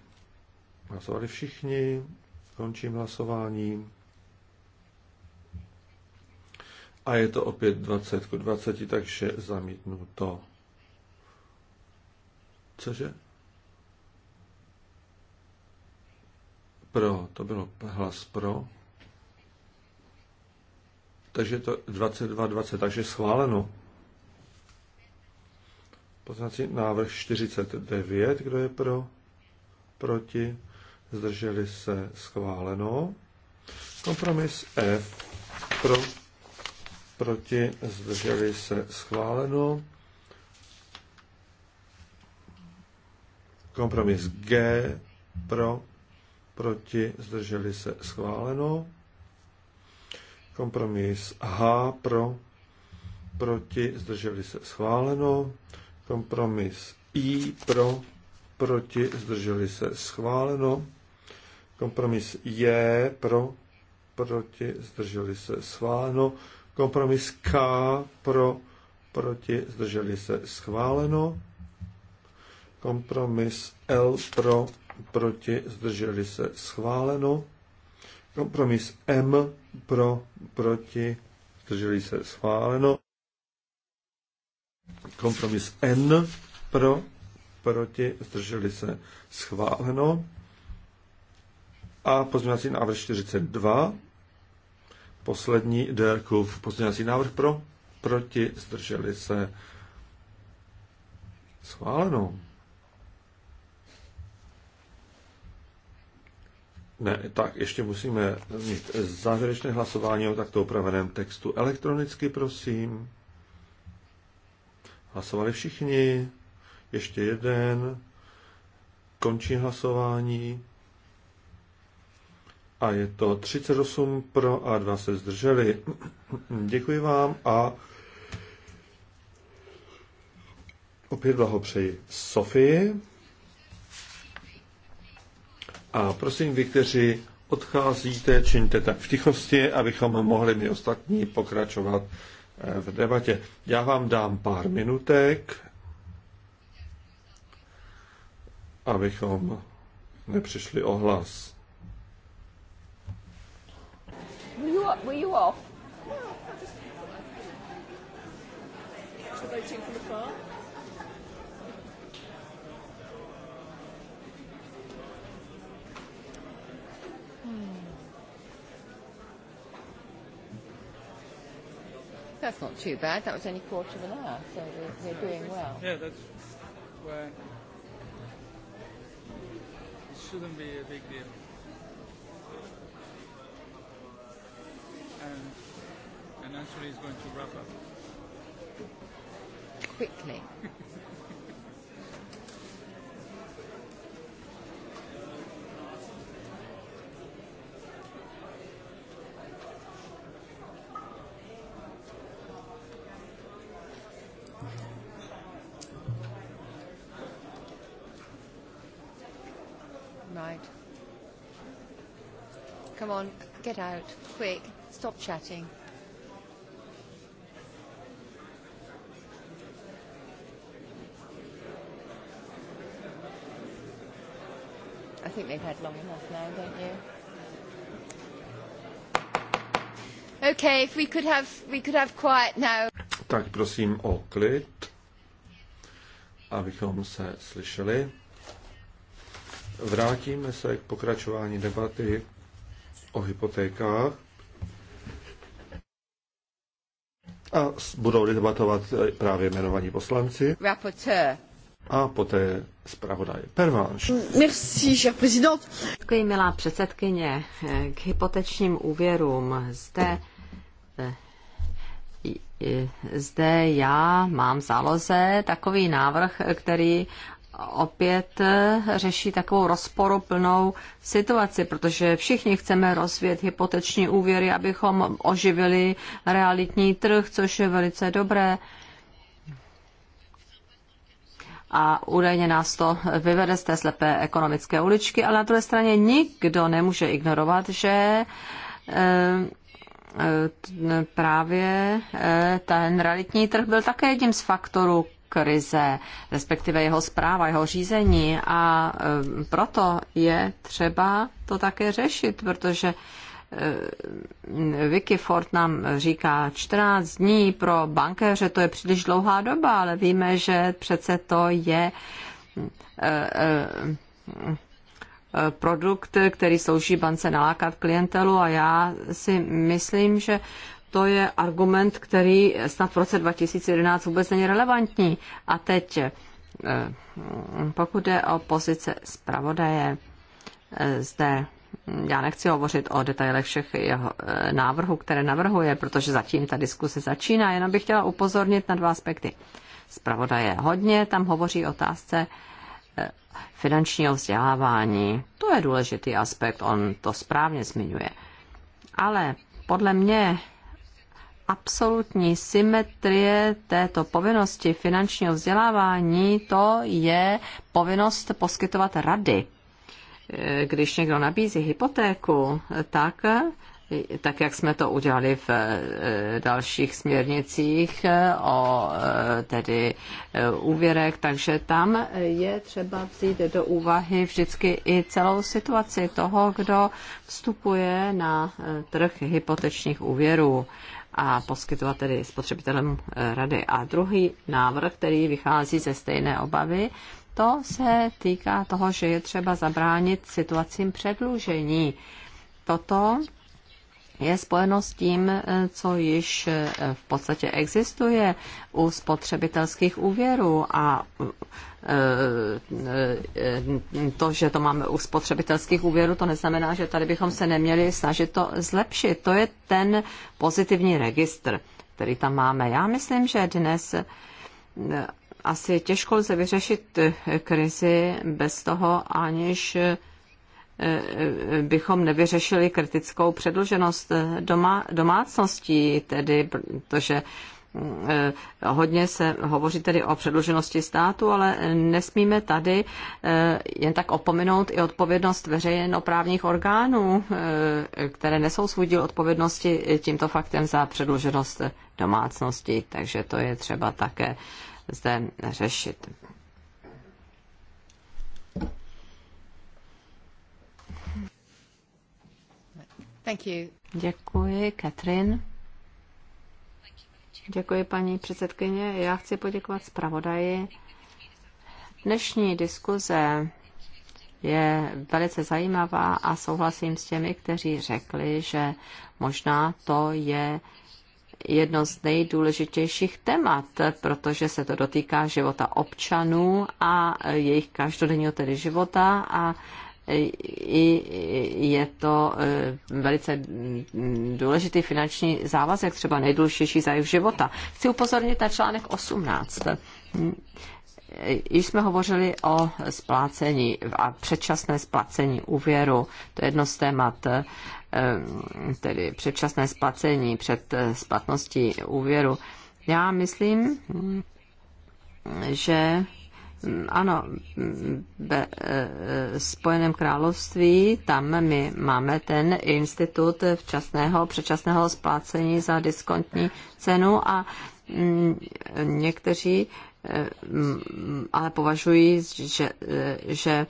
Hlasovali všichni. Končím hlasování. A je to opět 20 ku 20, takže zamítnu to. Cože? Pro, to bylo hlas pro. Takže to 22, 20, takže schváleno. Poznací návrh 49, kdo je pro, proti, zdrželi se schváleno. Kompromis F pro proti, zdrželi se schváleno. Kompromis G pro, proti, zdrželi se schváleno. Kompromis H pro, proti, zdrželi se schváleno. Kompromis I pro, proti, zdrželi se schváleno. Kompromis J pro, proti, zdrželi se schváleno. Kompromis K pro, proti, zdrželi se schváleno. Kompromis L pro, proti, zdrželi se schváleno. Kompromis M pro, proti, zdrželi se schváleno. Kompromis N pro, proti, zdrželi se schváleno. A pozměňovací návrh 42 Poslední Derkův pozdělací návrh pro, proti, zdrželi se. Schváleno. Ne, tak ještě musíme mít závěrečné hlasování o takto upraveném textu. Elektronicky, prosím. Hlasovali všichni. Ještě jeden. Končí hlasování. A je to 38 pro a 2 se zdrželi. Děkuji vám a opět blahopřeji Sofii. A prosím vy, kteří odcházíte, čiňte tak v tichosti, abychom mohli my ostatní pokračovat eh, v debatě. Já vám dám pár minutek, abychom nepřišli o hlas. Were you, were you off? voting from afar. That's not too bad. That was only quarter of an hour, so we're, we're doing well. Yeah, that's where it shouldn't be a big deal. Um, and, and Anthony is going to wrap up. Quickly. Right. Come on, get out, quick. Stop chatting. I think they've had long enough now, don't you? Okay, if we could have we could have quiet now. Tak prosím o klid, abychom se slyšeli. Vrátíme se k pokračování debaty o hypotékách. A budou debatovat eh, právě jmenovaní poslanci. Rapporteur. A poté zpravodaj Pervanš. Merci, cher président. Děkuji, milá předsedkyně. K hypotečním úvěrům zde eh, zde já mám záloze takový návrh, který opět eh, řeší takovou rozporuplnou situaci, protože všichni chceme rozvět hypoteční úvěry, abychom oživili realitní trh, což je velice dobré. A údajně nás to vyvede z té slepé ekonomické uličky, ale na druhé straně nikdo nemůže ignorovat, že eh, eh, právě ten realitní trh byl také jedním z faktorů krize, respektive jeho zpráva, jeho řízení a e, proto je třeba to také řešit, protože e, Vicky Ford nám říká 14 dní pro bankéře, to je příliš dlouhá doba, ale víme, že přece to je e, produkt, který slouží bance nalákat klientelu a já si myslím, že to je argument, který snad v roce 2011 vůbec není relevantní. A teď, eh, pokud je o pozice zpravodaje, eh, zde hm, já nechci hovořit o detailech všech jeho eh, návrhů, které navrhuje, protože zatím ta diskuse začíná, jenom bych chtěla upozornit na dva aspekty. Zpravodaje hodně, tam hovoří o otázce finančního vzdělávání. To je důležitý aspekt, on to správně zmiňuje. Ale podle mě absolutní symetrie této povinnosti finančního vzdělávání, to je povinnost poskytovat rady. E, když někdo nabízí hypotéku, tak e, tak jak jsme to udělali v e, dalších směrnicích o tedy úvěrech, takže tam je třeba vzít do úvahy vždycky i celou situaci toho, kdo vstupuje na trh hypotečních úvěrů a poskytovat tedy spotřebitelům eh, rady. A druhý návrh, který vychází ze stejné obavy, to se týká toho, že je třeba zabránit situacím předlužení. Toto je spojeno s tím, eh, co již eh, v podstatě existuje u spotřebitelských úvěrů a eh, to, že to máme u spotřebitelských úvěrů, to neznamená, že tady bychom se neměli snažit to zlepšit. To je ten pozitivní registr, který tam máme. Já myslím, že dnes asi těžko lze vyřešit krizi bez toho, aniž bychom nevyřešili kritickou předloženost doma, domácností, tedy protože eh, Hodně se hovoří tedy o předluženosti státu, ale nesmíme tady eh, jen tak opomenout i odpovědnost veřejnoprávních orgánů, eh, které nesou svůj díl odpovědnosti tímto faktem za předluženost domácnosti. Takže to je třeba také zde řešit. Thank you. Děkuji, Katrin. Děkuji, paní předsedkyně. Já chci poděkovat zpravodaji. Dnešní diskuze je velice zajímavá a souhlasím s těmi, kteří řekli, že možná to je jedno z nejdůležitějších témat, protože se to dotýká života občanů a jejich každodenního tedy života a i je to e, velice důležitý finanční závazek, třeba nejdůležitější za jejich života. Chci upozornit na článek 18. Již jsme hovořili o splácení a předčasné splacení úvěru. To je jedno z témat, e, tedy předčasné splacení před e, splatností úvěru. Já myslím, že ano, ve eh, Spojeném království, tam my máme ten institut včasného, předčasného splácení za diskontní cenu a mm, někteří eh, ale považují, že, eh, že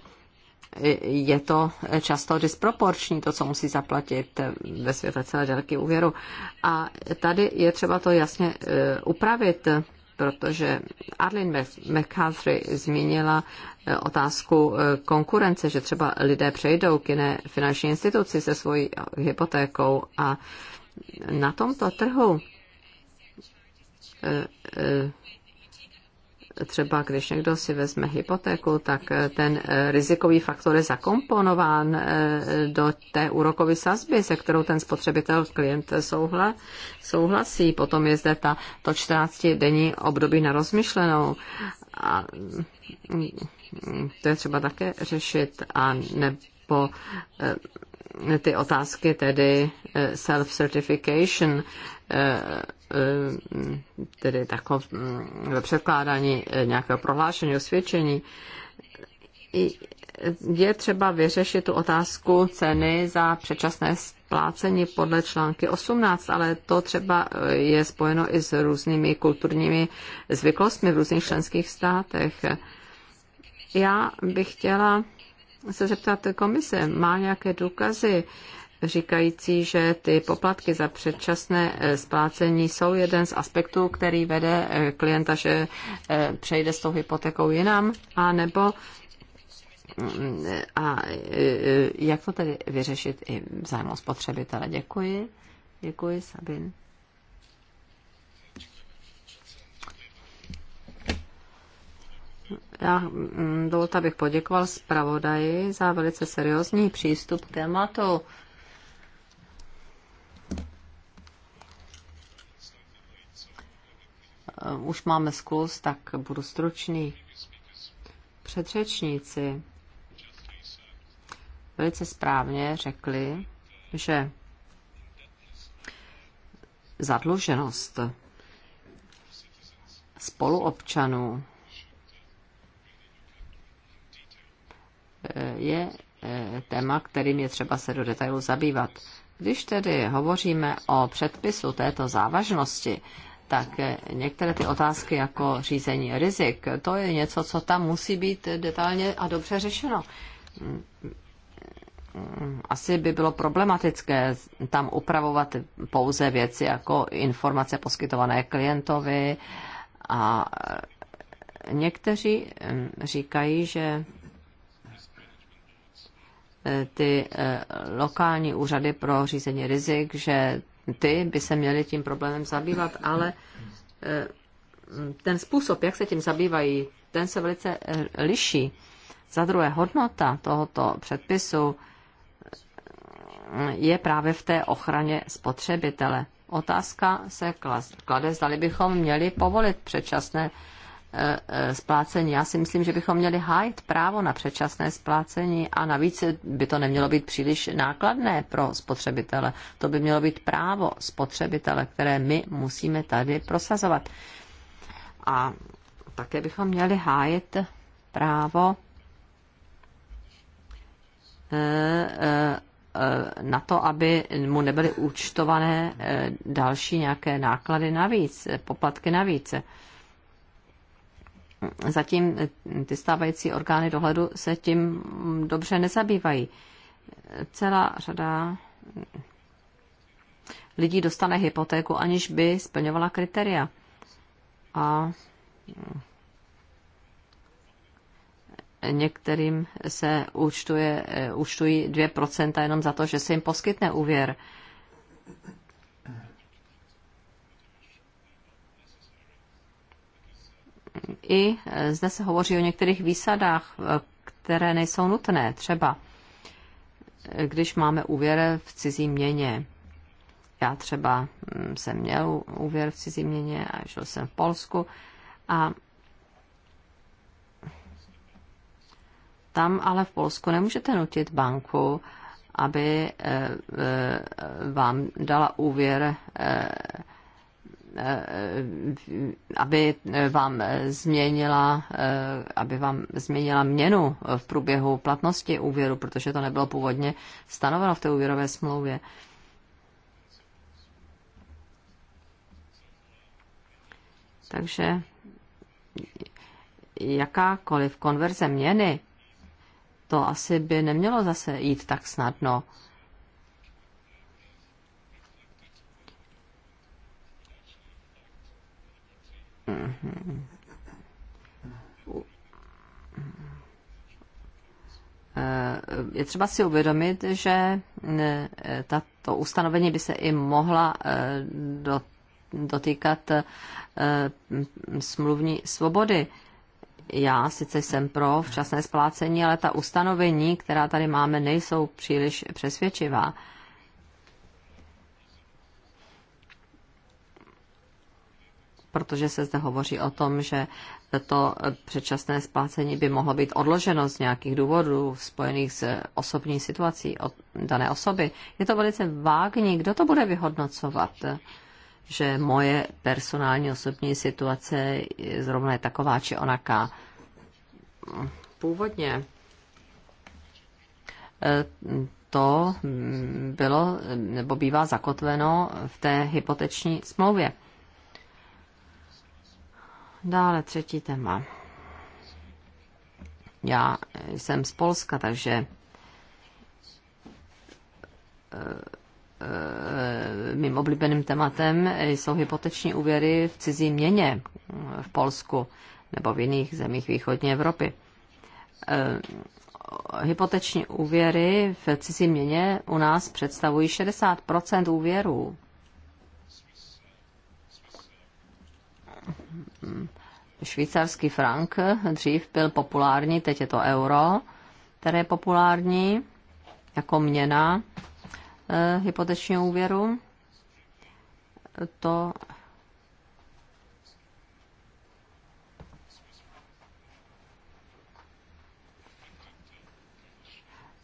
je to často disproporční, to, co musí zaplatit ve světle celé délky úvěru. A tady je třeba to jasně upravit protože Arlene McCarthy zmínila eh, otázku eh, konkurence, že třeba lidé přejdou k jiné finanční instituci se svojí hypotékou a na tomto trhu eh, třeba když někdo si vezme hypotéku, tak eh, ten eh, rizikový faktor je zakomponován eh, do té úrokové sazby, se kterou ten spotřebitel, klient souhla, souhlasí. Potom je zde ta, to 14-denní období na rozmyšlenou. A, mm, to je třeba také řešit a nebo ty otázky tedy self-certification, Eh, tedy takov, mm, ve předkládání eh, nějakého prohlášení, osvědčení, je třeba vyřešit tu otázku ceny za předčasné splácení podle články 18, ale to třeba eh, je spojeno i s různými kulturními zvyklostmi v různých členských státech. Já bych chtěla se zeptat komise, má nějaké důkazy, říkající, že ty poplatky za předčasné eh, splácení jsou jeden z aspektů, který vede eh, klienta, že eh, přejde s tou hypotékou jinam, a nebo mm, a jak to tedy vyřešit i v zájmu spotřebitele? Děkuji. Děkuji, Sabin. Já mm, dovolte, abych poděkoval zpravodaji za velice seriózní přístup k tématu. Eh, už máme sklus, tak budu stručný. Předřečníci velice správně řekli, že zadluženost spoluobčanů eh, je eh, téma, kterým je třeba se do detailu zabývat. Když tedy hovoříme o předpisu této závažnosti, tak některé ty otázky jako řízení rizik, to je něco, co tam musí být detailně a dobře řešeno. Asi by bylo problematické tam upravovat pouze věci jako informace poskytované klientovi a někteří hm, říkají, že eh, ty eh, lokální úřady pro řízení rizik, že ty by se měly tím problémem zabývat, ale eh, ten způsob, jak se tím zabývají, ten se velice eh, liší. Za druhé, hodnota tohoto předpisu eh, je právě v té ochraně spotřebitele. Otázka se klade, zda bychom měli povolit předčasné splácení. Já si myslím, že bychom měli hájit právo na předčasné splácení a navíc by to nemělo být příliš nákladné pro spotřebitele. To by mělo být právo spotřebitele, které my musíme tady prosazovat. A také bychom měli hájit právo eh, eh, na to, aby mu nebyly účtované eh, další nějaké náklady navíc, poplatky navíc zatím eh, ty stávající orgány dohledu se tím dobře nezabývají. Celá řada lidí dostane hypotéku, aniž by splňovala kritéria. A eh, některým se účtuje, eh, účtují 2% jenom za to, že se jim poskytne úvěr. i e, zde se hovoří o některých výsadách, e, které nejsou nutné. Třeba e, když máme úvěr v cizí měně. Já třeba jsem měl úvěr v cizí měně a žil jsem v Polsku a tam ale v Polsku nemůžete nutit banku, aby vám dala úvěr Eh, aby vám změnila, eh, aby vám změnila měnu v průběhu platnosti úvěru, protože to nebylo původně stanoveno v té úvěrové smlouvě. Takže jakákoliv konverze měny, to asi by nemělo zase jít tak snadno. Eh, je třeba si uvědomit, že eh, tato ustanovení by se i mohla eh, dotýkat smluvní svobody. Já sice jsem pro včasné splácení, ale ta ustanovení, která tady máme, nejsou příliš přesvědčivá. protože se zde hovoří o tom, že to předčasné splácení by mohlo být odloženo z nějakých důvodů spojených s osobní situací od dané osoby. Je to velice vágní, kdo to bude vyhodnocovat, že moje personální osobní situace zrovna je taková či onaká. Původně eh, to bylo nebo bývá zakotveno v té hypoteční smlouvě. Dále třetí téma. Já jsem z Polska, takže eh, eh, mým oblíbeným tématem jsou hypoteční úvěry v cizí měně v Polsku nebo v jiných zemích východní Evropy. Eh, hypoteční úvěry v cizí měně u nás představují 60 úvěrů švýcarský frank dřív byl populární, teď je to euro, které je populární jako měna eh, hypotečního úvěru. To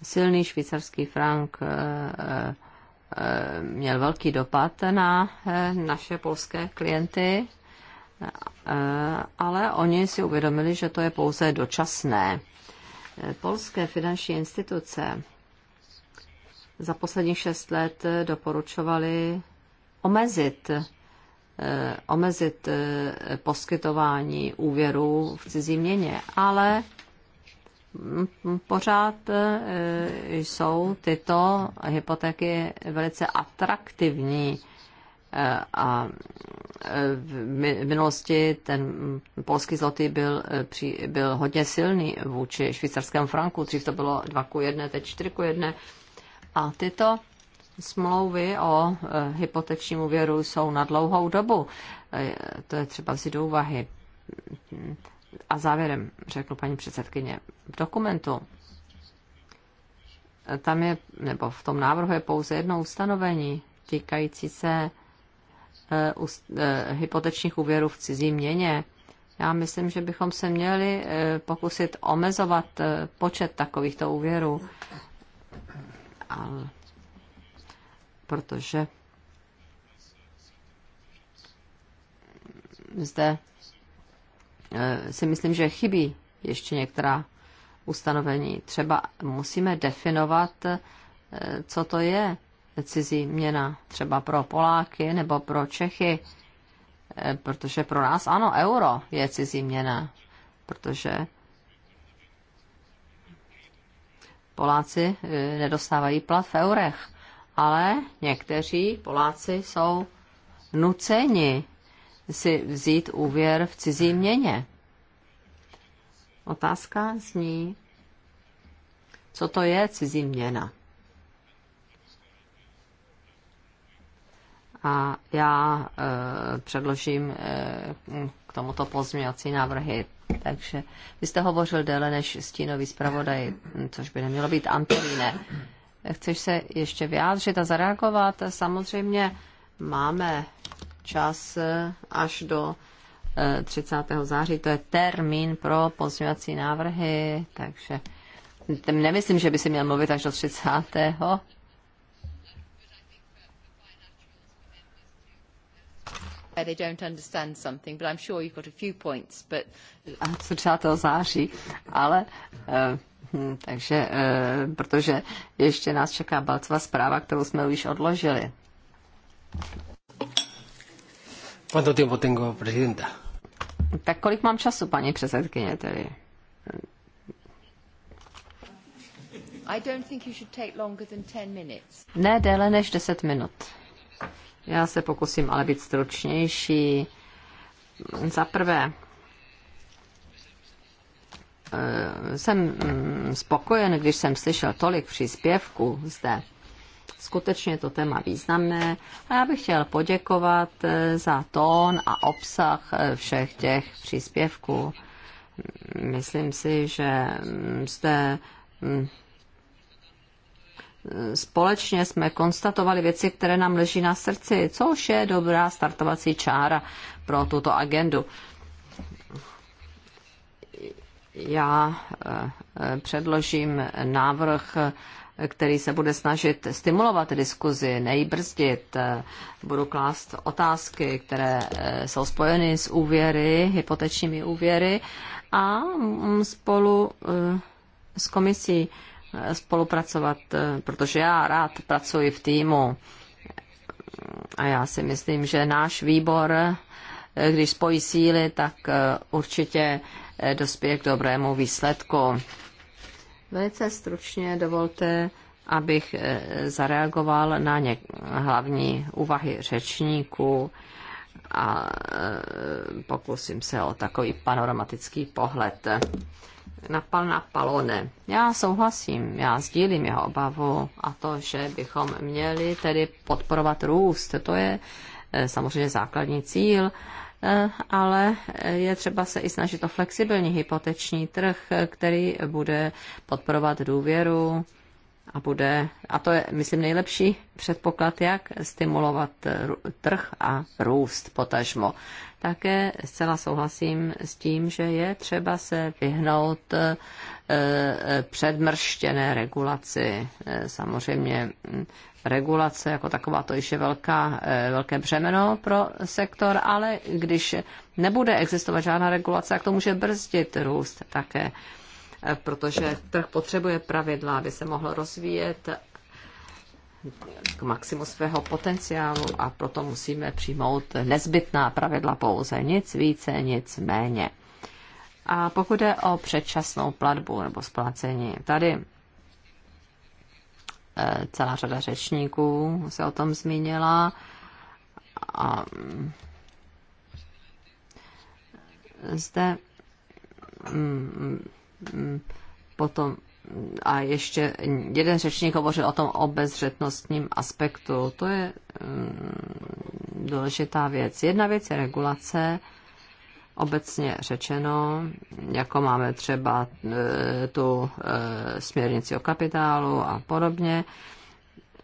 silný švýcarský frank eh, eh, měl velký dopad na eh, naše polské klienty Eh, ale oni si uvědomili, že to je pouze dočasné. Eh, polské finanční instituce za posledních šest let eh, doporučovali omezit omezit poskytování úvěrů v cizí měně, ale mm, mm, pořád jsou tyto hypotéky velice atraktivní a v minulosti ten polský zlatý byl, byl hodně silný vůči švýcarskému franku. Dřív to bylo 2 ku 1, teď 4 ku 1. A tyto smlouvy o e, hypotečním úvěru jsou na dlouhou dobu. E, to je třeba vzít do úvahy. A závěrem řeknu paní předsedkyně, v dokumentu e, tam je, nebo v tom návrhu je pouze jedno ustanovení týkající se Eh, eh, hypotečních úvěrů v cizí měně. Já myslím, že bychom se měli eh, pokusit omezovat počet takovýchto úvěrů, ale protože zde si myslím, že chybí ještě některá ustanovení. Třeba musíme definovat, co to je cizí měna, třeba pro Poláky nebo pro Čechy, eh, protože pro nás ano, euro je cizí měna, protože Poláci eh, nedostávají plat v eurech, ale někteří Poláci jsou nuceni si vzít úvěr v cizí měně. Otázka zní, co to je cizí měna? a já eh, předložím eh, k tomuto pozměňovací návrhy. Takže vy jste hovořil déle než stínový zpravodaj, což by nemělo být Antoríne. Chceš se ještě vyjádřit a zareagovat? Samozřejmě máme čas eh, až do 30. září, to je termín pro pozměňovací návrhy, takže nemyslím, že by si měl mluvit až do 30. where they don't understand something, but I'm sure you've got a few points. But... A co třeba toho září, ale... Uh... Hmm, takže, e, protože ještě nás čeká Balcova zpráva, kterou jsme už odložili. prezidenta? Tak kolik mám času, paní předsedkyně, tedy? I don't think you should take longer than 10 minutes. Ne, déle než 10 minut. Já se pokusím ale být stručnější. Za prvé, eh, jsem mm, spokojen, když jsem slyšel tolik příspěvků zde. Skutečně to téma významné a já bych chtěl poděkovat eh, za tón a obsah eh, všech těch příspěvků. Myslím si, že jste mm, společně jsme konstatovali věci, které nám leží na srdci, což je dobrá startovací čára pro tuto agendu. Já eh, předložím návrh, který se bude snažit stimulovat diskuzi, nejbrzdit. Eh, budu klást otázky, které eh, jsou spojeny s úvěry, hypotečními úvěry a mm, spolu s komisí spolupracovat, eh, protože já rád pracuji v týmu a já si myslím, že náš výbor, eh, když spojí síly, tak eh, určitě dospěje k dobrému výsledku. Velice stručně dovolte, abych zareagoval na ně hlavní úvahy řečníků a pokusím se o takový panoramatický pohled napal na Palone. Já souhlasím, já sdílím jeho obavu a to, že bychom měli tedy podporovat růst, to je eh, samozřejmě základní cíl, eh, ale je třeba se i snažit o flexibilní hypoteční trh, eh, který bude podporovat důvěru a bude, a to je, myslím, nejlepší předpoklad, jak stimulovat trh a růst potažmo. Také zcela souhlasím s tím, že je třeba se vyhnout e, e, předmrštěné regulaci. E, samozřejmě regulace jako taková to již je velká, velké břemeno pro sektor, ale když nebude existovat žádná regulace, tak to může brzdit růst také. Eh, protože trh potřebuje pravidla, aby se mohl rozvíjet k maximu svého potenciálu a proto musíme přijmout nezbytná pravidla pouze, nic více, nic méně. A pokud je o předčasnou platbu nebo splacení, tady eh, celá řada řečníků se o tom zmínila a mm, zde mm, Mm, potom a ještě jeden řečník hovořil o tom obezřetnostním aspektu. To je mm, důležitá věc. Jedna věc je regulace, obecně řečeno, jako máme třeba e, tu e, směrnici o kapitálu a podobně.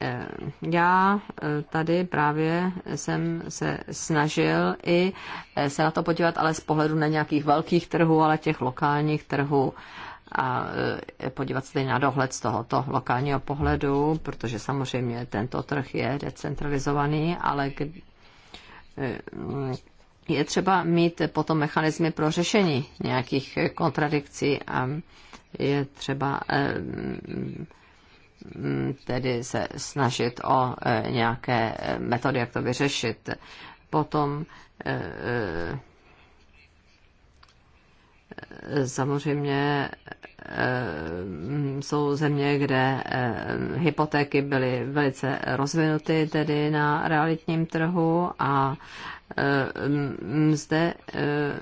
Eh, já eh, tady právě jsem se snažil i eh, se na to podívat, ale z pohledu ne nějakých velkých trhů, ale těch lokálních trhů a podívat se na dohled z tohoto lokálního pohledu, protože samozřejmě tento trh je decentralizovaný, ale je třeba mít potom mechanismy pro řešení nějakých kontradikcí a je třeba tedy se snažit o e, nějaké e, metody, jak to vyřešit. Potom e, samozřejmě jsou země, kde hypotéky byly velice rozvinuty tedy na realitním trhu a Eh, zde eh,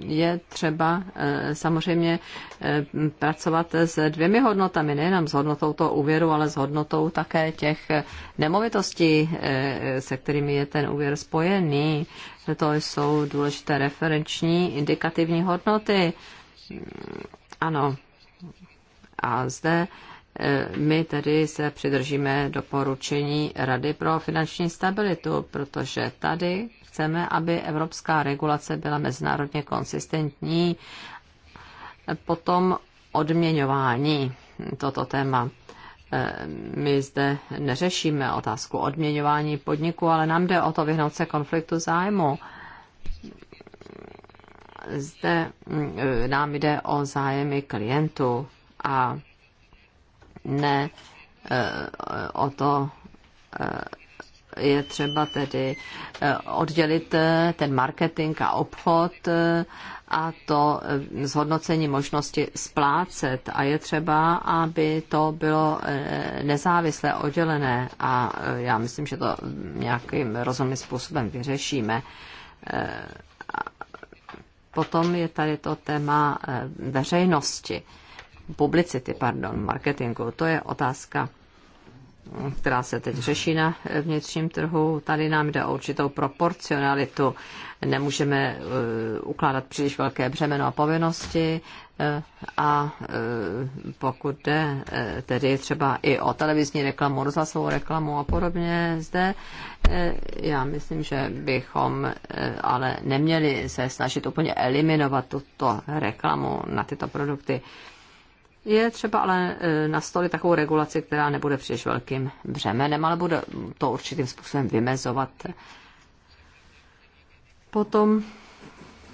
je třeba eh, samozřejmě pracovat s dvěmi hodnotami, nejenom s hodnotou toho úvěru, ale s hodnotou také těch nemovitostí, se kterými je ten úvěr spojený. To jsou důležité referenční indikativní hodnoty. Ano. A zde E, my tedy se přidržíme doporučení Rady pro finanční stabilitu, protože tady chceme, aby evropská regulace byla mezinárodně konsistentní. Potom odměňování toto téma. E, my zde neřešíme otázku odměňování podniku, ale nám jde o to vyhnout se konfliktu zájmu. Zde mm, e, nám jde o zájmy klientů a ne eh, o to eh, je třeba tedy eh, oddělit ten marketing a obchod a to zhodnocení možnosti splácet. A je třeba, aby to bylo nezávislé, oddělené a já myslím, že to nějakým rozumným způsobem vyřešíme. Potom je tady to téma veřejnosti publicity, pardon, marketingu. To je otázka, která se teď řeší na vnitřním trhu. Tady nám jde o určitou proporcionalitu. Nemůžeme eh, ukládat příliš velké břemeno a povinnosti eh, a eh, pokud jde tedy třeba i o televizní reklamu, rozhlasovou reklamu a podobně zde, já myslím, že bychom ale neměli se snažit úplně eliminovat tuto reklamu na tyto produkty. Je třeba ale e, nastolit takovou regulaci, která nebude příliš velkým břemenem, ale bude to určitým způsobem vymezovat. Potom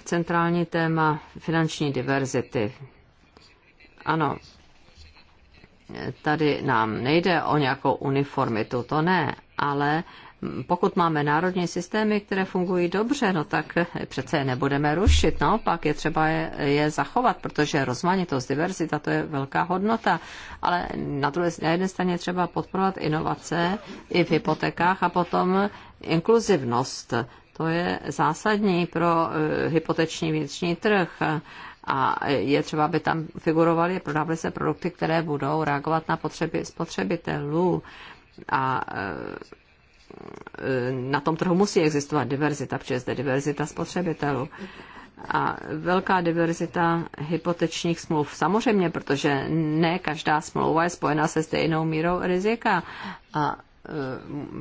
centrální téma finanční diverzity. Ano, tady nám nejde o nějakou uniformitu, to ne, ale pokud máme národní systémy, které fungují dobře, no tak přece je nebudeme rušit. Naopak je třeba je, je zachovat, protože rozmanitost, diverzita, to je velká hodnota. Ale na, druhé, na jedné straně je třeba podporovat inovace i v hypotekách a potom inkluzivnost. To je zásadní pro eh, hypoteční vnitřní trh a je třeba, aby tam figurovaly a prodávaly se produkty, které budou reagovat na potřeby spotřebitelů. A eh, na tom trhu musí existovat diverzita, protože zde diverzita spotřebitelů. A velká diverzita hypotečních smluv. Samozřejmě, protože ne každá smlouva je spojená se stejnou mírou rizika. A e,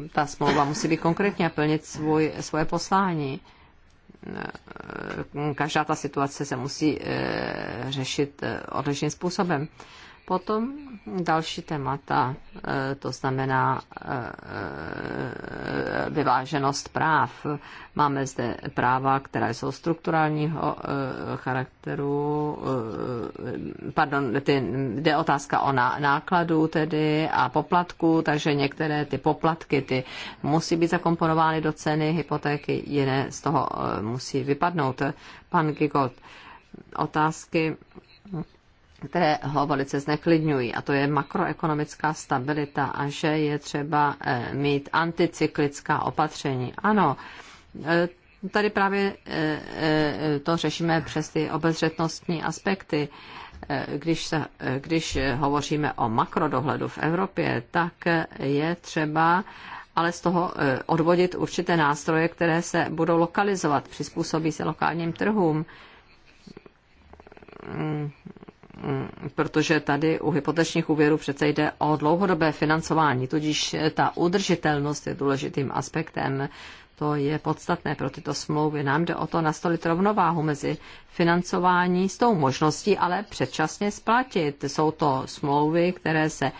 ta smlouva musí být konkrétně a plnit svůj, svoje poslání. E, každá ta situace se musí e, řešit odlišným způsobem. Potom další témata, eh, to znamená eh, eh, vyváženost práv. Máme zde práva, která jsou strukturálního charakteru, pardon, ty, jde otázka o nákladů tedy a poplatku, takže některé ty poplatky ty musí být zakomponovány do ceny hypotéky, jiné z toho musí vypadnout. Pan Gigot, otázky které ho velice zneklidňují, a to je makroekonomická stabilita a že je třeba eh, mít anticyklická opatření. Ano, eh, tady právě eh, to řešíme přes ty obezřetnostní aspekty. Když, se, když hovoříme o makrodohledu v Evropě, tak je třeba ale z toho odvodit určité nástroje, které se budou lokalizovat, přizpůsobí se lokálním trhům hmm. Mm, protože tady u hypotečních úvěrů přece jde o dlouhodobé financování, tudíž ta udržitelnost je důležitým aspektem. To je podstatné pro tyto smlouvy. Nám jde o to nastolit rovnováhu mezi financování s tou možností, ale předčasně splatit. Jsou to smlouvy, které se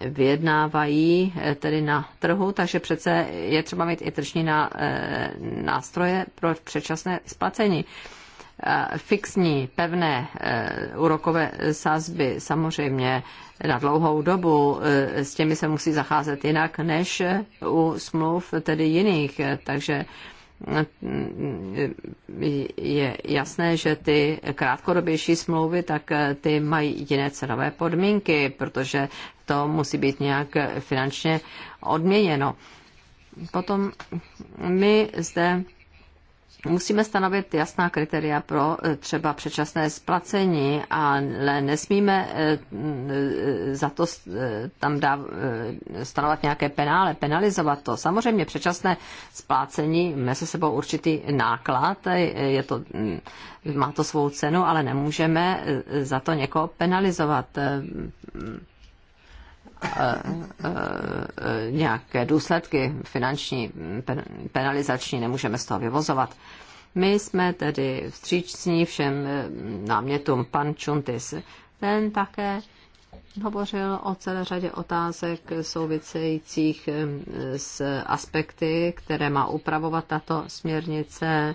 vyjednávají eh, tedy na trhu, takže přece je třeba mít i tržní eh, nástroje pro předčasné splacení fixní, pevné e, úrokové sazby samozřejmě na dlouhou dobu, e, s těmi se musí zacházet jinak než u smluv tedy jiných. Takže mm, je jasné, že ty krátkodobější smlouvy, tak e, ty mají jiné cenové podmínky, protože to musí být nějak finančně odměněno. Potom my zde Musíme stanovit jasná kritéria pro eh, třeba předčasné splacení, ale nesmíme eh, za to eh, tam dáv, stanovat nějaké penále, penalizovat to. Samozřejmě předčasné splácení se sebou určitý náklad, je to, mm, má to svou cenu, ale nemůžeme za to někoho penalizovat. Eh, eh, nějaké důsledky finanční, penalizační nemůžeme z toho vyvozovat. My jsme tedy vstřícní všem námětům. Pan Čuntis, ten také hovořil o celé řadě otázek souvisejících eh, s aspekty, které má upravovat tato směrnice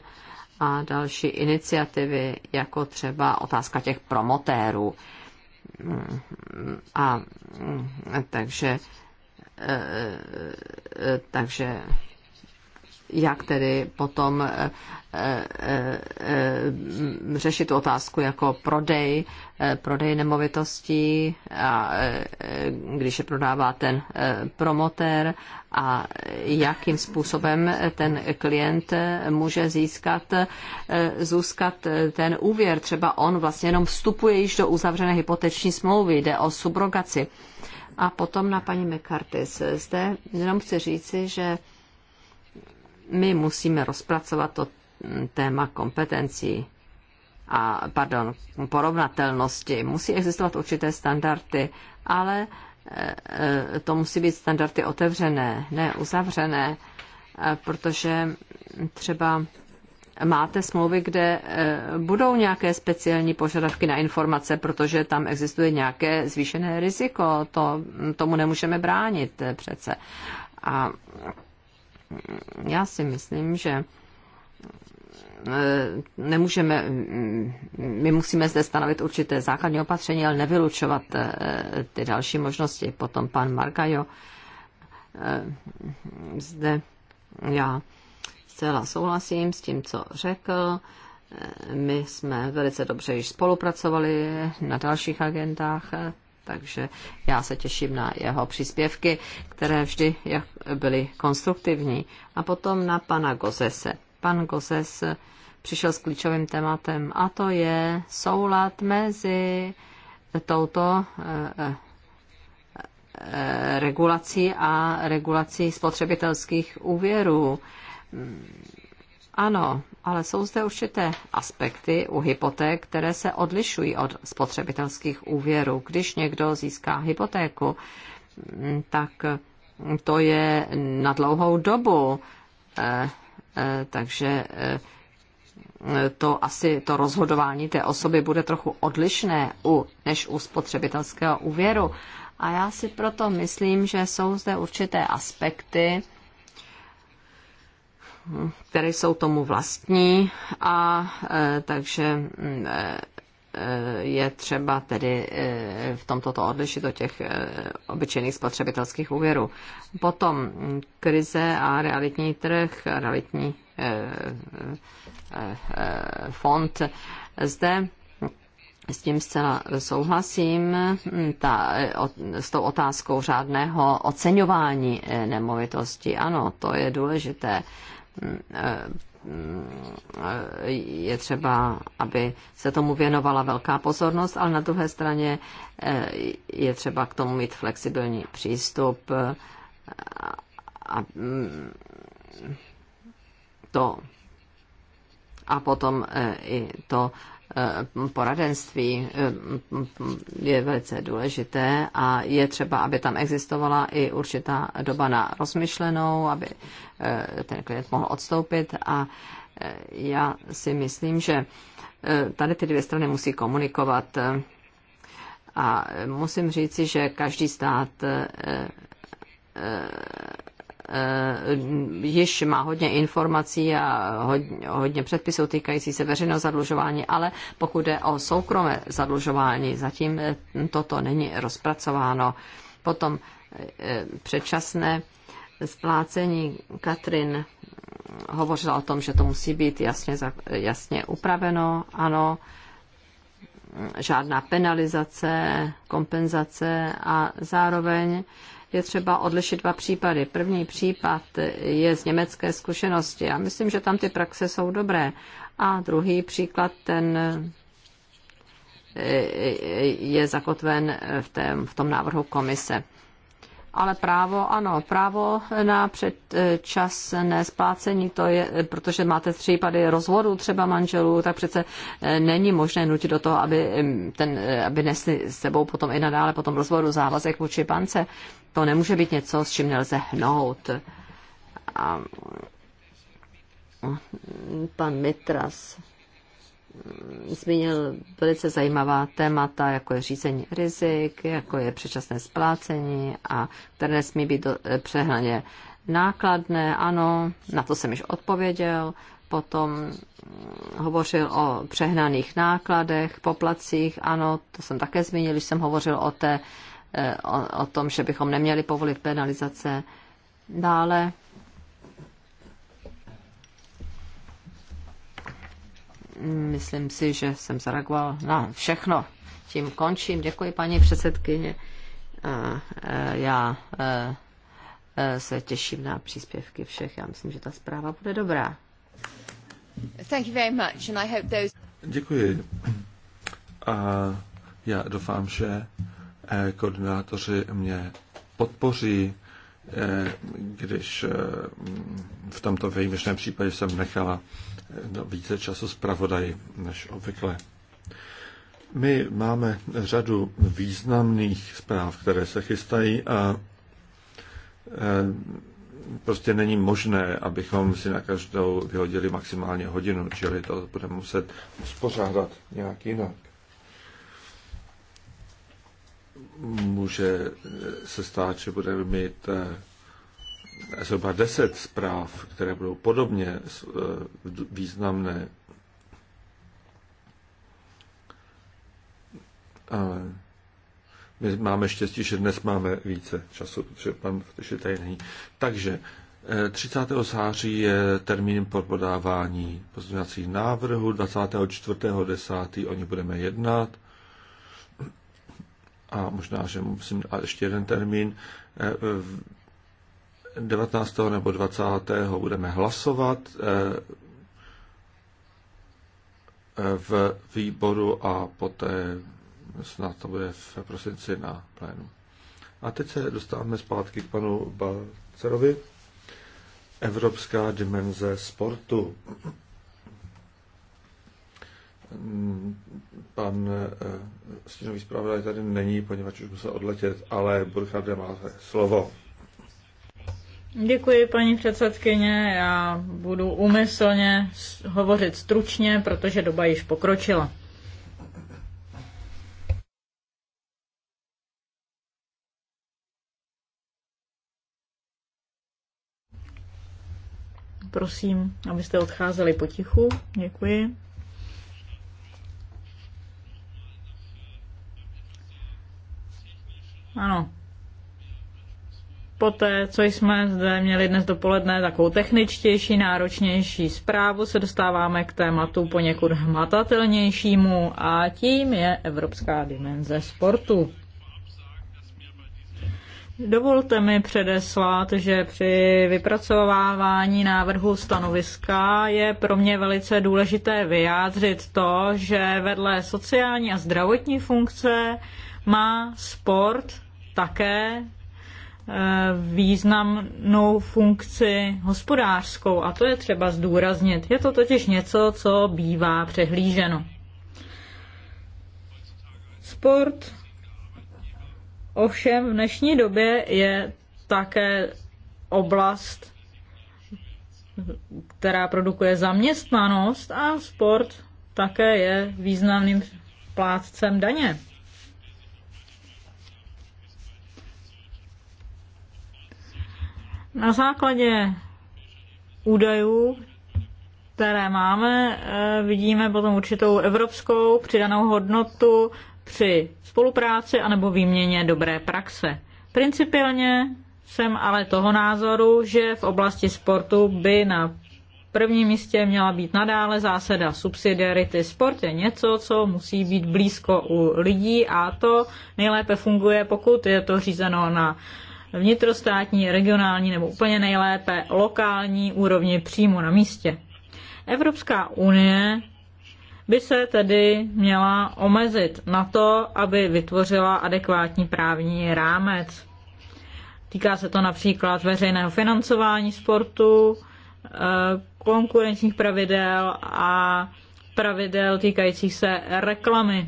a další iniciativy, jako třeba otázka těch promotérů. A takže e, e, takže jak tedy potom eh, eh, eh, řešit tu otázku jako prodej, prodej nemovitostí, a, když je prodává ten promotér a jakým způsobem ten klient může získat, získat ten úvěr. Třeba on vlastně jenom vstupuje již do uzavřené hypoteční smlouvy, jde o subrogaci. A potom na paní McCarthy. Zde jenom chci říci, že my musíme rozpracovat to mm, téma kompetencí a pardon, porovnatelnosti. Musí existovat určité standardy, ale eh, eh, to musí být standardy otevřené, ne uzavřené, eh, protože třeba máte smlouvy, kde budou nějaké speciální požadavky na informace, protože tam existuje nějaké zvýšené riziko. To, mm, tomu nemůžeme bránit přece. A já si myslím, že eh, nemůžeme, mm, my musíme zde stanovit určité základní opatření, ale nevylučovat eh, ty další možnosti. Potom pan Markajo eh, zde já zcela souhlasím s tím, co řekl. My jsme velice dobře již spolupracovali na dalších agentách, takže já se těším na jeho příspěvky, které vždy byly konstruktivní. A potom na pana Gozese. Pan Gozes přišel s klíčovým tématem a to je soulad mezi touto eh, eh, regulací a regulací spotřebitelských úvěrů ano, ale jsou zde určité aspekty u hypoték, které se odlišují od spotřebitelských úvěrů. Když někdo získá hypotéku, mm, tak to je na dlouhou dobu. Eh, eh, takže eh, to asi to rozhodování té osoby bude trochu odlišné u, než u spotřebitelského úvěru. A já si proto myslím, že jsou zde určité aspekty, které jsou tomu vlastní a e, takže mm, e, e, je třeba tedy v tomto to odlišit od těch obyčejných spotřebitelských úvěrů. Potom mm, krize a realitní trh, realitní fond. Zde s tím zcela souhlasím, ta, o, s tou otázkou řádného oceňování nemovitosti. Ano, to je důležité je třeba, aby se tomu věnovala velká pozornost, ale na druhé straně eh, je třeba k tomu mít flexibilní přístup eh, a mm, to a potom eh, i to Eh, poradenství eh, je velice důležité a je třeba, aby tam existovala i určitá doba na rozmyšlenou, aby eh, ten klient mohl odstoupit a já si myslím, že tady ty dvě strany musí komunikovat a musím říci, že každý stát Eh, již má hodně informací a hodně, hodně předpisů týkající se veřejného zadlužování, ale pokud jde o soukromé zadlužování, zatím eh, toto není rozpracováno. Potom eh, předčasné splácení Katrin hovořila o tom, že to musí být jasně, jasně upraveno, ano, žádná penalizace, kompenzace a zároveň je třeba odlišit dva případy. První případ je z německé zkušenosti. Já myslím, že tam ty praxe jsou dobré. A druhý příklad, ten eh, je zakotven v, tém, v tom návrhu komise ale právo, ano, právo na předčasné splácení, to je, protože máte případy rozvodu třeba manželů, tak přece eh, není možné nutit do toho, aby, mm, ten, eh, aby nesli s sebou potom i nadále potom rozvodu závazek vůči bance. To nemůže být něco, s čím nelze hnout. A mm, pan Mitras zmínil velice zajímavá témata, jako je řízení rizik, jako je předčasné splácení a které nesmí být do, přehnaně nákladné. Ano, na to jsem již odpověděl. Potom hovořil o přehnaných nákladech, poplacích. Ano, to jsem také zmínil, když jsem hovořil o, té, eh, o, o tom, že bychom neměli povolit penalizace. Dále Myslím si, že jsem zareagoval na všechno. Tím končím. Děkuji, paní předsedkyně. E, já e, e, se těším na příspěvky všech. Já myslím, že ta zpráva bude dobrá. Thank you very much and I hope those... Děkuji. A já doufám, že koordinátoři mě podpoří když eh, v tomto výjimečném případě jsem nechala eh, no, více času zpravodaji než obvykle. My máme řadu významných zpráv, které se chystají a eh, prostě není možné, abychom si na každou vyhodili maximálně hodinu, čili to budeme muset uspořádat nějak jinak může eh, se stát, že budeme mít eh, zhruba deset zpráv, které budou podobně eh, významné. Ale my máme štěstí, že dnes máme více času, protože pan Vteši tady není. Takže 30. září je termín pro podávání pozměňovacích návrhů, 24.10. o ní budeme jednat a možná, že musím dát ještě jeden termín, 19. Eh, nebo 20. budeme hlasovat eh, eh, v výboru a poté snad to bude v prosinci na plénu. A teď se dostáváme zpátky k panu Balcerovi. Evropská dimenze sportu pan eh, stínový zpravodaj tady není, poněvadž už musel odletět, ale Burcharde má slovo. Děkuji, paní předsedkyně. Já budu úmyslně hovořit stručně, protože doba již pokročila. Prosím, abyste odcházeli potichu. Děkuji. Ano. Poté, co jsme zde měli dnes dopoledne takovou techničtější, náročnější zprávu, se dostáváme k tématu poněkud hmatatelnějšímu a tím je evropská dimenze sportu. Dovolte mi předeslat, že při vypracovávání návrhu stanoviska je pro mě velice důležité vyjádřit to, že vedle sociální a zdravotní funkce má sport také eh, významnou funkci hospodářskou a to je třeba zdůraznit. Je to totiž něco, co bývá přehlíženo. Sport ovšem v dnešní době je také oblast, která produkuje zaměstnanost a sport také je významným plátcem daně. Na základě údajů, které máme, eh, vidíme potom určitou evropskou přidanou hodnotu při spolupráci anebo výměně dobré praxe. Principiálně jsem ale toho názoru, že v oblasti sportu by na prvním místě měla být nadále zásada subsidiarity. Sport je něco, co musí být blízko u lidí a to nejlépe funguje, pokud je to řízeno na vnitrostátní, regionální nebo úplně nejlépe lokální úrovni přímo na místě. Evropská unie by se tedy měla omezit na to, aby vytvořila adekvátní právní rámec. Týká se to například veřejného financování sportu, eh, konkurenčních pravidel a pravidel týkajících se reklamy.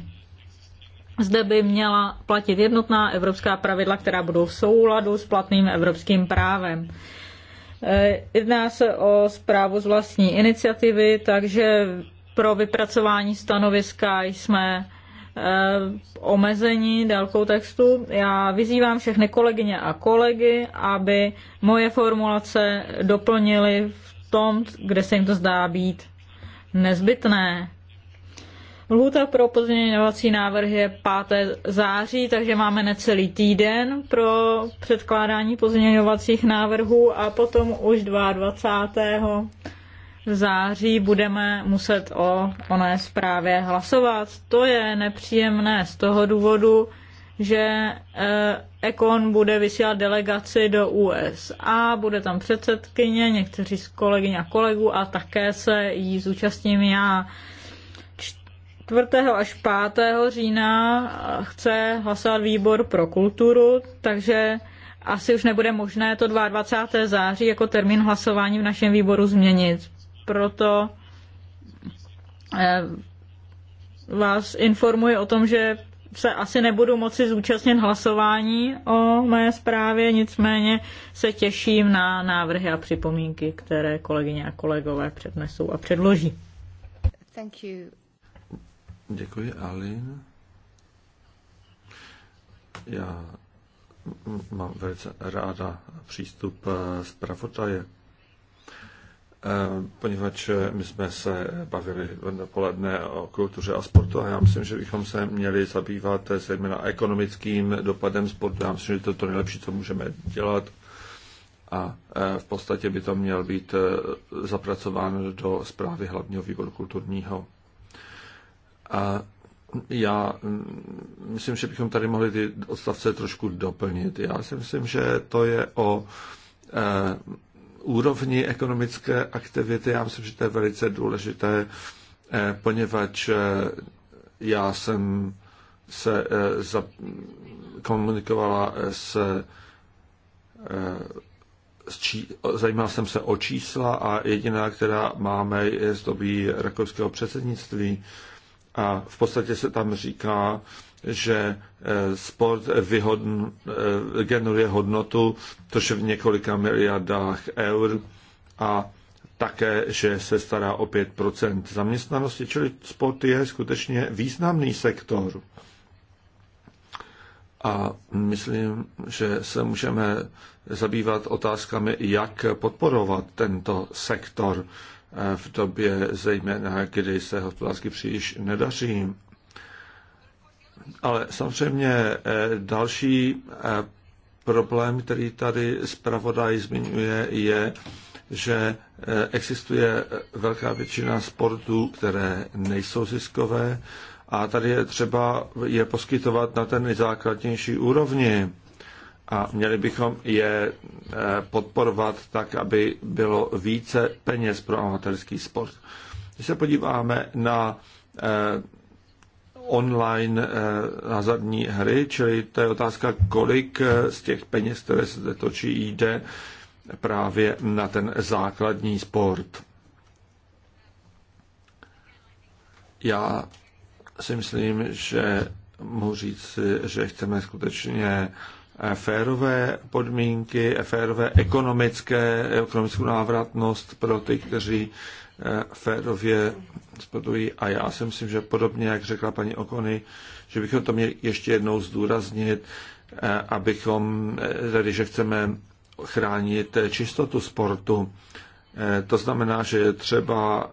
Zde by měla platit jednotná evropská pravidla, která budou v souladu s platným evropským právem. E, jedná se o zprávu z vlastní iniciativy, takže pro vypracování stanoviska jsme e, omezení délkou textu. Já vyzývám všechny kolegyně a kolegy, aby moje formulace doplnili v tom, kde se jim to zdá být nezbytné. Lhůta pro pozměňovací návrh je 5. září, takže máme necelý týden pro předkládání pozměňovacích návrhů a potom už 22. září budeme muset o oné zprávě hlasovat. To je nepříjemné z toho důvodu, že Ekon eh, bude vysílat delegaci do USA, bude tam předsedkyně, někteří z kolegyň a kolegů a také se jí zúčastním já. 4. až 5. října chce hlasovat výbor pro kulturu, takže asi už nebude možné to 22. září jako termín hlasování v našem výboru změnit. Proto eh, vás informuji o tom, že se asi nebudu moci zúčastnit hlasování o mé zprávě, nicméně se těším na návrhy a připomínky, které kolegyně a kolegové přednesou a předloží. Thank you. Děkuji, Alin. Já mám velice ráda přístup eh, pravotaje, eh, poněvadž my jsme se bavili v dopoledne o kultuře a sportu a já myslím, že bychom se měli zabývat zejména ekonomickým dopadem sportu. Já myslím, že to je to nejlepší, co můžeme dělat a eh, v podstatě by to měl být zapracováno do zprávy hlavního výboru kulturního. A já mm, myslím, že bychom tady mohli ty odstavce trošku doplnit. Já si myslím, že to je o e, úrovni ekonomické aktivity. Já myslím, že to je velice důležité, e, poněvadž e, já jsem se e, za, komunikovala s, e, s čí, zajímal jsem se o čísla a jediná, která máme, je z doby rakouského předsednictví. E, a v podstatě se tam říká, že e, sport vyhodn, e, generuje hodnotu, což je v několika miliardách eur a také, že se stará o 5% zaměstnanosti, čili sport je skutečně významný sektor. A myslím, že se můžeme zabývat otázkami, jak podporovat tento sektor v době zejména, kdy se hospodářsky příliš nedaří. Ale samozřejmě eh, další eh, problém, který tady zpravodaj zmiňuje, je, že eh, existuje velká většina sportů, které nejsou ziskové a tady je třeba je poskytovat na ten nejzákladnější úrovni a měli bychom je eh, podporovat tak, aby bylo více peněz pro amatérský sport. Když se podíváme na eh, online eh, hazardní hry, čili to je otázka, kolik z těch peněz, které se zde točí, jde právě na ten základní sport. Já si myslím, že mohu říct, že chceme skutečně Eh, férové podmínky, eh, férové ekonomické, ekonomickou návratnost pro ty, kteří eh, férově sportují. A já si myslím, že podobně, jak řekla paní Okony, že bychom to měli ještě jednou zdůraznit, abychom, tedy, že chceme chránit čistotu sportu. To znamená, že je třeba,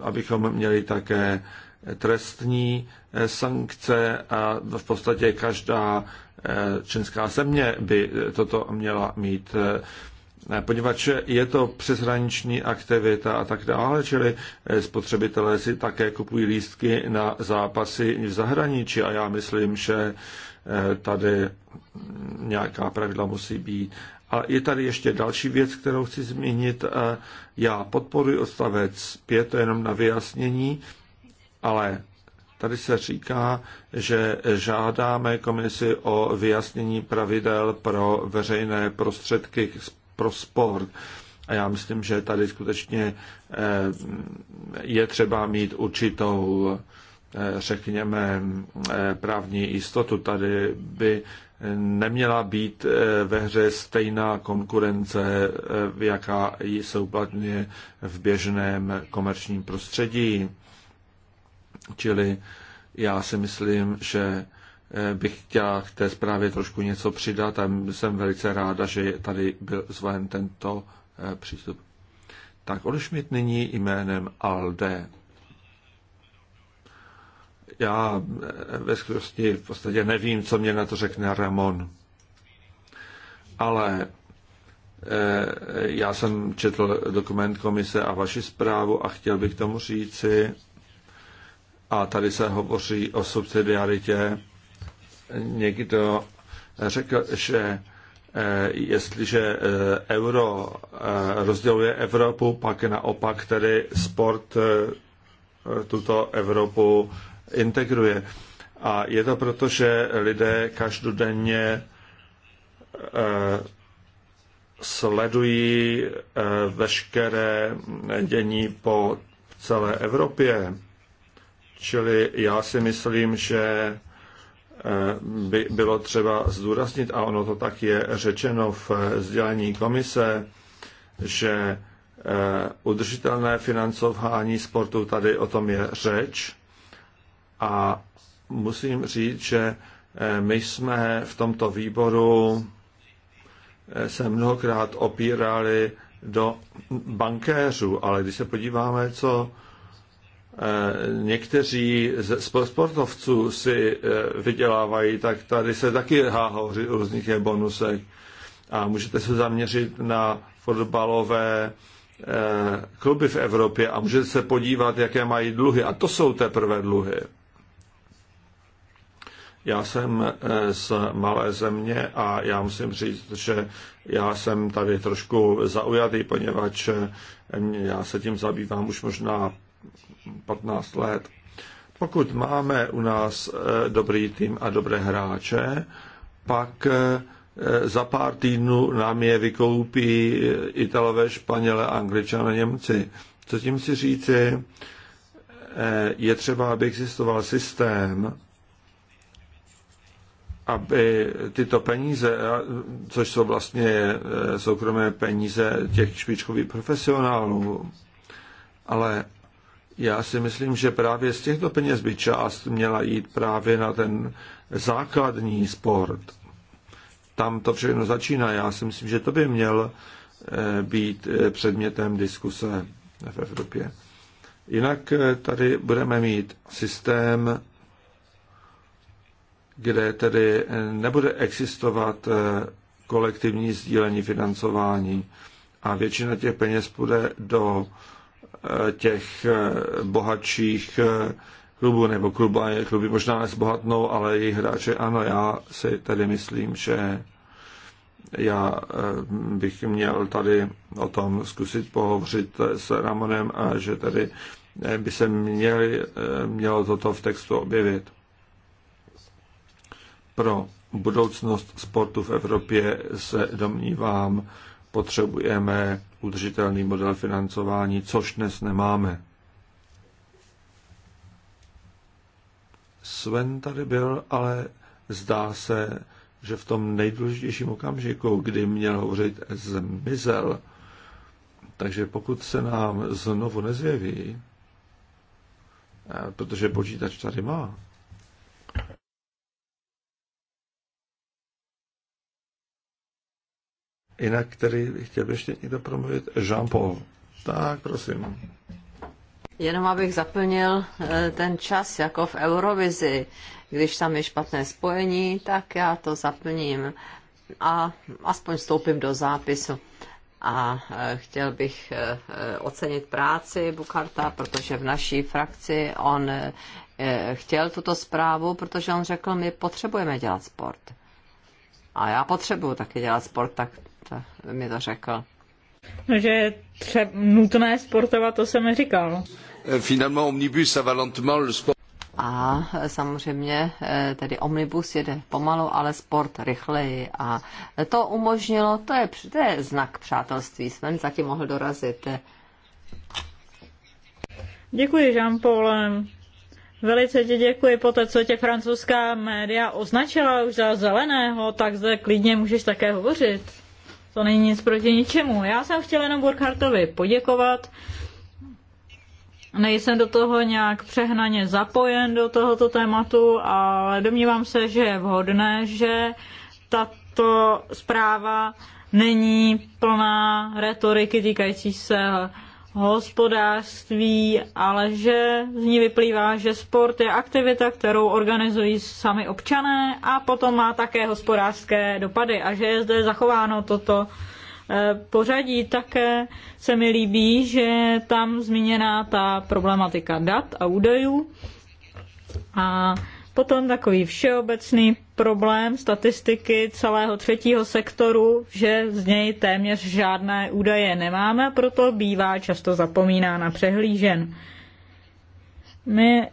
abychom měli také trestní sankce a v podstatě každá Eh, členská země by eh, toto měla mít eh, poněvadž je to přeshraniční aktivita a tak dále, čili spotřebitelé si také kupují lístky na zápasy v zahraničí a já myslím, že tady mm, nějaká pravidla musí být. A je tady ještě další věc, kterou chci zmínit. Já podporuji odstavec 5, to je jenom na vyjasnění, ale Tady se říká, že žádáme komisi o vyjasnění pravidel pro veřejné prostředky pro sport. A já myslím, že tady skutečně eh, je třeba mít určitou, eh, řekněme, eh, právní jistotu. Tady by neměla být ve hře stejná konkurence, jaká se uplatňuje v běžném komerčním prostředí. Čili já si myslím, že eh, bych chtěl k té zprávě trošku něco přidat a jsem velice ráda, že tady byl zvolen tento eh, přístup. Tak Ole nyní jménem ALDE. Já eh, ve skutečnosti v podstatě nevím, co mě na to řekne Ramon. Ale já jsem četl dokument komise a vaši zprávu a chtěl bych tomu říci, a tady se hovoří o subsidiaritě, někdo řekl, že eh, jestliže eh, euro eh, rozděluje Evropu, pak naopak tedy sport tuto Evropu integruje. A je to proto, že lidé každodenně sledují veškeré dění po celé Evropě. Čili já si myslím, že eh, by bylo třeba zdůraznit, a ono to tak je řečeno v eh, sdělení komise, že eh, udržitelné financování sportu, tady o tom je řeč. A musím říct, že my jsme v tomto výboru se mnohokrát opírali do bankéřů, ale když se podíváme, co Eh, někteří z sportovců si eh, vydělávají, tak tady se taky háhoří o různých bonusech. A můžete se zaměřit na fotbalové eh, kluby v Evropě a můžete se podívat, jaké mají dluhy. A to jsou teprve dluhy. Já jsem z malé země a já musím říct, že já jsem tady trošku zaujatý, poněvadž já se tím zabývám už možná 15 let. Pokud máme u nás eh, dobrý tým a dobré hráče, pak eh, za pár týdnů nám je vykoupí eh, Italové, Španěle, Angličané, Němci. Co tím si říci? Je třeba, aby existoval systém, aby tyto peníze, což jsou vlastně soukromé peníze těch špičkových profesionálů, ale já si myslím, že právě z těchto peněz by část měla jít právě na ten základní sport. Tam to všechno začíná. Já si myslím, že to by měl eh, být eh, předmětem diskuse v Evropě. Jinak eh, tady budeme mít systém, kde tedy nebude existovat kolektivní sdílení financování a většina těch peněz půjde do těch eh, bohatších eh, klubů, nebo kluby, kluby možná nezbohatnou, ale jejich hráče ano, já si tady myslím, že já eh, bych měl tady o tom zkusit pohovřit s Ramonem a že tady by se měli, mělo toto v textu objevit. Pro budoucnost sportu v Evropě se domnívám, potřebujeme udržitelný model financování, což dnes nemáme. Sven tady byl, ale zdá se, že v tom nejdůležitějším okamžiku, kdy měl hovořit, zmizel. Takže pokud se nám znovu nezjeví, eh, protože počítač tady má, Jinak který chtěl by ještě někdo promluvit? Jean-Paul. Tak, prosím. Jenom abych zaplnil eh, ten čas jako v Eurovizi. Když tam je špatné spojení, tak já to zaplním a aspoň vstoupím do zápisu. A eh, chtěl bych eh, ocenit práci Bukarta, protože v naší frakci on chtěl tuto zprávu, protože on řekl, my potřebujeme dělat sport. A já potřebuju taky dělat sport, tak to eh, mi to řekl. No, že je tře- nutné sportovat, to jsem říkal. Eh, finalement, omnibus a valentement le sport. A eh, samozřejmě tedy omnibus jede pomalu, ale sport rychleji. A to umožnilo, to je, to je znak přátelství. Sven zatím mohl dorazit. Děkuji, Jean-Paul. Velice ti děkuji. Po té, co tě francouzská média označila už za zeleného, tak zde klidně můžeš také hovořit. To není nic proti ničemu. Já jsem chtěl jenom Burkhartovi poděkovat. Nejsem do toho nějak přehnaně zapojen do tohoto tématu, ale domnívám se, že je vhodné, že tato zpráva není plná retoriky týkající se hospodářství, ale že z ní vyplývá, že sport je aktivita, kterou organizují sami občané a potom má také hospodářské dopady a že je zde zachováno toto eh, pořadí. Také se mi líbí, že je tam zmíněná ta problematika dat a údajů a Potom takový všeobecný problém statistiky celého třetího sektoru, že z něj téměř žádné údaje nemáme, proto bývá často zapomíná na přehlížen. My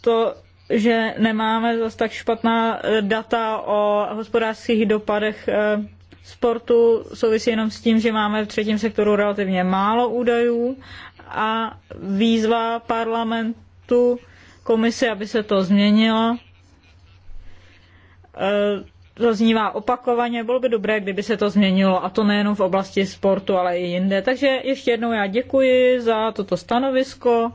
to, že nemáme zase tak špatná data o hospodářských dopadech eh, sportu, souvisí jenom s tím, že máme v třetím sektoru relativně málo údajů a výzva parlamentu komisi, aby se to změnilo. E, zaznívá opakovaně, bylo by dobré, kdyby se to změnilo, a to nejenom v oblasti sportu, ale i jinde. Takže ještě jednou já děkuji za toto stanovisko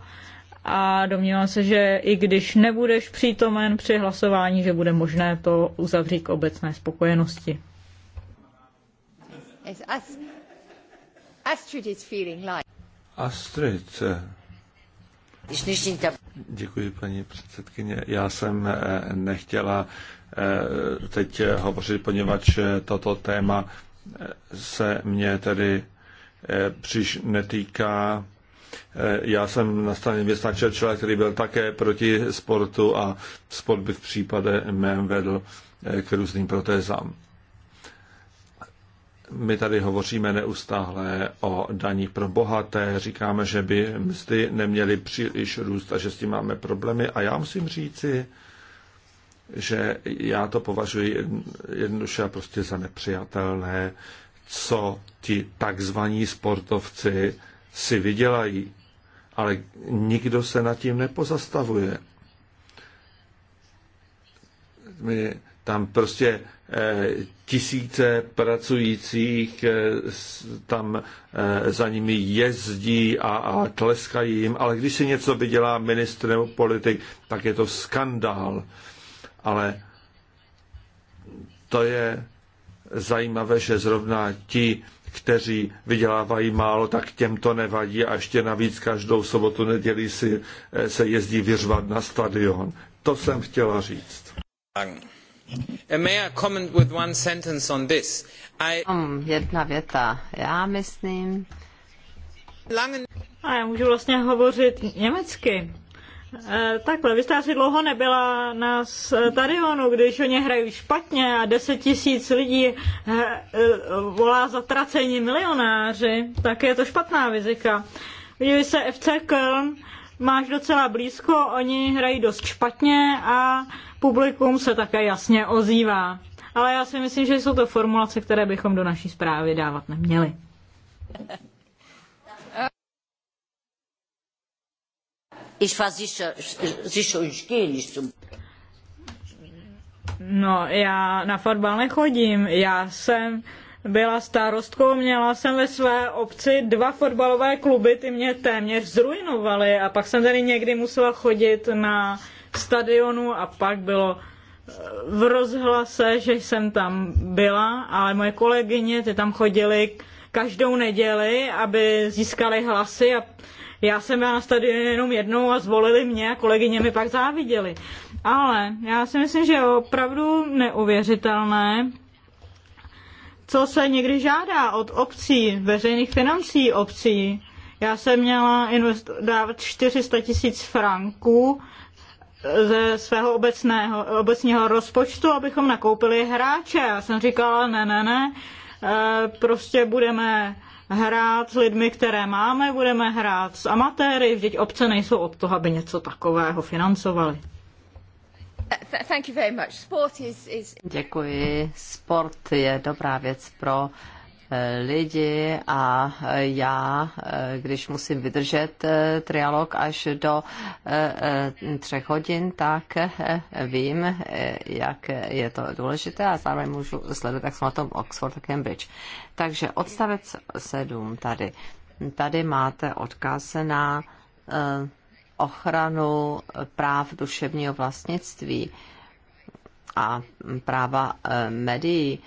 a domnívám se, že i když nebudeš přítomen při hlasování, že bude možné to uzavřít k obecné spokojenosti. Astrid is feeling like. Astrid Děkuji, paní předsedkyně. Já jsem eh, nechtěla eh, teď hovořit, poněvadž eh, toto téma se mě tedy příš netýká. Já jsem na straně města Churchilla, který byl také proti sportu a sport by v případě mém vedl k různým protézám. My tady hovoříme neustále o daních pro bohaté, říkáme, že by mzdy neměly příliš růst a že s tím máme problémy. A já musím říci, že já to považuji jednoduše a prostě za nepřijatelné, co ti takzvaní sportovci si vydělají. Ale nikdo se nad tím nepozastavuje. My tam prostě tisíce pracujících eh, tam eh, za nimi jezdí a, a tleskají jim, ale když si něco vydělá ministr nebo politik, tak je to skandál. Ale to je zajímavé, že zrovna ti, kteří vydělávají málo, tak těm to nevadí a ještě navíc každou sobotu neděli si eh, se jezdí vyřvat na stadion. To jsem chtěla říct. Jedna věta. Já myslím... A já můžu vlastně hovořit německy. E, takhle, vy jste asi dlouho nebyla na stadionu, když oni hrají špatně a 10 tisíc lidí he, e, volá zatracení milionáři, tak je to špatná vizika. Viděli se FC Köln, máš docela blízko, oni hrají dost špatně a publikum se také jasně ozývá. Ale já si myslím, že jsou to formulace, které bychom do naší zprávy dávat neměli. No, já na fotbal nechodím. Já jsem byla starostkou, měla jsem ve své obci dva fotbalové kluby, ty mě téměř zrujnovaly a pak jsem tady někdy musela chodit na stadionu a pak bylo eh, v rozhlase, že jsem tam byla, ale moje kolegyně, ty tam chodily každou neděli, aby získali hlasy a já jsem byla na stadionu jenom jednou a zvolili mě a kolegyně mi pak záviděli. Ale já si myslím, že je opravdu neuvěřitelné, co se někdy žádá od obcí, veřejných financí obcí. Já jsem měla invest- dávat 400 tisíc franků ze svého obecného, obecního rozpočtu, abychom nakoupili hráče. Já jsem říkala, ne, ne, ne, e, prostě budeme hrát s lidmi, které máme, budeme hrát s amatéry, vždyť obce nejsou od toho, aby něco takového financovali. Děkuji. Sport je dobrá věc pro lidi a já, eh, když musím vydržet eh, trialog až do eh, třech hodin, tak vím, jak je to důležité a zároveň můžu sledovat, jak jsou na tom Oxford a Cambridge. Takže odstavec 7 tady. Tady máte odkaz na ochranu práv duševního vlastnictví a práva médií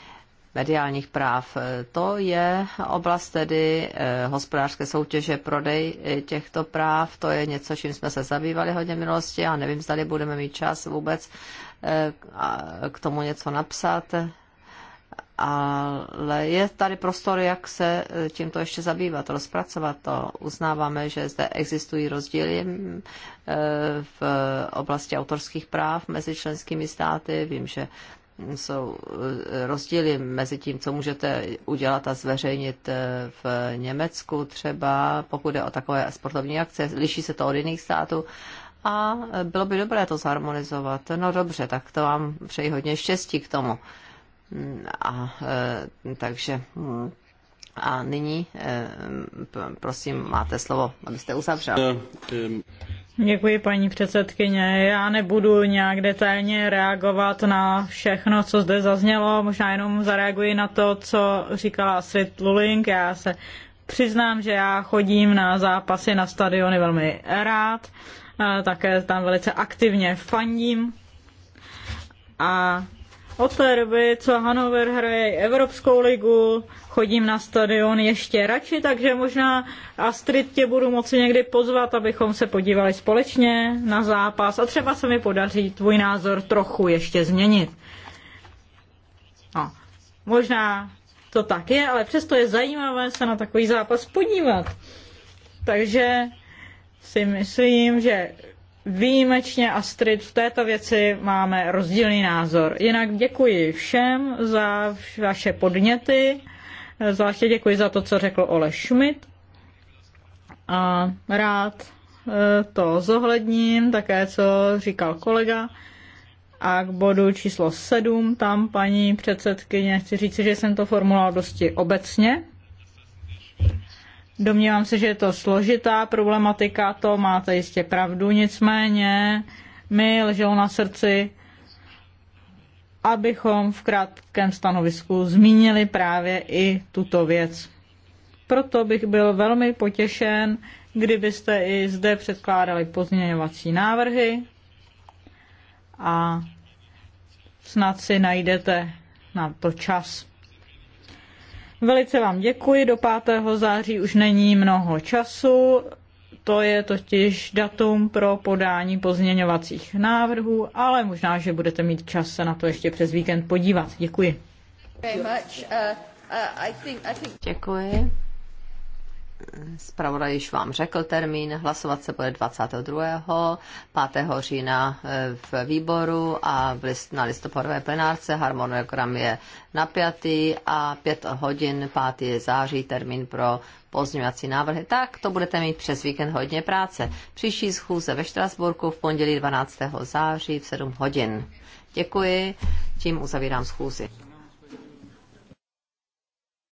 mediálních práv. E, to je oblast tedy e, hospodářské soutěže, prodej e, těchto práv. To je něco, čím jsme se zabývali hodně v minulosti a nevím, zda budeme mít čas vůbec k tomu něco napsat. Ale je tady prostor, jak se tímto ještě zabývat, rozpracovat to. Uznáváme, že zde existují rozdíly v oblasti autorských práv mezi členskými státy. Vím, že jsou eh, rozdíly mezi tím, co můžete udělat a zveřejnit eh, v Německu třeba, pokud je o takové sportovní akce, liší se to od jiných států a bylo by dobré to zharmonizovat. No dobře, tak to vám přeji hodně štěstí k tomu. Mm, a eh, takže mm, a nyní, prosím, máte slovo, abyste uzavřel. Děkuji, paní předsedkyně. Já nebudu nějak detailně reagovat na všechno, co zde zaznělo. Možná jenom zareaguji na to, co říkala Svět Luling. Já se přiznám, že já chodím na zápasy na stadiony velmi rád. Také tam velice aktivně fandím. A od té doby, co Hanover hraje Evropskou ligu, chodím na stadion ještě radši, takže možná Astrid tě budu moci někdy pozvat, abychom se podívali společně na zápas a třeba se mi podaří tvůj názor trochu ještě změnit. No, možná to tak je, ale přesto je zajímavé se na takový zápas podívat. Takže si myslím, že výjimečně Astrid v této věci máme rozdílný názor. Jinak děkuji všem za vaše podněty, zvláště děkuji za to, co řekl Ole Schmidt a rád eh, to zohledním, také co říkal kolega. A k bodu číslo 7, tam paní předsedkyně, chci říct, že jsem to formuloval dosti obecně, Domnívám se, že je to složitá problematika, to máte jistě pravdu, nicméně mi leželo na srdci, abychom v krátkém stanovisku zmínili právě i tuto věc. Proto bych byl velmi potěšen, kdybyste i zde předkládali pozměňovací návrhy a snad si najdete na to čas. Velice vám děkuji. Do 5. září už není mnoho času. To je totiž datum pro podání pozměňovacích návrhů, ale možná, že budete mít čas se na to ještě přes víkend podívat. Děkuji. Uh, uh, děkuji zpravodaj již vám řekl termín, hlasovat se bude 22. 5. října e, v výboru a na listopadové plenárce harmonogram je napjatý a 5 hodin 5. září termín pro pozměňovací návrhy. Tak to budete mít přes víkend hodně práce. Příští schůze ve Štrasburku v pondělí 12. září v 7 hodin. Děkuji, tím uzavírám schůzi.